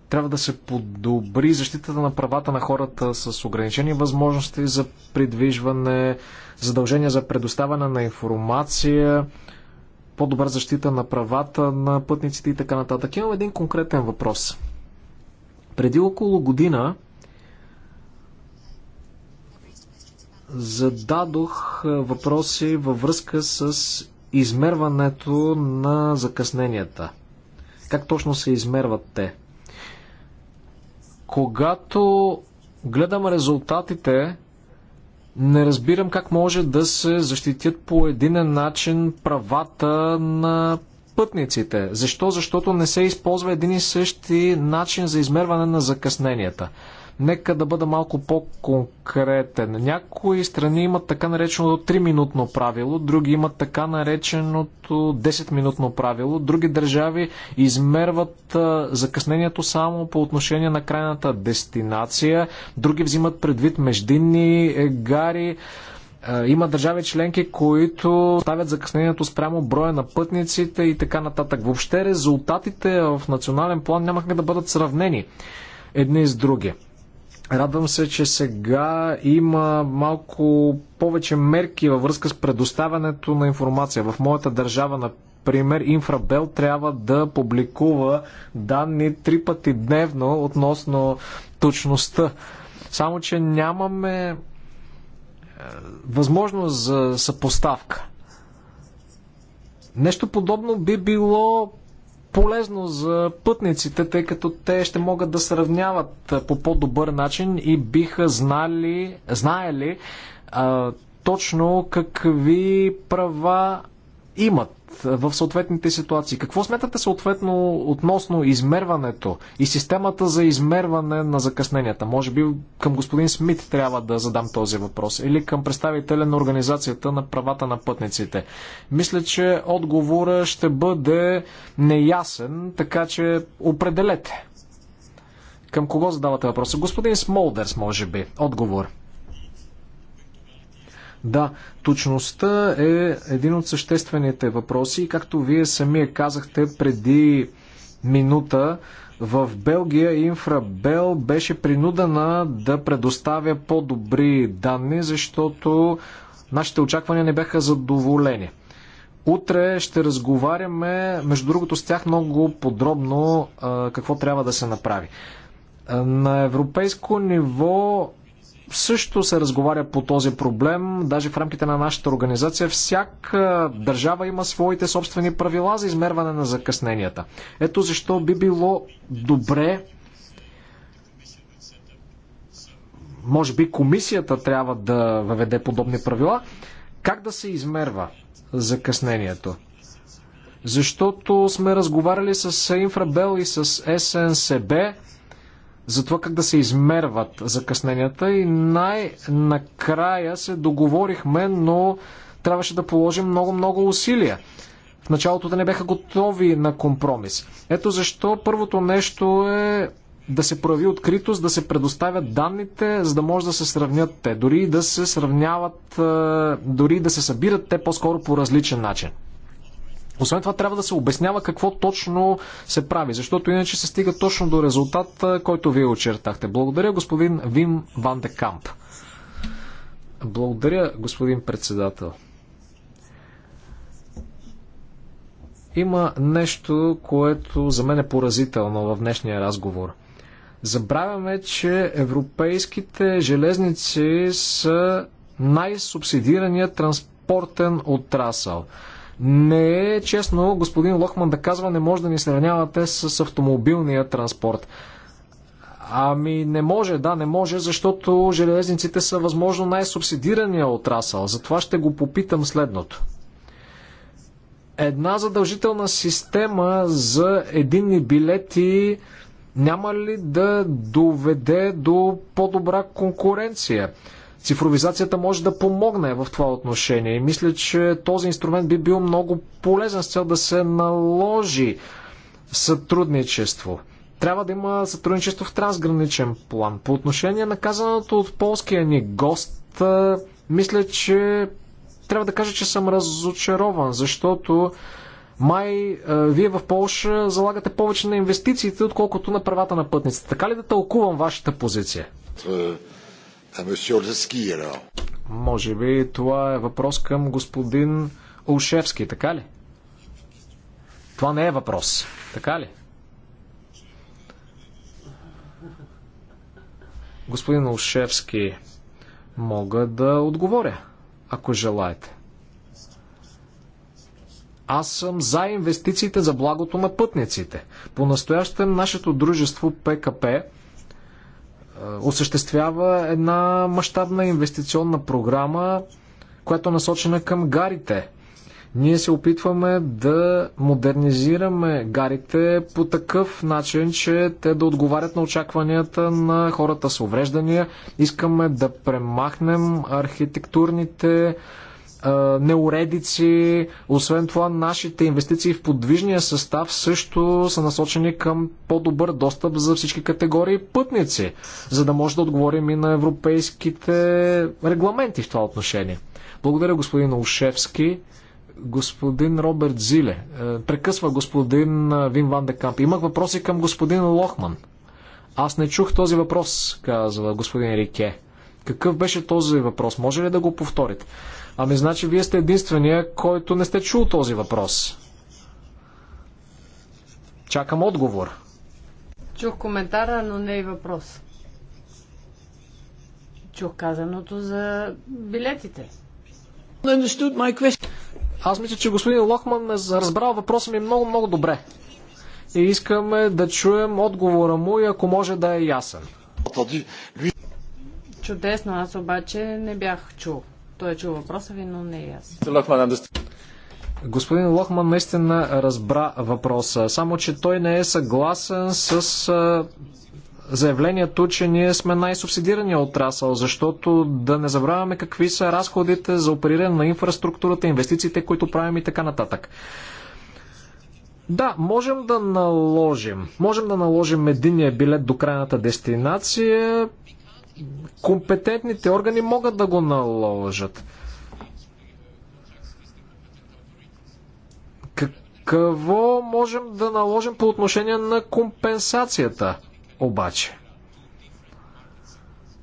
Трябва да се подобри защитата на правата на хората с ограничени възможности за придвижване, задължения за предоставяне на информация, по-добра защита на правата на пътниците и така нататък. Имам един конкретен въпрос. Преди около година зададох въпроси във връзка с измерването на закъсненията. Как точно се измерват те? Когато гледам резултатите не разбирам как може да се защитят по един начин правата на пътниците. Защо? Защото не се използва един и същи начин за измерване на закъсненията. Нека да бъда малко по-конкретен. Някои страни имат така нареченото 3-минутно правило, други имат така нареченото 10-минутно правило, други държави измерват закъснението само по отношение на крайната дестинация, други взимат предвид междинни е, гари. Има държави членки, които ставят закъснението спрямо броя на пътниците и така нататък. Въобще резултатите в национален план нямаха да бъдат сравнени едни с други. Радвам се, че сега има малко повече мерки във връзка с предоставянето на информация. В моята държава, например, Инфрабел трябва да публикува данни три пъти дневно относно точността. Само, че нямаме е, възможност за съпоставка. Нещо подобно би било полезно за пътниците, тъй като те ще могат да сравняват по по-добър начин и биха знали, знаели а, точно какви права имат в съответните ситуации. Какво смятате съответно относно измерването и системата за измерване на закъсненията? Може би към господин Смит трябва да задам този въпрос или към представителя на Организацията на правата на пътниците. Мисля, че отговора ще бъде неясен, така че определете. Към кого задавате въпроса? Господин Смолдерс, може би. Отговор. Да, точността е един от съществените въпроси. Както вие самия казахте преди минута, в Белгия Инфрабел беше принудена да предоставя по-добри данни, защото нашите очаквания не бяха задоволени. Утре ще разговаряме, между другото, с тях много подробно какво трябва да се направи. На европейско ниво също се разговаря по този проблем, даже в рамките на нашата организация. Всяка държава има своите собствени правила за измерване на закъсненията. Ето защо би било добре може би комисията трябва да въведе подобни правила, как да се измерва закъснението? Защото сме разговаряли с Инфрабел и с СНСБ, за това как да се измерват закъсненията и най-накрая се договорихме, но трябваше да положим много-много усилия. В началото да не бяха готови на компромис. Ето защо първото нещо е да се прояви откритост, да се предоставят данните, за да може да се сравнят те, дори да се сравняват, дори да се събират те по-скоро по различен начин. Освен това трябва да се обяснява какво точно се прави, защото иначе се стига точно до резултат, който вие очертахте. Благодаря господин Вим Ван де Камп. Благодаря господин председател. Има нещо, което за мен е поразително в днешния разговор. Забравяме, че европейските железници са най-субсидираният транспортен отрасъл. Не е честно господин Лохман да казва, не може да ни сравнявате с автомобилния транспорт. Ами не може, да, не може, защото железниците са възможно най-субсидирания отрасъл. Затова ще го попитам следното. Една задължителна система за единни билети няма ли да доведе до по-добра конкуренция? Цифровизацията може да помогне в това отношение и мисля, че този инструмент би бил много полезен с цел да се наложи сътрудничество. Трябва да има сътрудничество в трансграничен план. По отношение на казаното от полския ни гост, мисля, че трябва да кажа, че съм разочарован, защото май вие в Полша залагате повече на инвестициите, отколкото на правата на пътниците. Така ли да тълкувам вашата позиция? Е, може би това е въпрос към господин Олшевски, така ли? Това не е въпрос, така ли? Господин Олшевски, мога да отговоря, ако желаете. Аз съм за инвестициите за благото на пътниците. По настоящем нашето дружество ПКП е, осъществява една мащабна инвестиционна програма, която е насочена към гарите. Ние се опитваме да модернизираме гарите по такъв начин, че те да отговарят на очакванията на хората с увреждания. Искаме да премахнем архитектурните неуредици. Освен това, нашите инвестиции в подвижния състав също са насочени към по-добър достъп за всички категории пътници, за да може да отговорим и на европейските регламенти в това отношение. Благодаря господин Олшевски. Господин Роберт Зиле. Е, прекъсва господин Вин Ван де Камп. Имах въпроси към господин Лохман. Аз не чух този въпрос, казва господин Рике. Какъв беше този въпрос? Може ли да го повторите? Ами значи вие сте единствения, който не сте чул този въпрос. Чакам отговор. Чух коментара, но не и въпрос. Чух казаното за билетите. Аз мисля, че господин Лохман е разбрал въпроса ми много, много добре. И искаме да чуем отговора му и ако може да е ясен. Чудесно, аз обаче не бях чул. Той е чул въпроса ви, но не и аз. Господин Лохман наистина разбра въпроса, само че той не е съгласен с заявлението, че ние сме най-субсидирания отрасъл, защото да не забравяме какви са разходите за опериране на инфраструктурата, инвестициите, които правим и така нататък. Да, можем да наложим. Можем да наложим единия билет до крайната дестинация компетентните органи могат да го наложат. Какво можем да наложим по отношение на компенсацията обаче?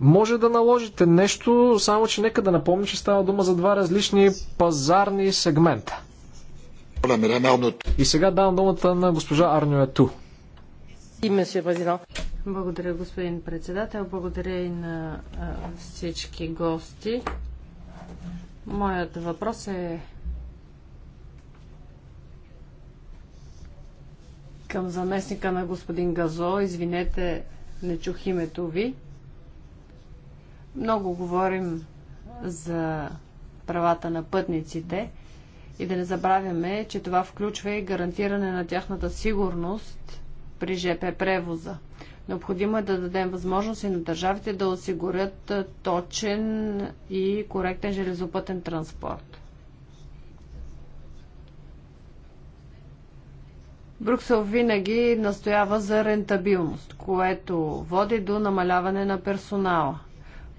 Може да наложите нещо, само че нека да напомня, че става дума за два различни пазарни сегмента. Е И сега давам думата на госпожа Арнюету. Благодаря, господин председател. Благодаря и на всички гости. Моят въпрос е към заместника на господин Газо. Извинете, не чух името ви. Много говорим за правата на пътниците и да не забравяме, че това включва и гарантиране на тяхната сигурност при ЖП превоза. Необходимо е да дадем възможност и на държавите да осигурят точен и коректен железопътен транспорт. Брюксел винаги настоява за рентабилност, което води до намаляване на персонала.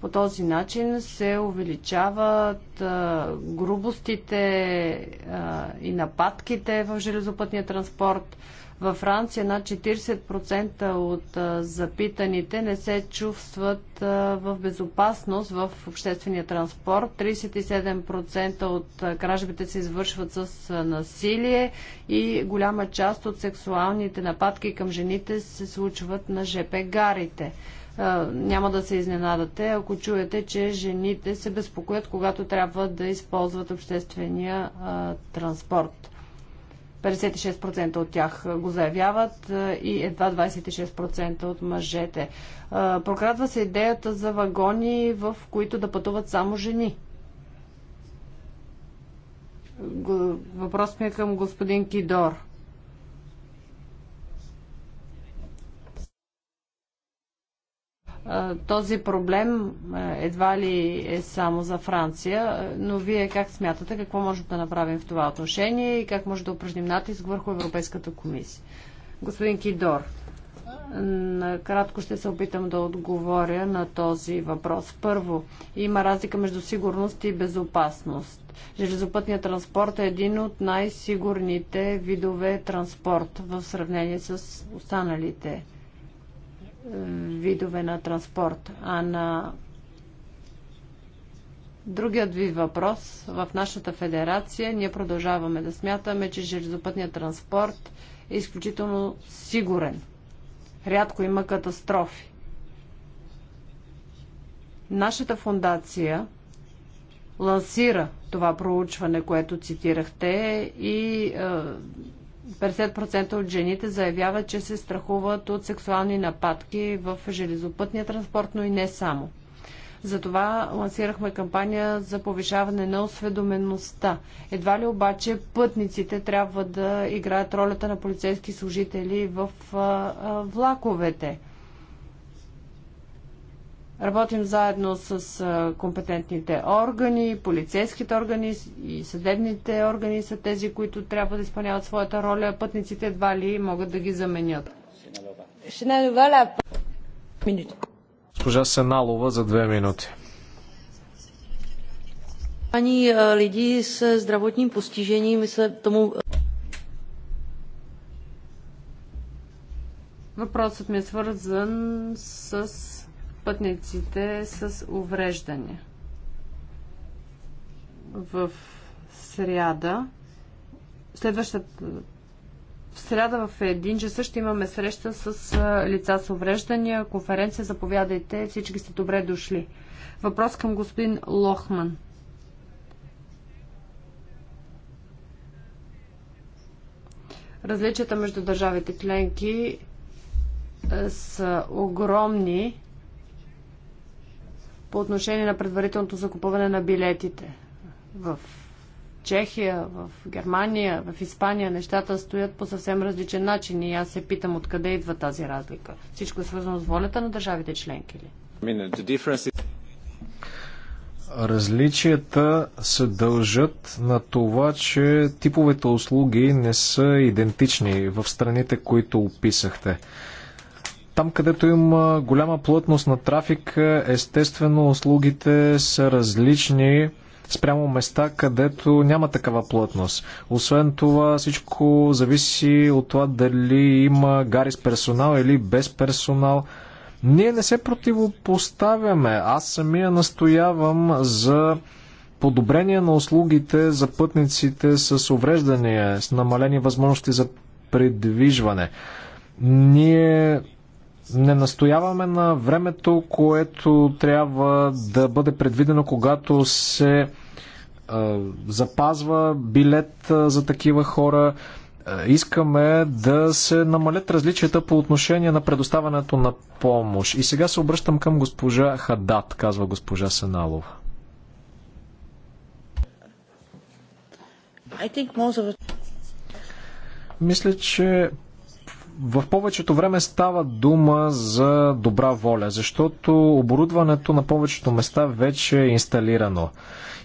По този начин се увеличават а, грубостите а, и нападките в железопътния транспорт. Във Франция над 40% от запитаните не се чувстват в безопасност в обществения транспорт. 37% от кражбите се извършват с насилие и голяма част от сексуалните нападки към жените се случват на ЖП гарите няма да се изненадате, ако чуете, че жените се безпокоят, когато трябва да използват обществения а, транспорт. 56% от тях го заявяват и едва 26% от мъжете. Прокрадва се идеята за вагони, в които да пътуват само жени. Въпрос ми е към господин Кидор. този проблем едва ли е само за Франция, но вие как смятате, какво можем да направим в това отношение и как може да упражним натиск върху Европейската комисия? Господин Кидор, накратко ще се опитам да отговоря на този въпрос. Първо, има разлика между сигурност и безопасност. Железопътният транспорт е един от най-сигурните видове транспорт в сравнение с останалите видове на транспорт. А на другият ви въпрос, в нашата федерация ние продължаваме да смятаме, че железопътният транспорт е изключително сигурен. Рядко има катастрофи. Нашата фундация лансира това проучване, което цитирахте и е, 50% от жените заявяват, че се страхуват от сексуални нападки в железопътния транспорт, но и не само. Затова лансирахме кампания за повишаване на осведомеността. Едва ли обаче пътниците трябва да играят ролята на полицейски служители в влаковете – Работим заедно с компетентните органи, полицейските органи и съдебните органи са тези, които трябва да изпълняват своята роля. Пътниците едва ли могат да ги заменят. Госпожа Сеналова за две минути. Ani lidi se zdravotním postižením, my se tomu... Въпросът ми е свързан с пътниците с увреждания. В сряда, следващата в сряда в един часа ще имаме среща с лица с увреждания, конференция, заповядайте, всички сте добре дошли. Въпрос към господин Лохман. Различията между държавите членки са огромни по отношение на предварителното закупуване на билетите. В Чехия, в Германия, в Испания нещата стоят по съвсем различен начин и аз се питам откъде идва тази разлика. Всичко е свързано с волята на държавите членки ли? Различията се дължат на това, че типовете услуги не са идентични в страните, които описахте. Там, където има голяма плътност на трафик, естествено услугите са различни спрямо места, където няма такава плътност. Освен това, всичко зависи от това дали има гари с персонал или без персонал. Ние не се противопоставяме. Аз самия настоявам за подобрение на услугите за пътниците с увреждания, с намалени възможности за придвижване. Ние не настояваме на времето, което трябва да бъде предвидено, когато се е, запазва билет е, за такива хора. Е, искаме да се намалят различията по отношение на предоставянето на помощ. И сега се обръщам към госпожа Хадат, казва госпожа Сеналова. Мисля, че в повечето време става дума за добра воля, защото оборудването на повечето места вече е инсталирано.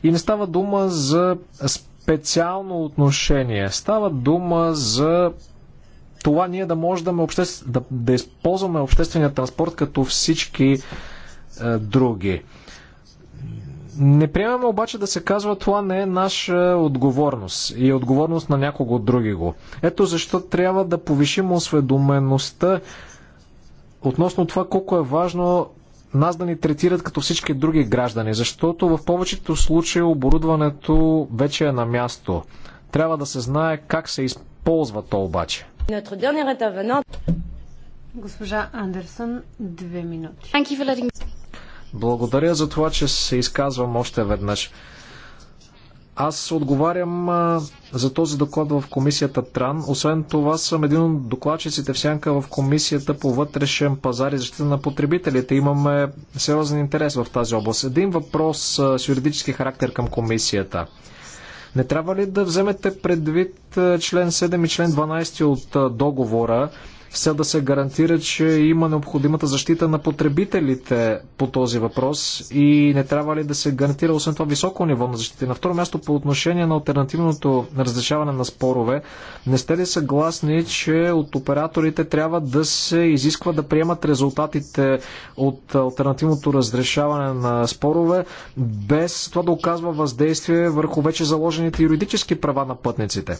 И не става дума за специално отношение. Става дума за това ние да можем да, обществ... да, да използваме обществения транспорт като всички е, други. Не приемаме обаче да се казва това не е наша отговорност и е отговорност на някого други го. Ето защо трябва да повишим осведомеността относно това колко е важно нас да ни третират като всички други граждани, защото в повечето случаи оборудването вече е на място. Трябва да се знае как се използва то обаче. Госпожа Андерсон, две минути. Благодаря за това, че се изказвам още веднъж. Аз отговарям а, за този доклад в комисията Тран. Освен това съм един от докладчиците в сянка в комисията по вътрешен пазар и защита на потребителите. Имаме сериозен интерес в тази област. Един въпрос а, с юридически характер към комисията. Не трябва ли да вземете предвид член 7 и член 12 от договора, все да се гарантира, че има необходимата защита на потребителите по този въпрос и не трябва ли да се гарантира освен това високо ниво на защита. На второ място по отношение на альтернативното разрешаване на спорове, не сте ли съгласни, че от операторите трябва да се изисква да приемат резултатите от альтернативното разрешаване на спорове, без това да оказва въздействие върху вече заложените юридически права на пътниците?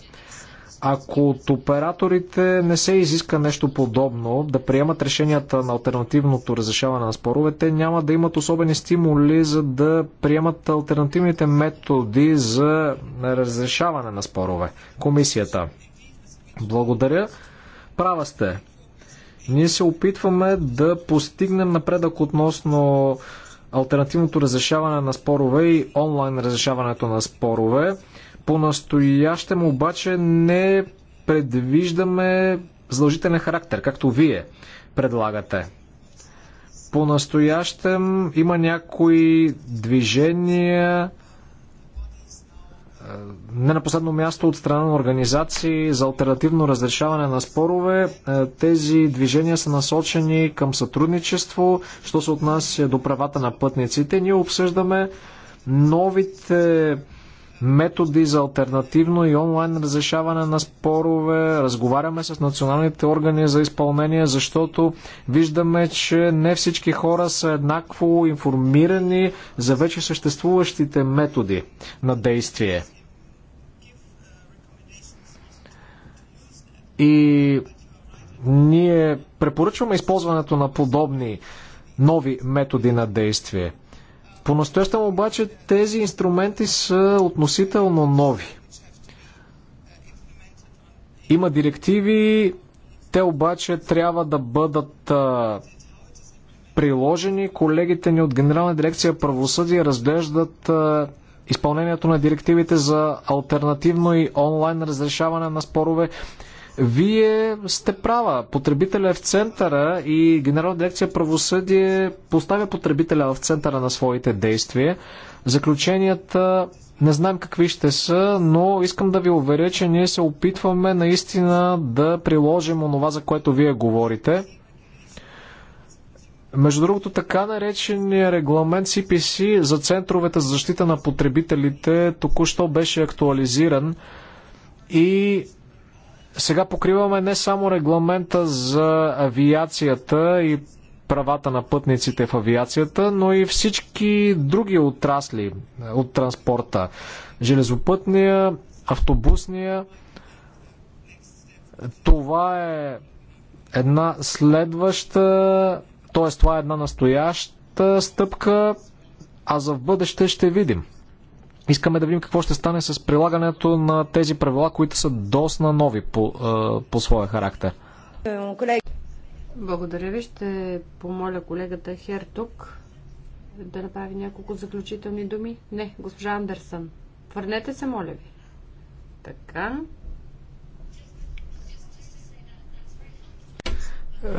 Ако от операторите не се изиска нещо подобно, да приемат решенията на альтернативното разрешаване на споровете, няма да имат особени стимули за да приемат альтернативните методи за разрешаване на спорове. Комисията. Благодаря. Права сте. Ние се опитваме да постигнем напредък относно альтернативното разрешаване на спорове и онлайн разрешаването на спорове. По-настоящем обаче не предвиждаме задължителен характер, както вие предлагате. По-настоящем има някои движения, е, не на последно място от страна на организации за альтернативно разрешаване на спорове. Е, тези движения са насочени към сътрудничество, що се отнася до правата на пътниците. Ние обсъждаме новите методи за альтернативно и онлайн разрешаване на спорове. Разговаряме с националните органи за изпълнение, защото виждаме, че не всички хора са еднакво информирани за вече съществуващите методи на действие. И ние препоръчваме използването на подобни нови методи на действие. По-настоящем обаче тези инструменти са относително нови. Има директиви, те обаче трябва да бъдат а, приложени. Колегите ни от Генерална дирекция правосъдие разглеждат а, изпълнението на директивите за альтернативно и онлайн разрешаване на спорове. Вие сте права. Потребителя е в центъра и Генерална дирекция правосъдие поставя потребителя в центъра на своите действия. Заключенията не знам какви ще са, но искам да ви уверя, че ние се опитваме наистина да приложим онова, за което вие говорите. Между другото, така наречения регламент CPC за центровете за защита на потребителите току-що беше актуализиран и сега покриваме не само регламента за авиацията и правата на пътниците в авиацията, но и всички други отрасли от транспорта. Железопътния, автобусния. Това е една следваща, т.е. това е една настояща стъпка, а за в бъдеще ще видим. Искаме да видим какво ще стане с прилагането на тези правила, които са доста нови по, по своя характер. Благодаря ви. Ще помоля колегата Хертук да направи няколко заключителни думи. Не, госпожа Андерсън. Върнете се, моля ви. Така.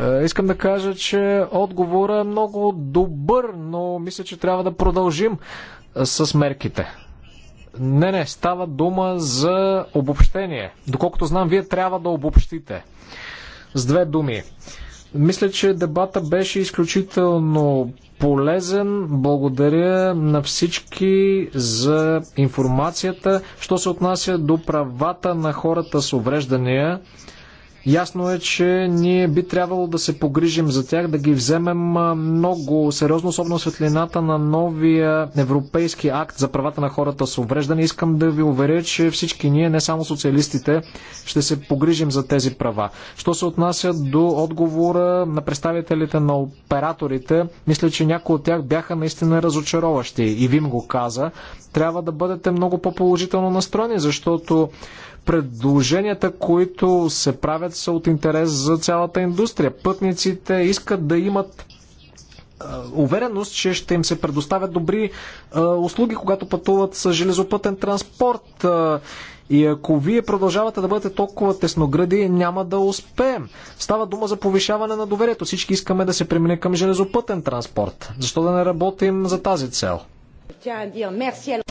Е, искам да кажа, че отговорът е много добър, но мисля, че трябва да продължим с мерките. Не, не, става дума за обобщение. Доколкото знам, вие трябва да обобщите. С две думи. Мисля, че дебата беше изключително полезен. Благодаря на всички за информацията, що се отнася до правата на хората с увреждания. Ясно е, че ние би трябвало да се погрижим за тях, да ги вземем много сериозно, особено светлината на новия европейски акт за правата на хората с увреждане. Искам да ви уверя, че всички ние, не само социалистите, ще се погрижим за тези права. Що се отнася до отговора на представителите на операторите, мисля, че някои от тях бяха наистина разочароващи и Вим го каза. Трябва да бъдете много по-положително настроени, защото предложенията, които се правят, са от интерес за цялата индустрия. Пътниците искат да имат увереност, че ще им се предоставят добри а, услуги, когато пътуват с железопътен транспорт. А, и ако вие продължавате да бъдете толкова тесногради, няма да успеем. Става дума за повишаване на доверието. Всички искаме да се премине към железопътен транспорт. Защо да не работим за тази цел?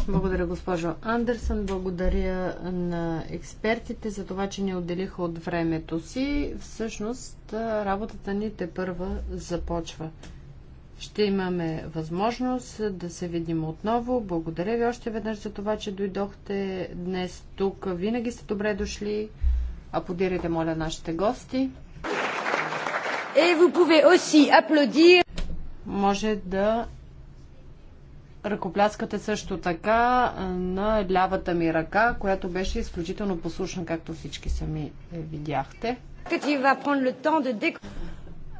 Благодаря, госпожо Андерсън. Благодаря на експертите за това, че ни отделиха от времето си. Всъщност, работата ни те първа започва. Ще имаме възможност да се видим отново. Благодаря ви още веднъж за това, че дойдохте днес тук. Винаги сте добре дошли. Аплодирайте, моля, нашите гости. Е, ви Може да Ръкопляскате също така на лявата ми ръка, която беше изключително послушна, както всички сами е, видяхте.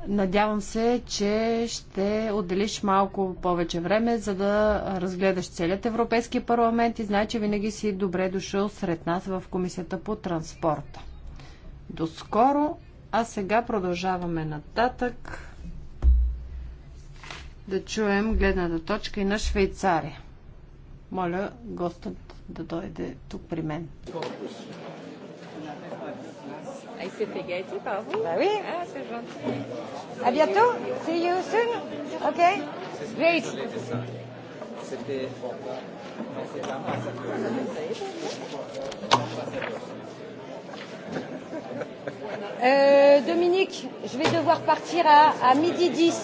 Надявам се, че ще отделиш малко повече време, за да разгледаш целият Европейски парламент и знай, че винаги си добре дошъл сред нас в Комисията по транспорта. До скоро, а сега продължаваме нататък да чуем гледната точка и на Швейцария. Моля гостът да дойде тук при мен. Avec ces See you soon. OK Great. Euh, Dominique, je vais devoir partir à, à midi 10.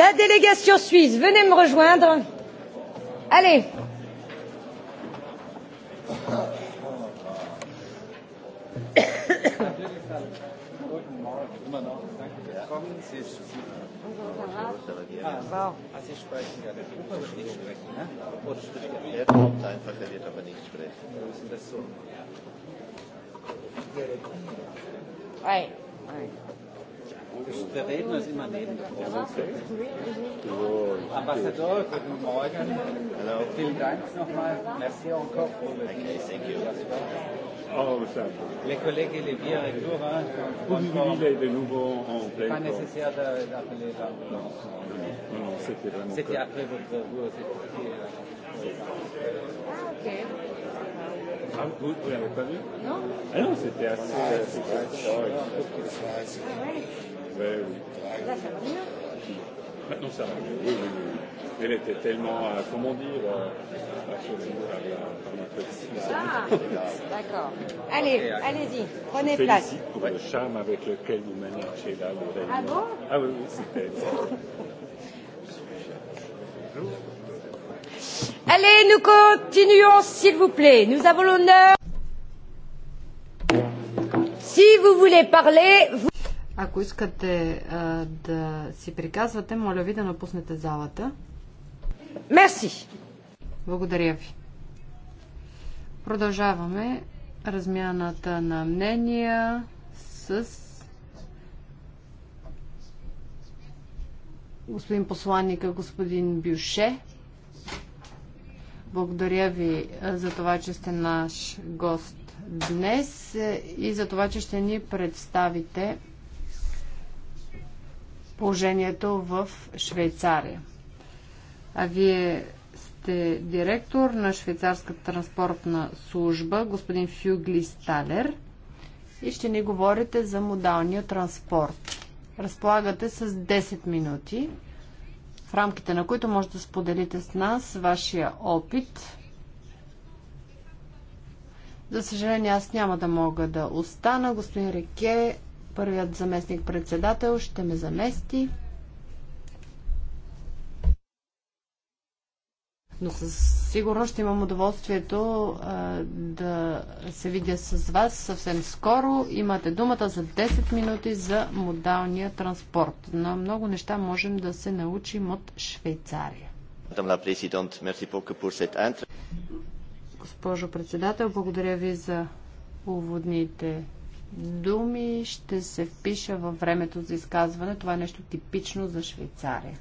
La délégation suisse, venez me rejoindre. Allez. Right. ouais. Der Redner ist immer neben der Frau. Ambassador, guten Morgen. Hello. Vielen Dank nochmal. Merci encore pour Okay, thank you. Les collègues et les vieux recours. Vous de nouveau en plein Pas nécessaire d'appeler l'ambulance. Non, non, c'était vraiment. C'était après votre vous, Ah, ok. Ah, vous ne pas vu Non. Ah non, c'était assez. Ah ouais mauvais. Ou... Là, ça va mieux Maintenant, ça va mieux. Oui, oui, oui. Elle était tellement, euh, comment dire, euh, Ah, d'accord. Allez, allez-y, prenez Je place. Félicite pour ouais. le charme avec lequel vous managez là le Ah bon Ah oui, oui, c'était. Allez, nous continuons, s'il vous plaît. Nous avons l'honneur. Si vous voulez parler, vous. Ако искате а, да си приказвате, моля ви да напуснете залата. Мерси! Благодаря ви. Продължаваме размяната на мнения с господин посланника, господин Бюше. Благодаря ви за това, че сте наш гост днес и за това, че ще ни представите положението в Швейцария. А вие сте директор на Швейцарската транспортна служба, господин Фюгли Сталер, и ще ни говорите за модалния транспорт. Разполагате с 10 минути, в рамките на които можете да споделите с нас вашия опит. За съжаление, аз няма да мога да остана. Господин Реке Първият заместник председател ще ме замести. но със сигурност ще имам удоволствието а, да се видя с вас съвсем скоро. Имате думата за 10 минути за модалния транспорт. На много неща можем да се научим от Швейцария. Госпожо председател, благодаря ви за уводните думи ще се впиша във времето за изказване. Това е нещо типично за Швейцария.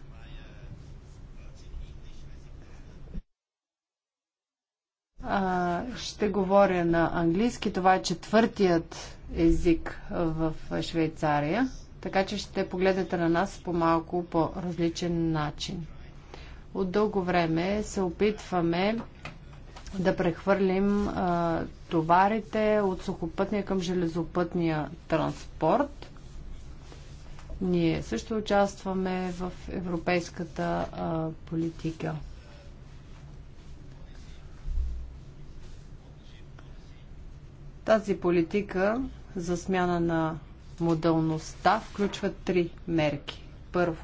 А, ще говоря на английски. Това е четвъртият език в Швейцария, така че ще погледнете на нас по малко по-различен начин. От дълго време се опитваме да прехвърлим а, товарите от сухопътния към железопътния транспорт. Ние също участваме в европейската а, политика. Тази политика за смяна на модалността включва три мерки. Първо,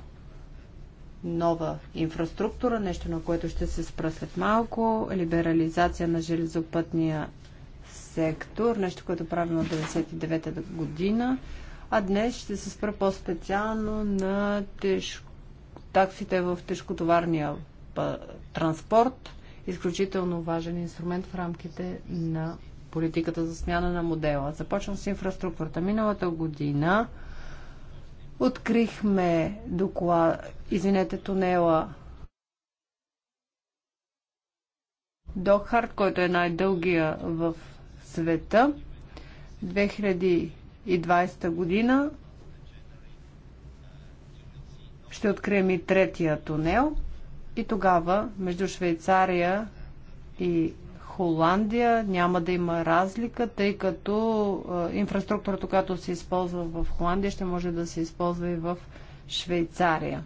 нова инфраструктура, нещо на което ще се спра след малко, либерализация на железопътния сектор, нещо, което правим от 99-та година, а днес ще се спра по-специално на теж... таксите в тежкотоварния транспорт, изключително важен инструмент в рамките на политиката за смяна на модела. Започвам с инфраструктурата. Миналата година Открихме доклад, извинете, тунела Дохард, който е най-дългия в света. 2020 година ще открием и третия тунел и тогава между Швейцария и Холандия няма да има разлика, тъй като инфраструктурата, която се използва в Холандия, ще може да се използва и в Швейцария.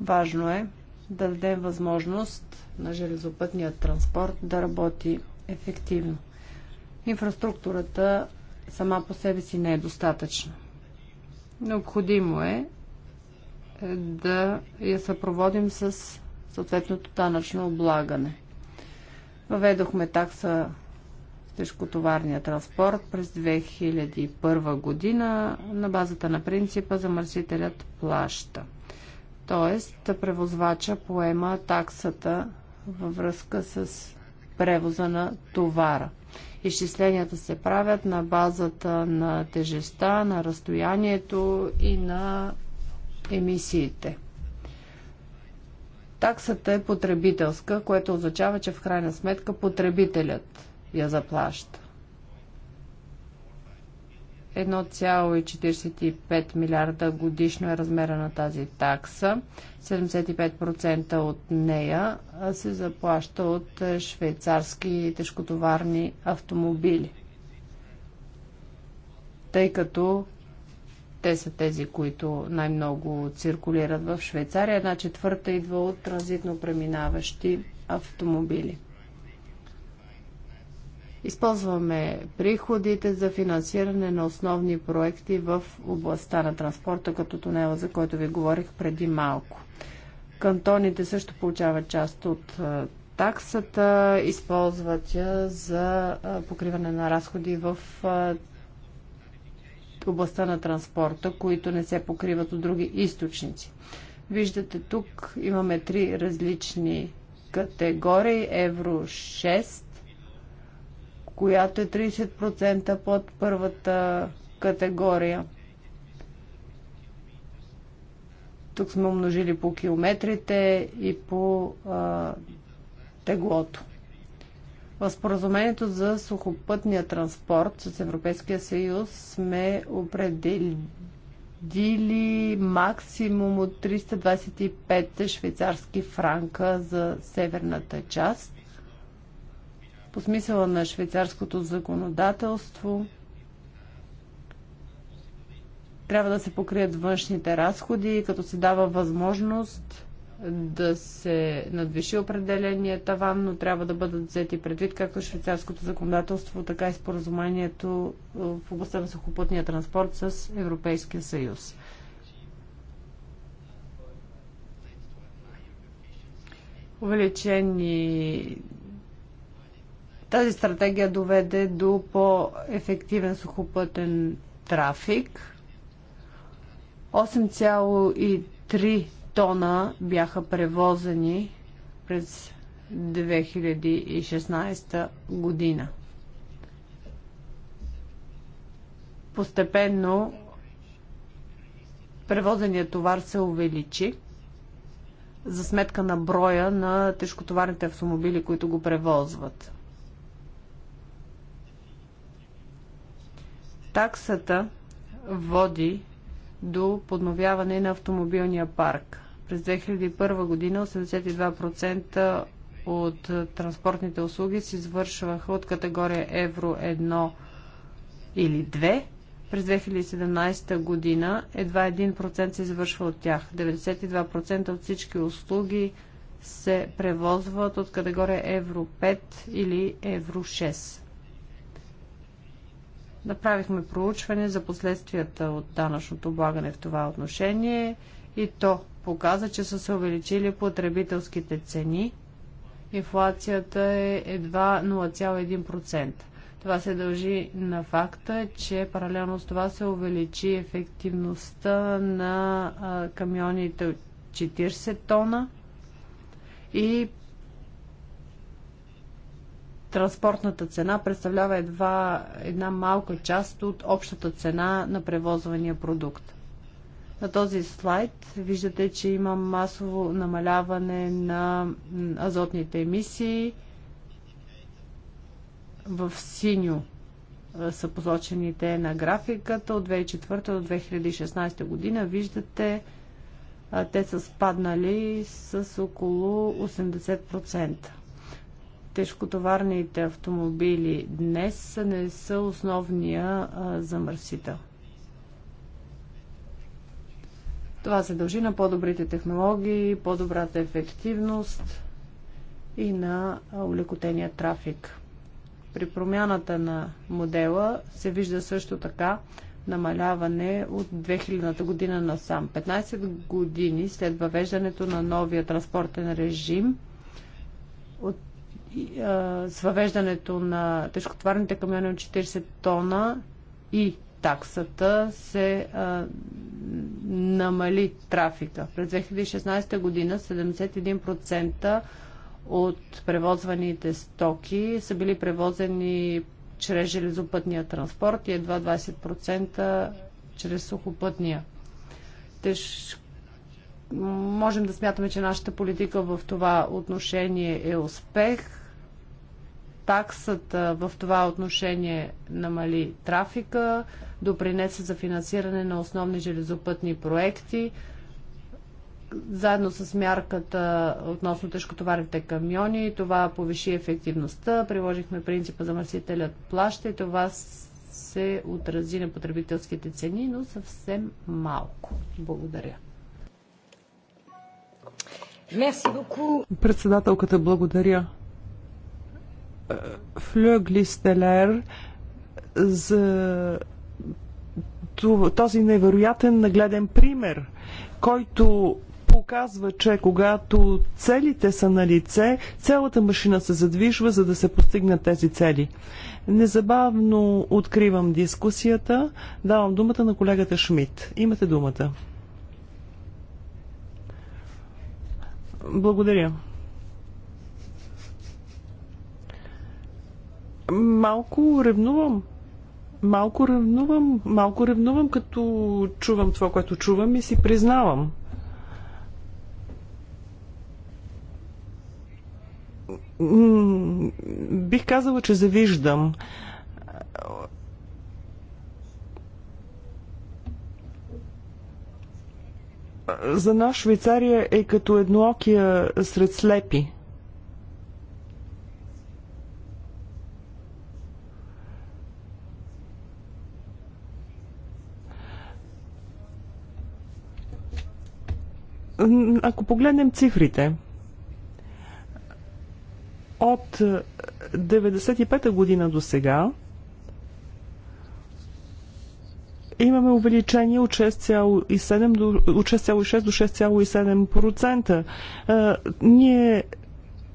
Важно е да дадем възможност на железопътния транспорт да работи ефективно. Инфраструктурата сама по себе си не е достатъчна. Необходимо е, е да я съпроводим с съответното данъчно облагане. Въведохме такса тежкотоварния транспорт през 2001 година на базата на принципа замърсителят плаща. Тоест, превозвача поема таксата във връзка с превоза на товара. Изчисленията се правят на базата на тежестта, на разстоянието и на емисиите. Таксата е потребителска, което означава, че в крайна сметка потребителят я заплаща. 1,45 милиарда годишно е размера на тази такса. 75% от нея се заплаща от е, швейцарски тежкотоварни автомобили, тъй като те са тези, които най-много циркулират в Швейцария. Една четвърта идва от транзитно преминаващи автомобили. Използваме приходите за финансиране на основни проекти в областта на транспорта, като тунела, за който ви говорих преди малко. Кантоните също получават част от таксата, използват я за покриване на разходи в областта на транспорта, които не се покриват от други източници. Виждате тук имаме три различни категории. Евро 6 която е 30% под първата категория. Тук сме умножили по километрите и по а, теглото. В споразумението за сухопътния транспорт с Европейския съюз сме определили максимум от 325 швейцарски франка за северната част по смисъла на швейцарското законодателство трябва да се покрият външните разходи, като се дава възможност да се надвиши определения таван, но трябва да бъдат взети предвид както швейцарското законодателство, така и споразумението е, в областта на сухопътния транспорт с Европейския съюз. Увеличени тази стратегия доведе до по-ефективен сухопътен трафик. 8,3 тона бяха превозени през 2016 година. Постепенно превозеният товар се увеличи за сметка на броя на тежкотоварните автомобили, които го превозват. Таксата води до подновяване на автомобилния парк. През 2001 година 82% от транспортните услуги се извършваха от категория Евро 1 или 2. През 2017 година едва 1% се извършва от тях. 92% от всички услуги се превозват от категория Евро 5 или Евро 6. Направихме проучване за последствията от данъчното облагане в това отношение и то показа, че са се увеличили потребителските цени. Инфлацията е едва 0,1%. Това се дължи на факта, че паралелно с това се увеличи ефективността на камионите от 40 тона и транспортната цена представлява едва една малка част от общата цена на превозвания продукт. На този слайд виждате, че има масово намаляване на азотните емисии. В синьо са посочените на графиката от 2004 до 2016 година. Виждате, те са спаднали с около 80% тежкотоварните автомобили днес не са основния замърсител. Това се дължи на по-добрите технологии, по-добрата ефективност и на улекотения трафик. При промяната на модела се вижда също така намаляване от 2000-та година насам. 15 години след въвеждането на новия транспортен режим от с въвеждането на тежкотварните камиони от 40 тона и таксата се а, намали трафика. През 2016 година 71% от превозваните стоки са били превозени чрез железопътния транспорт и едва 20% чрез сухопътния. Теж... Можем да смятаме, че нашата политика в това отношение е успех таксата в това отношение намали трафика, допринесе за финансиране на основни железопътни проекти, заедно с мярката относно тежкотоварните камиони, това повиши ефективността, приложихме принципа замърсителят плаща и това се отрази на потребителските цени, но съвсем малко. Благодаря. Председателката благодаря. Флюглистелер за този невероятен нагледен пример, който показва, че когато целите са на лице, цялата машина се задвижва, за да се постигнат тези цели. Незабавно откривам дискусията. Давам думата на колегата Шмидт. Имате думата. Благодаря. Малко ревнувам. Малко ревнувам. Малко ревнувам, като чувам това, което чувам и си признавам. Бих казала, че завиждам. За нас Швейцария е като едноокия сред слепи. Ако погледнем цифрите, от 95-та е, година до сега имаме увеличение от 6,6 до 6,7%. Е, ние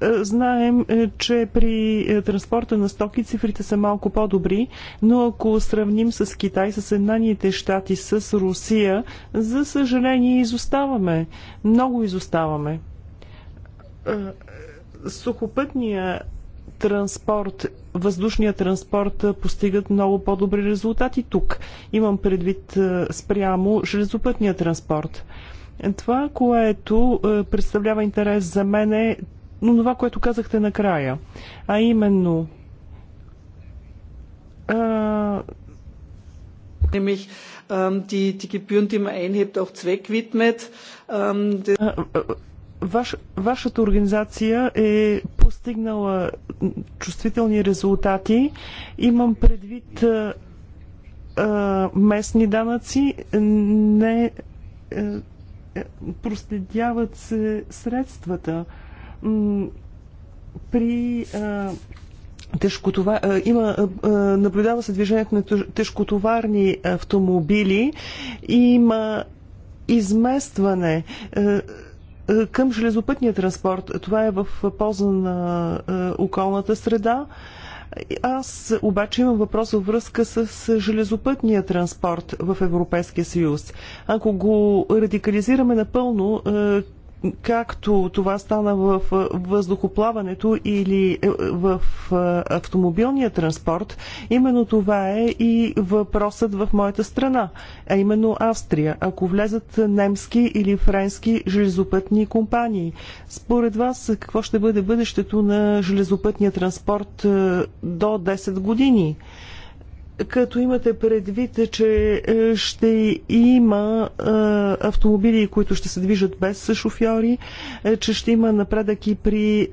Знаем, е, че при е, транспорта на стоки цифрите са малко по-добри, но ако сравним с Китай, с Съединените щати, с Русия, за съжаление изоставаме. Много изоставаме. Е, сухопътния транспорт, въздушния транспорт постигат много по-добри резултати тук. Имам предвид спрямо железопътния транспорт. Това, което представлява интерес за мен е но това, което казахте накрая, а именно а... Nämlich ähm, die, die Gebühren, die man einhebt, auch zweckwidmet. Ähm, Ваш, вашата организация е постигнала чувствителни резултати. Имам предвид а, а, местни данъци, не а, е, е, проследяват се средствата. А, при тежкотова... има, наблюдава се движението на тежкотоварни автомобили, има изместване към железопътния транспорт. Това е в полза на околната среда. Аз обаче имам въпрос във връзка с железопътния транспорт в Европейския съюз. Ако го радикализираме напълно както това стана в въздухоплаването или е, в автомобилния транспорт, именно това е и въпросът в моята страна, а именно Австрия. Ако влезат немски или френски железопътни компании, според вас какво ще бъде бъдещето на железопътния транспорт до 10 години? като имате предвид, че е, ще има е, автомобили, които ще се движат без шофьори, е, че ще има напредък и при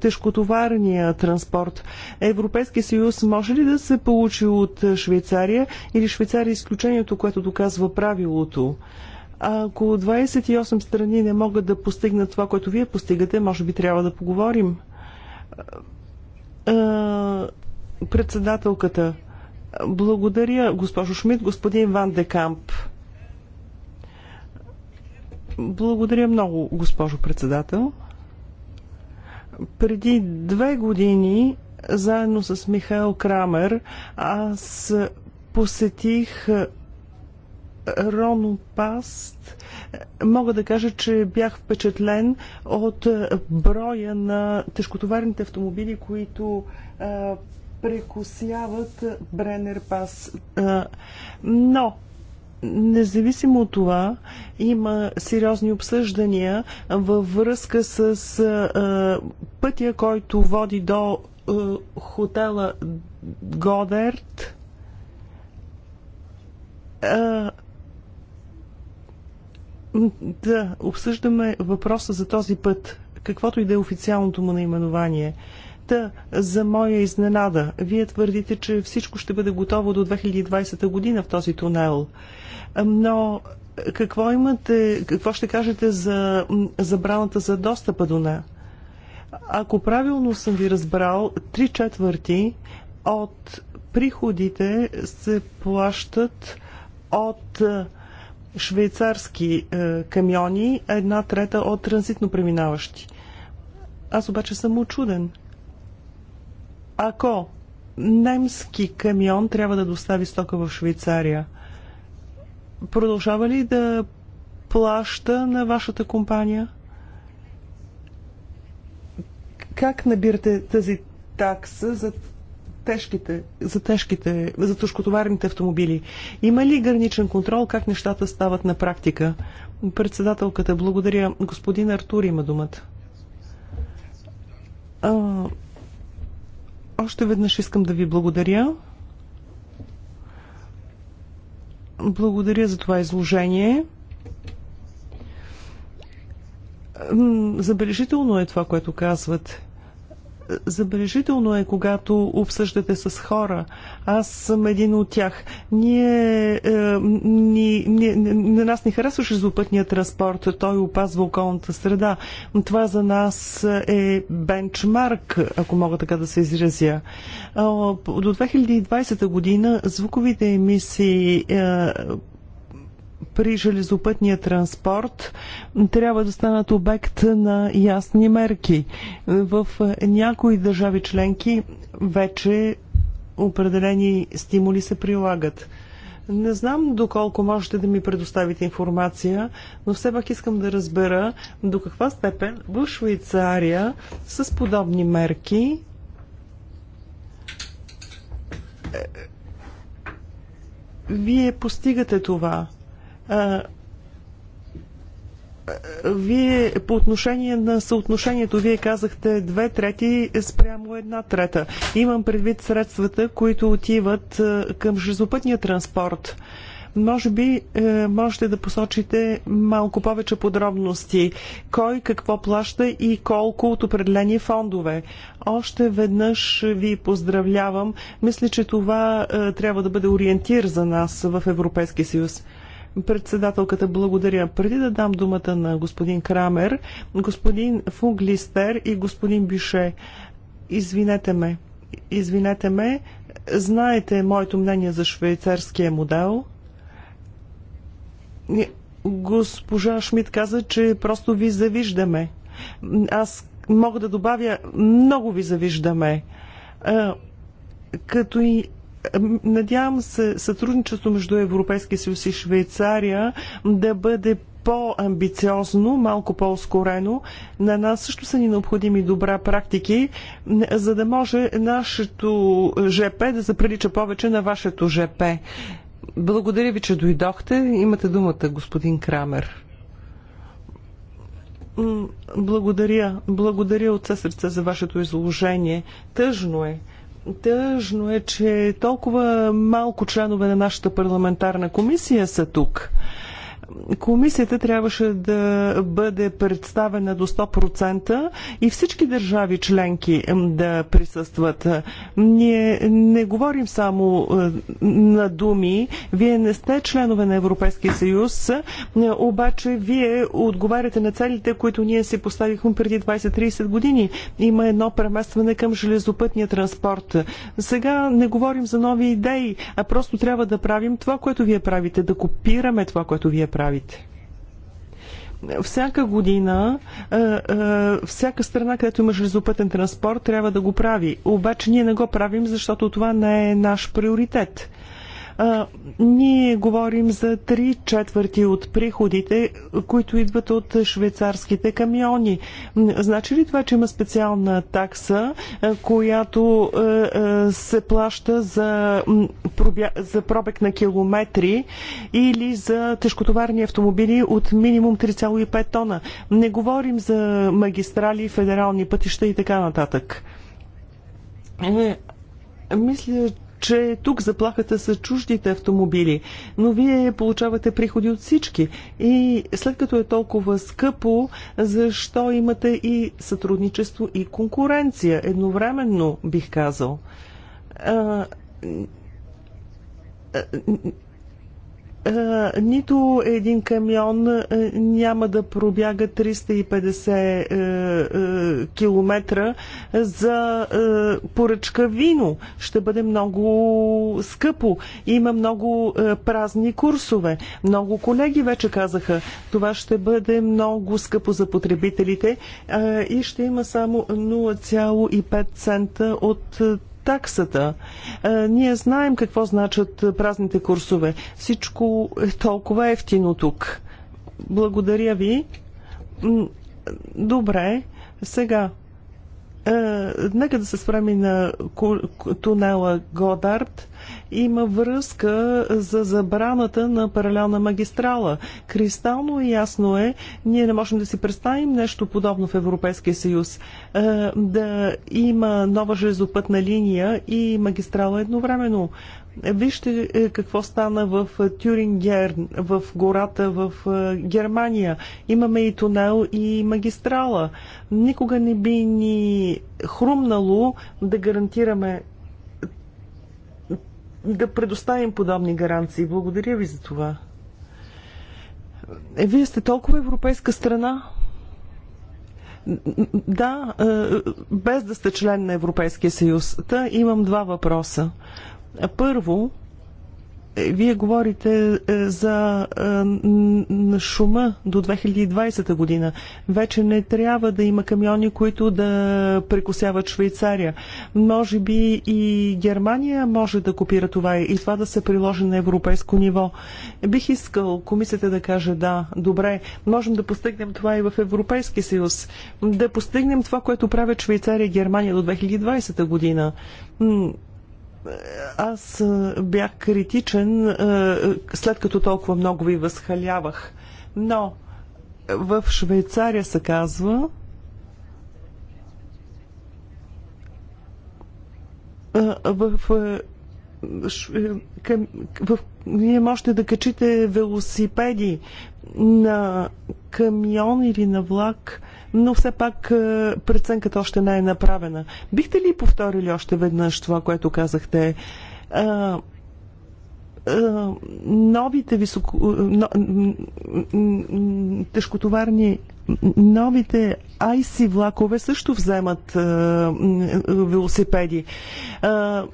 тежкотоварния транспорт. Европейски съюз може ли да се получи от Швейцария или Швейцария е изключението, което доказва правилото? Ако 28 страни не могат да постигнат това, което вие постигате, може би трябва да поговорим. Председателката благодаря, госпожо Шмидт. Господин Ван Декамп. Благодаря много, госпожо председател. Преди две години, заедно с Михаил Крамер, аз посетих Рону Паст. Мога да кажа, че бях впечатлен от броя на тежкотоварните автомобили, които прекусяват Бренер пас. Но Независимо от това, има сериозни обсъждания във връзка с а, пътя, който води до а, хотела Годерт. да, обсъждаме въпроса за този път, каквото и да е официалното му наименование. Та, за моя изненада, вие твърдите, че всичко ще бъде готово до 2020 година в този тунел. Но какво имате, какво ще кажете за забраната за достъпа до нея? Ако правилно съм ви разбрал, три четвърти от приходите се плащат от е, швейцарски е, камиони, една трета от транзитно преминаващи. Аз обаче съм очуден. Ако немски камион трябва да достави стока в Швейцария, продължава ли да плаща на вашата компания? Как набирате тази такса за тежките, за тежките, за тежкотоварните автомобили. Има ли граничен контрол? Как нещата стават на практика? Председателката, благодаря. Господин Артур има думата. А, още веднъж искам да ви благодаря. Благодаря за това изложение. Забележително е това, което казват забележително е, когато обсъждате с хора. Аз съм един от тях. Ние, е, ни, ни, на нас не харесваше злопътния транспорт. Той опазва околната среда. Това за нас е бенчмарк, ако мога така да се изразя. До 2020 година звуковите емисии е, при железопътния транспорт трябва да станат обект на ясни мерки. В някои държави членки вече определени стимули се прилагат. Не знам доколко можете да ми предоставите информация, но все пак искам да разбера до каква степен в Швейцария с подобни мерки е, вие постигате това вие по отношение на съотношението, вие казахте две трети спрямо една трета. Имам предвид средствата, които отиват към железопътния транспорт. Може би е, можете да посочите малко повече подробности. Кой какво плаща и колко от определени фондове. Още веднъж ви поздравлявам. Мисля, че това е, трябва да бъде ориентир за нас в Европейския съюз. Председателката благодаря. Преди да дам думата на господин Крамер, господин Фуглистер и господин Бише, извинете ме, извинете ме, знаете моето мнение за швейцарския модел. Госпожа Шмидт каза, че просто ви завиждаме. Аз мога да добавя, много ви завиждаме. Като и Надявам се сътрудничество между Европейския съюз и Швейцария да бъде по-амбициозно, малко по-ускорено. На нас също са ни необходими добра практики, за да може нашето ЖП да се прилича повече на вашето ЖП. Благодаря ви, че дойдохте. Имате думата, господин Крамер. Благодаря. Благодаря от сърце за вашето изложение. Тъжно е. Тъжно е, че толкова малко членове на нашата парламентарна комисия са тук комисията трябваше да бъде представена до 100% и всички държави членки да присъстват. Ние не говорим само е, на думи. Вие не сте членове на Европейския съюз, е, обаче вие отговаряте на целите, които ние си поставихме преди 20-30 години. Има едно преместване към железопътния транспорт. Сега не говорим за нови идеи, а просто трябва да правим това, което вие правите, да копираме това, което вие правите правите всяка година, е, е, всяка страна, където има железопътен транспорт, трябва да го прави. Обаче ние не го правим, защото това не е наш приоритет. А, Ние говорим за три четвърти от приходите, които идват от швейцарските камиони. Значи ли това, че има специална такса, която се плаща за, пробя... за пробег на километри или за тежкотоварни автомобили от минимум 3,5 тона? Не говорим за магистрали, федерални пътища и така нататък. Е, мисля, че тук заплахата са чуждите автомобили, но вие получавате приходи от всички. И след като е толкова скъпо, защо имате и сътрудничество и конкуренция? Едновременно бих казал. А, е, нито един камион е, няма да пробяга 350 е, километра за поръчка вино. Ще бъде много скъпо. Има много празни курсове. Много колеги вече казаха, това ще бъде много скъпо за потребителите и ще има само 0,5 цента от таксата. Ние знаем какво значат празните курсове. Всичко е толкова ефтино тук. Благодаря ви. Добре, сега. нека да се спреми на тунела Годард има връзка за забраната на паралелна магистрала. Кристално ясно е, ние не можем да си представим нещо подобно в Европейския съюз. Да има нова железопътна линия и магистрала едновременно. Вижте е, какво стана в Тюрингерн, в гората в е, Германия. Имаме и тунел, и магистрала. Никога не би ни хрумнало да гарантираме да предоставим подобни гаранции. Благодаря ви за това. Е, вие сте толкова европейска страна. Да, е, без да сте член на Европейския съюз. Та имам два въпроса. Първо, е, вие говорите е, за е, шума до 2020 година. Вече не трябва да има камиони, които да прекусяват Швейцария. Може би и Германия може да копира това и това да се приложи на европейско ниво. Бих искал комисията да каже да, добре, можем да постигнем това и в Европейски съюз. Да постигнем това, което правят Швейцария и Германия до 2020 година аз е, бях критичен, е, след като толкова много ви възхалявах. Но е, в Швейцария се казва, в, в, вие можете да качите велосипеди на камион или на влак но все пак е, преценката още не е направена. Бихте ли повторили още веднъж това, което казахте? Е, е, новите високо, но, тежкотоварни новите IC влакове също вземат а, велосипеди. А,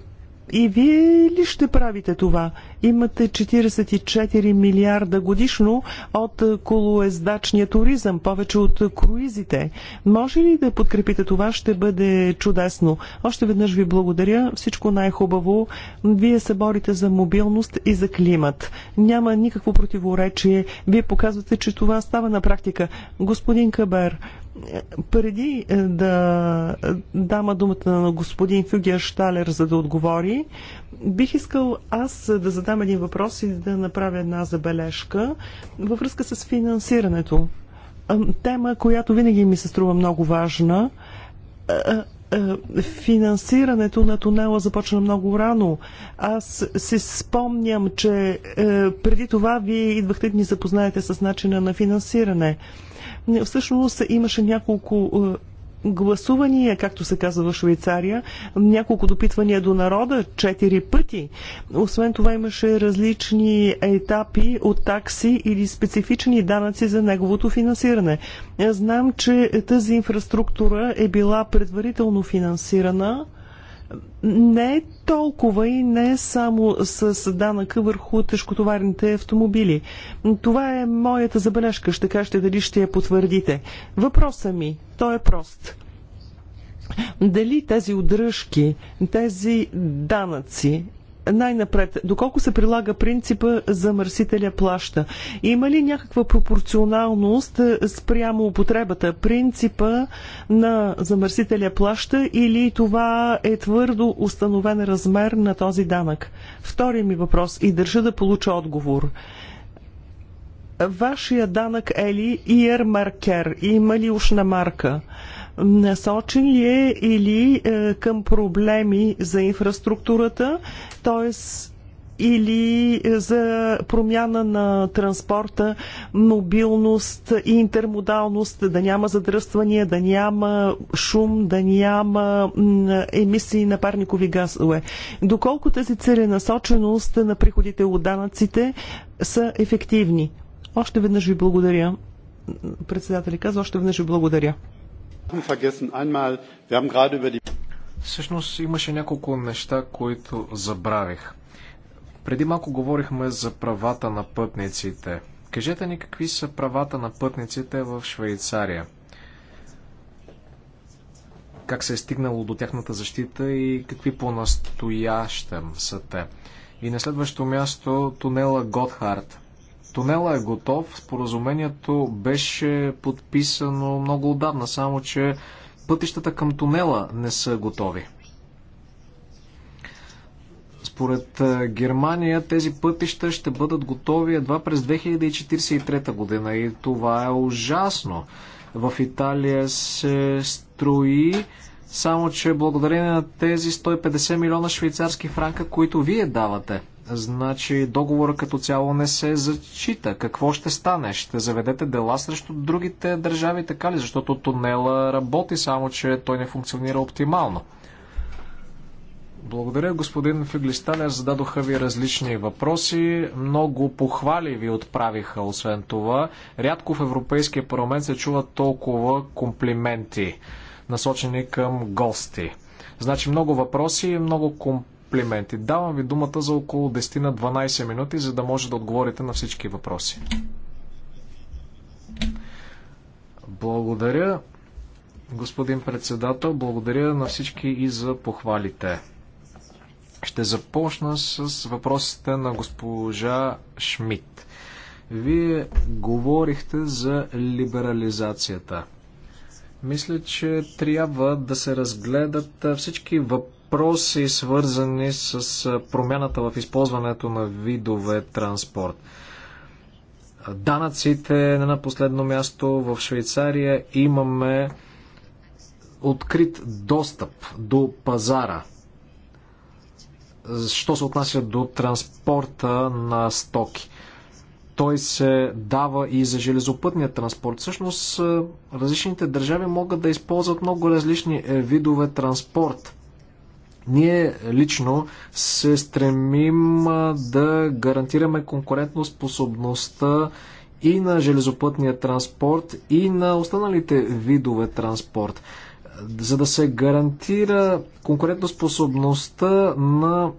и вие ли ще правите това? Имате 44 милиарда годишно от колоездачния туризъм, повече от круизите. Може ли да подкрепите това? Ще бъде чудесно. Още веднъж ви благодаря. Всичко най-хубаво. Вие се борите за мобилност и за климат. Няма никакво противоречие. Вие показвате, че това става на практика. Господин Кабер, преди е, да е, дама думата на господин Фюгер Шталер, за да отговори, бих искал аз е, да задам един въпрос и да направя една забележка във връзка с финансирането. Тема, която винаги ми се струва много важна е, финансирането на тунела започна много рано. Аз се спомням, че е, преди това вие идвахте да ни запознаете с начина на финансиране. Всъщност имаше няколко е, гласувания, както се казва в Швейцария, няколко допитвания до народа, четири пъти. Освен това имаше различни етапи от такси или специфични данъци за неговото финансиране. Знам, че тази инфраструктура е била предварително финансирана не е толкова и не е само с данъка върху тежкотоварните автомобили. Това е моята забележка. Ще кажете дали ще я потвърдите. Въпросът ми, той е прост. Дали тези удръжки, тези данъци най-напред, доколко се прилага принципа замърсителя плаща? Има ли някаква пропорционалност е, спрямо употребата? Принципа на замърсителя плаща или това е твърдо установен размер на този данък? Втори ми въпрос и държа да получа отговор. Вашия данък е ли Иермаркер? Има ли ушна марка? насочен ли е или е, към проблеми за инфраструктурата, т.е или е, за промяна на транспорта, мобилност и интермодалност, да няма задръствания, да няма шум, да няма емисии на парникови газове. Доколко тази целенасоченост на приходите от данъците са ефективни? Още веднъж ви благодаря. Председателя каза още веднъж ви благодаря. Всъщност имаше няколко неща, които забравих. Преди малко говорихме за правата на пътниците. Кажете ни какви са правата на пътниците в Швейцария. Как се е стигнало до тяхната защита и какви по-настоящем са те. И на следващо място тунела Готхард. Тунела е готов, споразумението беше подписано много отдавна, само че пътищата към тунела не са готови. Според е, Германия тези пътища ще бъдат готови едва през 2043 година и това е ужасно. В Италия се строи само че благодарение на тези 150 милиона швейцарски франка, които вие давате – Значи договора като цяло не се зачита. Какво ще стане? Ще заведете дела срещу другите държави, така ли? Защото тунела работи, само че той не функционира оптимално. Благодаря, господин Фиглистанер. Зададоха ви различни въпроси. Много похвали ви отправиха, освен това. Рядко в Европейския парламент се чуват толкова комплименти, насочени към гости. Значи много въпроси, много комплименти комплименти. Давам ви думата за около 10 на 12 минути, за да може да отговорите на всички въпроси. Благодаря, господин председател. Благодаря на всички и за похвалите. Ще започна с въпросите на госпожа Шмидт. Вие говорихте за либерализацията. Мисля, че трябва да се разгледат всички въпроси въпроси, свързани с промяната в използването на видове транспорт. Данъците не на последно място в Швейцария имаме открит достъп до пазара. Що се отнася до транспорта на стоки? Той се дава и за железопътния транспорт. Всъщност, различните държави могат да използват много различни е, видове транспорт ние лично се стремим да гарантираме конкурентоспособността и на железопътния транспорт, и на останалите видове транспорт. За да се гарантира конкурентоспособността на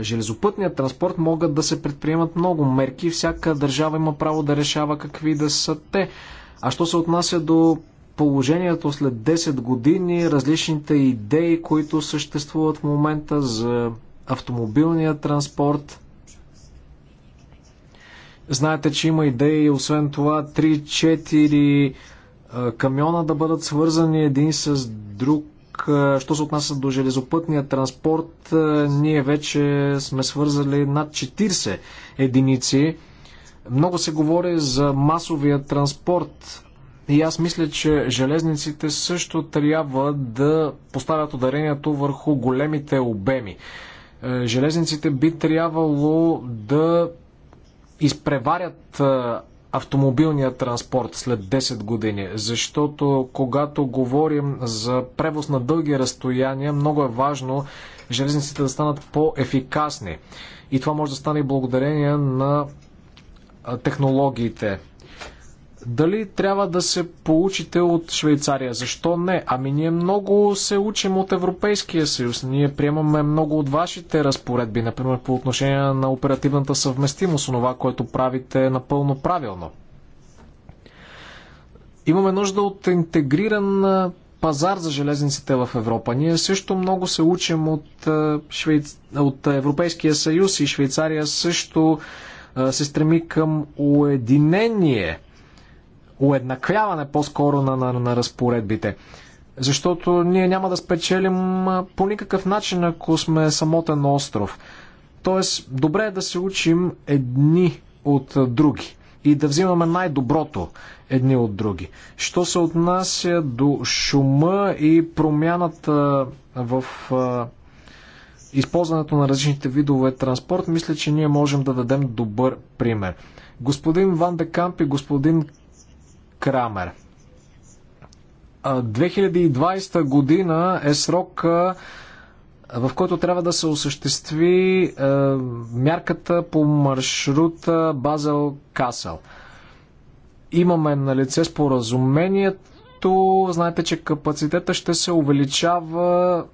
железопътния транспорт могат да се предприемат много мерки. Всяка държава има право да решава какви да са те. А що се отнася до положението след 10 години, различните идеи, които съществуват в момента за автомобилния транспорт. Знаете, че има идеи, освен това, 3-4 камиона да бъдат свързани един с друг. Що се отнася до железопътния транспорт, ние вече сме свързали над 40 единици. Много се говори за масовия транспорт и аз мисля, че железниците също трябва да поставят ударението върху големите обеми. Е, железниците би трябвало да изпреварят е, автомобилния транспорт след 10 години, защото когато говорим за превоз на дълги разстояния, много е важно железниците да станат по-ефикасни. И това може да стане благодарение на е, технологиите дали трябва да се получите от Швейцария? Защо не? Ами ние много се учим от Европейския съюз. Ние приемаме много от вашите разпоредби, например по отношение на оперативната съвместимост, онова, което правите е напълно правилно. Имаме нужда от интегриран пазар за железниците в Европа. Ние също много се учим от, Швейц... от Европейския съюз и Швейцария също се стреми към уединение – уеднакряване по-скоро на, на, на разпоредбите. Защото ние няма да спечелим по никакъв начин, ако сме самотен остров. Тоест, добре е да се учим едни от други и да взимаме най-доброто едни от други. Що се отнася до шума и промяната в използването на различните видове транспорт, мисля, че ние можем да дадем добър пример. Господин Ван Декамп и господин Крамер. 2020 година е срока в който трябва да се осъществи е, мярката по маршрута Базел Касъл. Имаме на лице споразумението. Знаете, че капацитета ще се увеличава в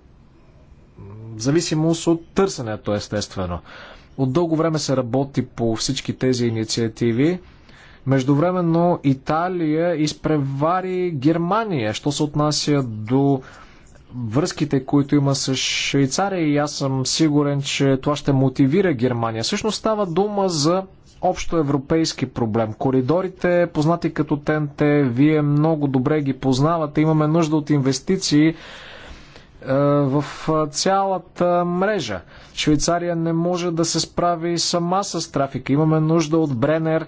зависимост от търсенето, естествено. От дълго време се работи по всички тези инициативи. Междувременно Италия изпревари Германия, що се отнася до връзките, които има с Швейцария и аз съм сигурен, че това ще мотивира Германия. Всъщност става дума за общо европейски проблем. Коридорите, познати като ТНТ, вие много добре ги познавате. Имаме нужда от инвестиции е, в цялата мрежа. Швейцария не може да се справи сама с трафика. Имаме нужда от Бренер,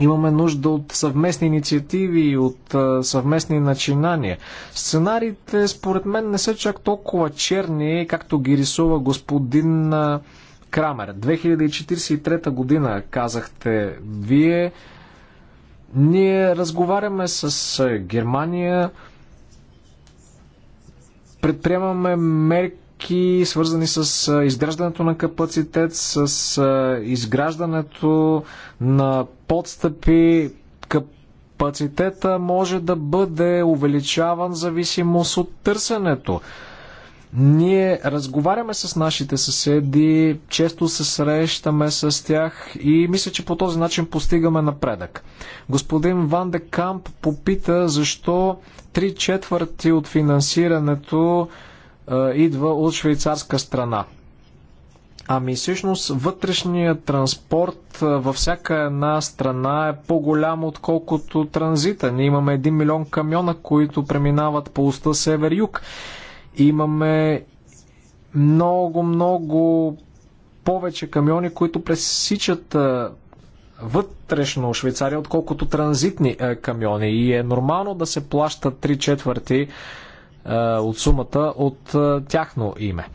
Имаме нужда от съвместни инициативи и от а, съвместни начинания. Сценариите, според мен, не са чак толкова черни, както ги рисува господин а, Крамер. 2043 година, казахте вие. Ние разговаряме с а, Германия, предприемаме мерки мерки, свързани с изграждането на капацитет, с изграждането на подстъпи. Капацитета може да бъде увеличаван зависимост от търсенето. Ние разговаряме с нашите съседи, често се срещаме с тях и мисля, че по този начин постигаме напредък. Господин Ван де Камп попита защо три четвърти от финансирането идва от швейцарска страна. Ами всъщност вътрешният транспорт във всяка една страна е по-голям отколкото транзита. Ние имаме 1 милион камиона, които преминават по уста север-юг. Имаме много, много повече камиони, които пресичат вътрешно Швейцария, отколкото транзитни камиони. И е нормално да се плащат 3 четвърти е, от сумата от е, тяхно име.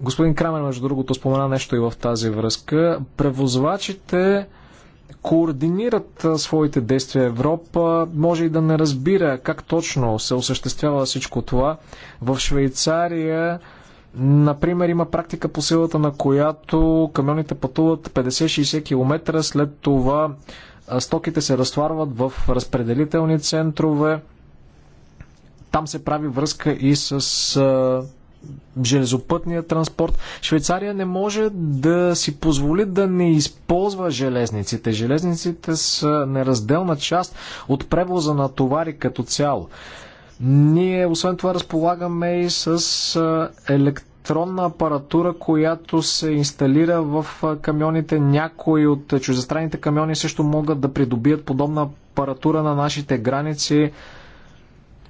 Господин Крамер, между другото, спомена нещо и в тази връзка. Превозвачите координират е, своите действия. Европа може и да не разбира как точно се осъществява всичко това. В Швейцария Например, има практика по силата на която камионите пътуват 50-60 км, след това стоките се разтварват в разпределителни центрове. Там се прави връзка и с железопътния транспорт. Швейцария не може да си позволи да не използва железниците. Железниците са неразделна част от превоза на товари като цяло. Ние, освен това, разполагаме и с електронни електронна апаратура, която се инсталира в камионите. Някои от чуждестранните камиони също могат да придобият подобна апаратура на нашите граници.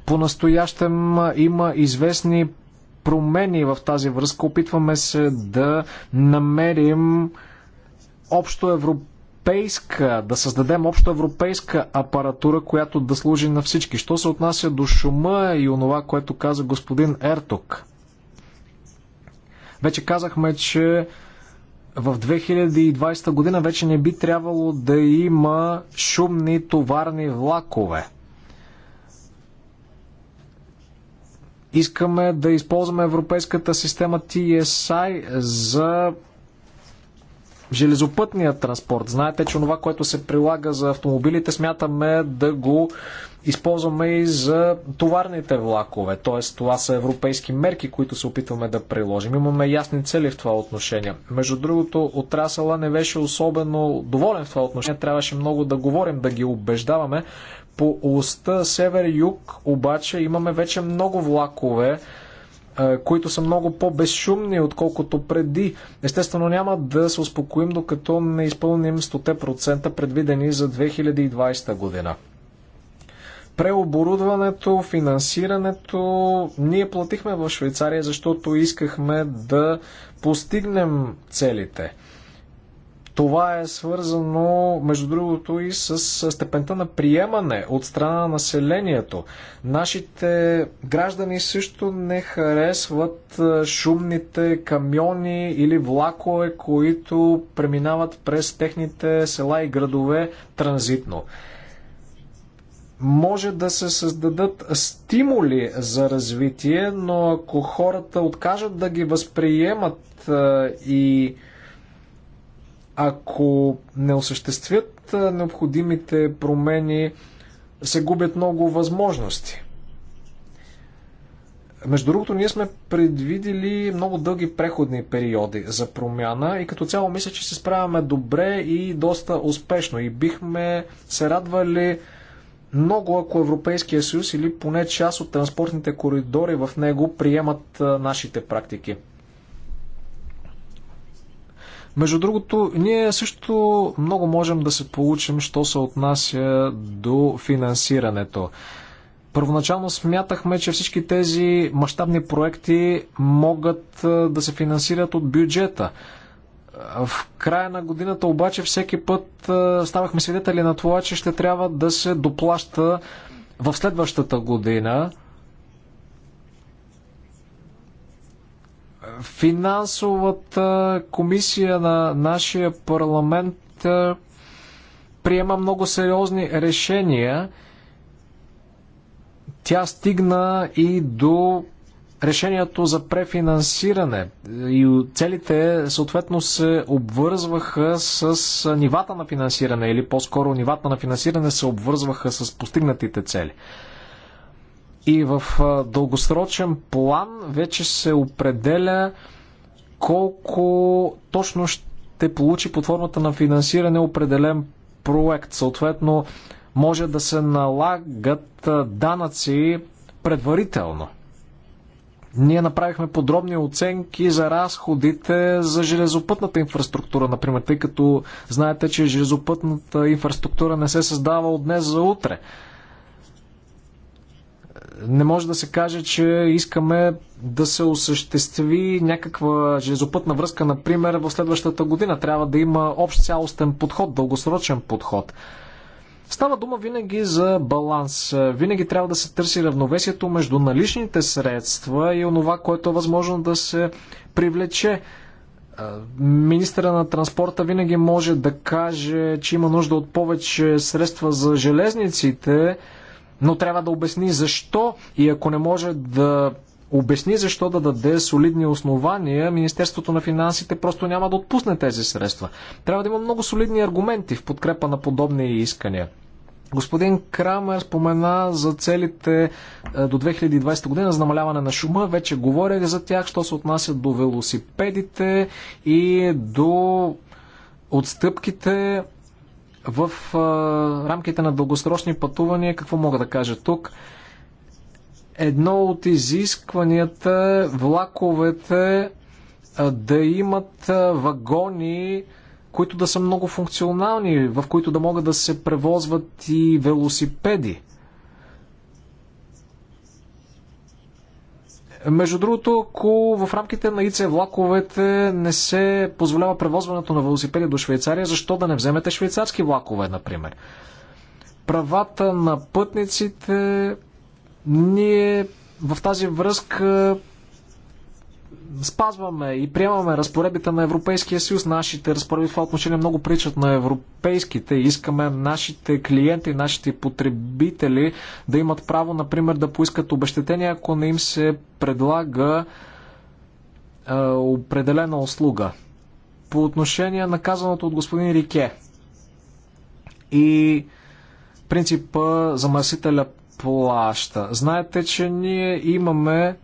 По-настоящем има известни промени в тази връзка. Опитваме се да намерим общо европейска, да създадем общо европейска апаратура, която да служи на всички. Що се отнася до шума и онова, което каза господин Ерток? Вече казахме, че в 2020 година вече не би трябвало да има шумни товарни влакове. Искаме да използваме европейската система TSI за железопътния транспорт. Знаете, че това, което се прилага за автомобилите, смятаме да го използваме и за товарните влакове. Т.е. това са европейски мерки, които се опитваме да приложим. Имаме ясни цели в това отношение. Между другото, отрасъла не беше особено доволен в това отношение. Трябваше много да говорим, да ги убеждаваме. По оста север-юг обаче имаме вече много влакове, които са много по-безшумни, отколкото преди. Естествено няма да се успокоим, докато не изпълним 100% предвидени за 2020 година. Преоборудването, финансирането, ние платихме в Швейцария, защото искахме да постигнем целите. Това е свързано, между другото, и с степента на приемане от страна на населението. Нашите граждани също не харесват е, шумните камиони или влакове, които преминават през техните села и градове транзитно. Може да се създадат стимули за развитие, но ако хората откажат да ги възприемат е, и ако не осъществят необходимите промени, се губят много възможности. Между другото, ние сме предвидели много дълги преходни периоди за промяна и като цяло мисля, че се справяме добре и доста успешно. И бихме се радвали много, ако Европейския съюз или поне част от транспортните коридори в него приемат нашите практики. Между другото, ние също много можем да се получим, що се отнася до финансирането. Първоначално смятахме, че всички тези мащабни проекти могат да се финансират от бюджета. В края на годината обаче всеки път ставахме свидетели на това, че ще трябва да се доплаща в следващата година Финансовата комисия на нашия парламент приема много сериозни решения. Тя стигна и до решението за префинансиране и целите съответно се обвързваха с нивата на финансиране или по-скоро нивата на финансиране се обвързваха с постигнатите цели. И в дългосрочен план вече се определя колко точно ще получи под формата на финансиране определен проект. Съответно, може да се налагат данъци предварително. Ние направихме подробни оценки за разходите за железопътната инфраструктура, например, тъй като знаете, че железопътната инфраструктура не се създава от днес за утре. Не може да се каже, че искаме да се осъществи някаква железопътна връзка, например, в следващата година. Трябва да има общ цялостен подход, дългосрочен подход. Става дума винаги за баланс. Винаги трябва да се търси равновесието между наличните средства и онова, което е възможно да се привлече. Министъра на транспорта винаги може да каже, че има нужда от повече средства за железниците, но трябва да обясни защо и ако не може да обясни защо да даде солидни основания, Министерството на финансите просто няма да отпусне тези средства. Трябва да има много солидни аргументи в подкрепа на подобни искания. Господин Крамер спомена за целите е, до 2020 година за намаляване на шума. Вече говорях за тях, що се отнася до велосипедите и до отстъпките в рамките на дългосрочни пътувания, какво мога да кажа тук? Едно от изискванията е влаковете да имат вагони, които да са много функционални, в които да могат да се превозват и велосипеди. Между другото, ако в рамките на ИЦ влаковете не се позволява превозването на велосипеди до Швейцария, защо да не вземете швейцарски влакове, например? Правата на пътниците ние в тази връзка спазваме и приемаме разпоредбите на Европейския съюз. Нашите разпоредби в това отношение много причат на европейските. Искаме нашите клиенти, нашите потребители да имат право, например, да поискат обещетение, ако не им се предлага е, определена услуга. По отношение на казаното от господин Рике и принципа замърсителя плаща. Знаете, че ние имаме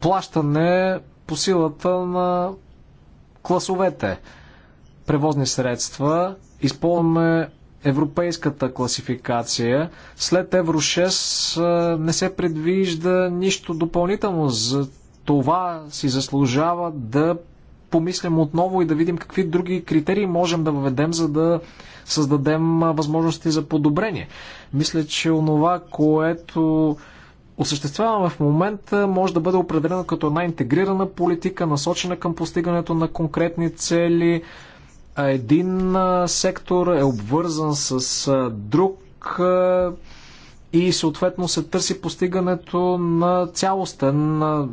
плащане по силата на класовете превозни средства. Използваме европейската класификация. След Евро 6 не се предвижда нищо допълнително. За това си заслужава да помислим отново и да видим какви други критерии можем да въведем, за да създадем възможности за подобрение. Мисля, че онова, което осъществявана в момента може да бъде определено като една интегрирана политика, насочена към постигането на конкретни цели. Един сектор е обвързан с друг и съответно се търси постигането на цялостен, на,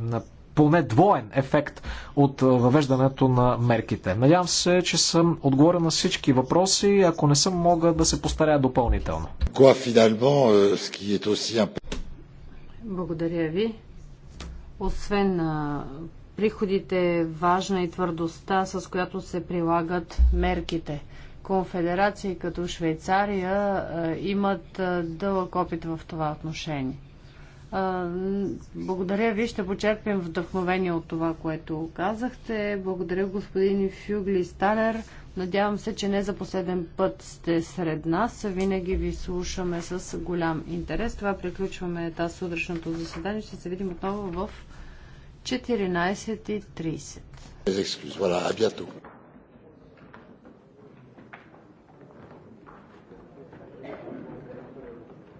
на поне двоен ефект от въвеждането на мерките. Надявам се, че съм отговорен на всички въпроси. Ако не съм, мога да се постаря допълнително. Благодаря ви. Освен на приходите, важна и твърдостта, с която се прилагат мерките. Конфедерации като Швейцария имат дълъг опит в това отношение. Благодаря ви, ще почерпим вдъхновение от това, което казахте. Благодаря господин Фюгли Станер. Надявам се, че не за последен път сте сред нас. Винаги ви слушаме с голям интерес. Това приключваме тази сутрешното заседание. Ще се видим отново в 14.30. Voilà, à bientôt.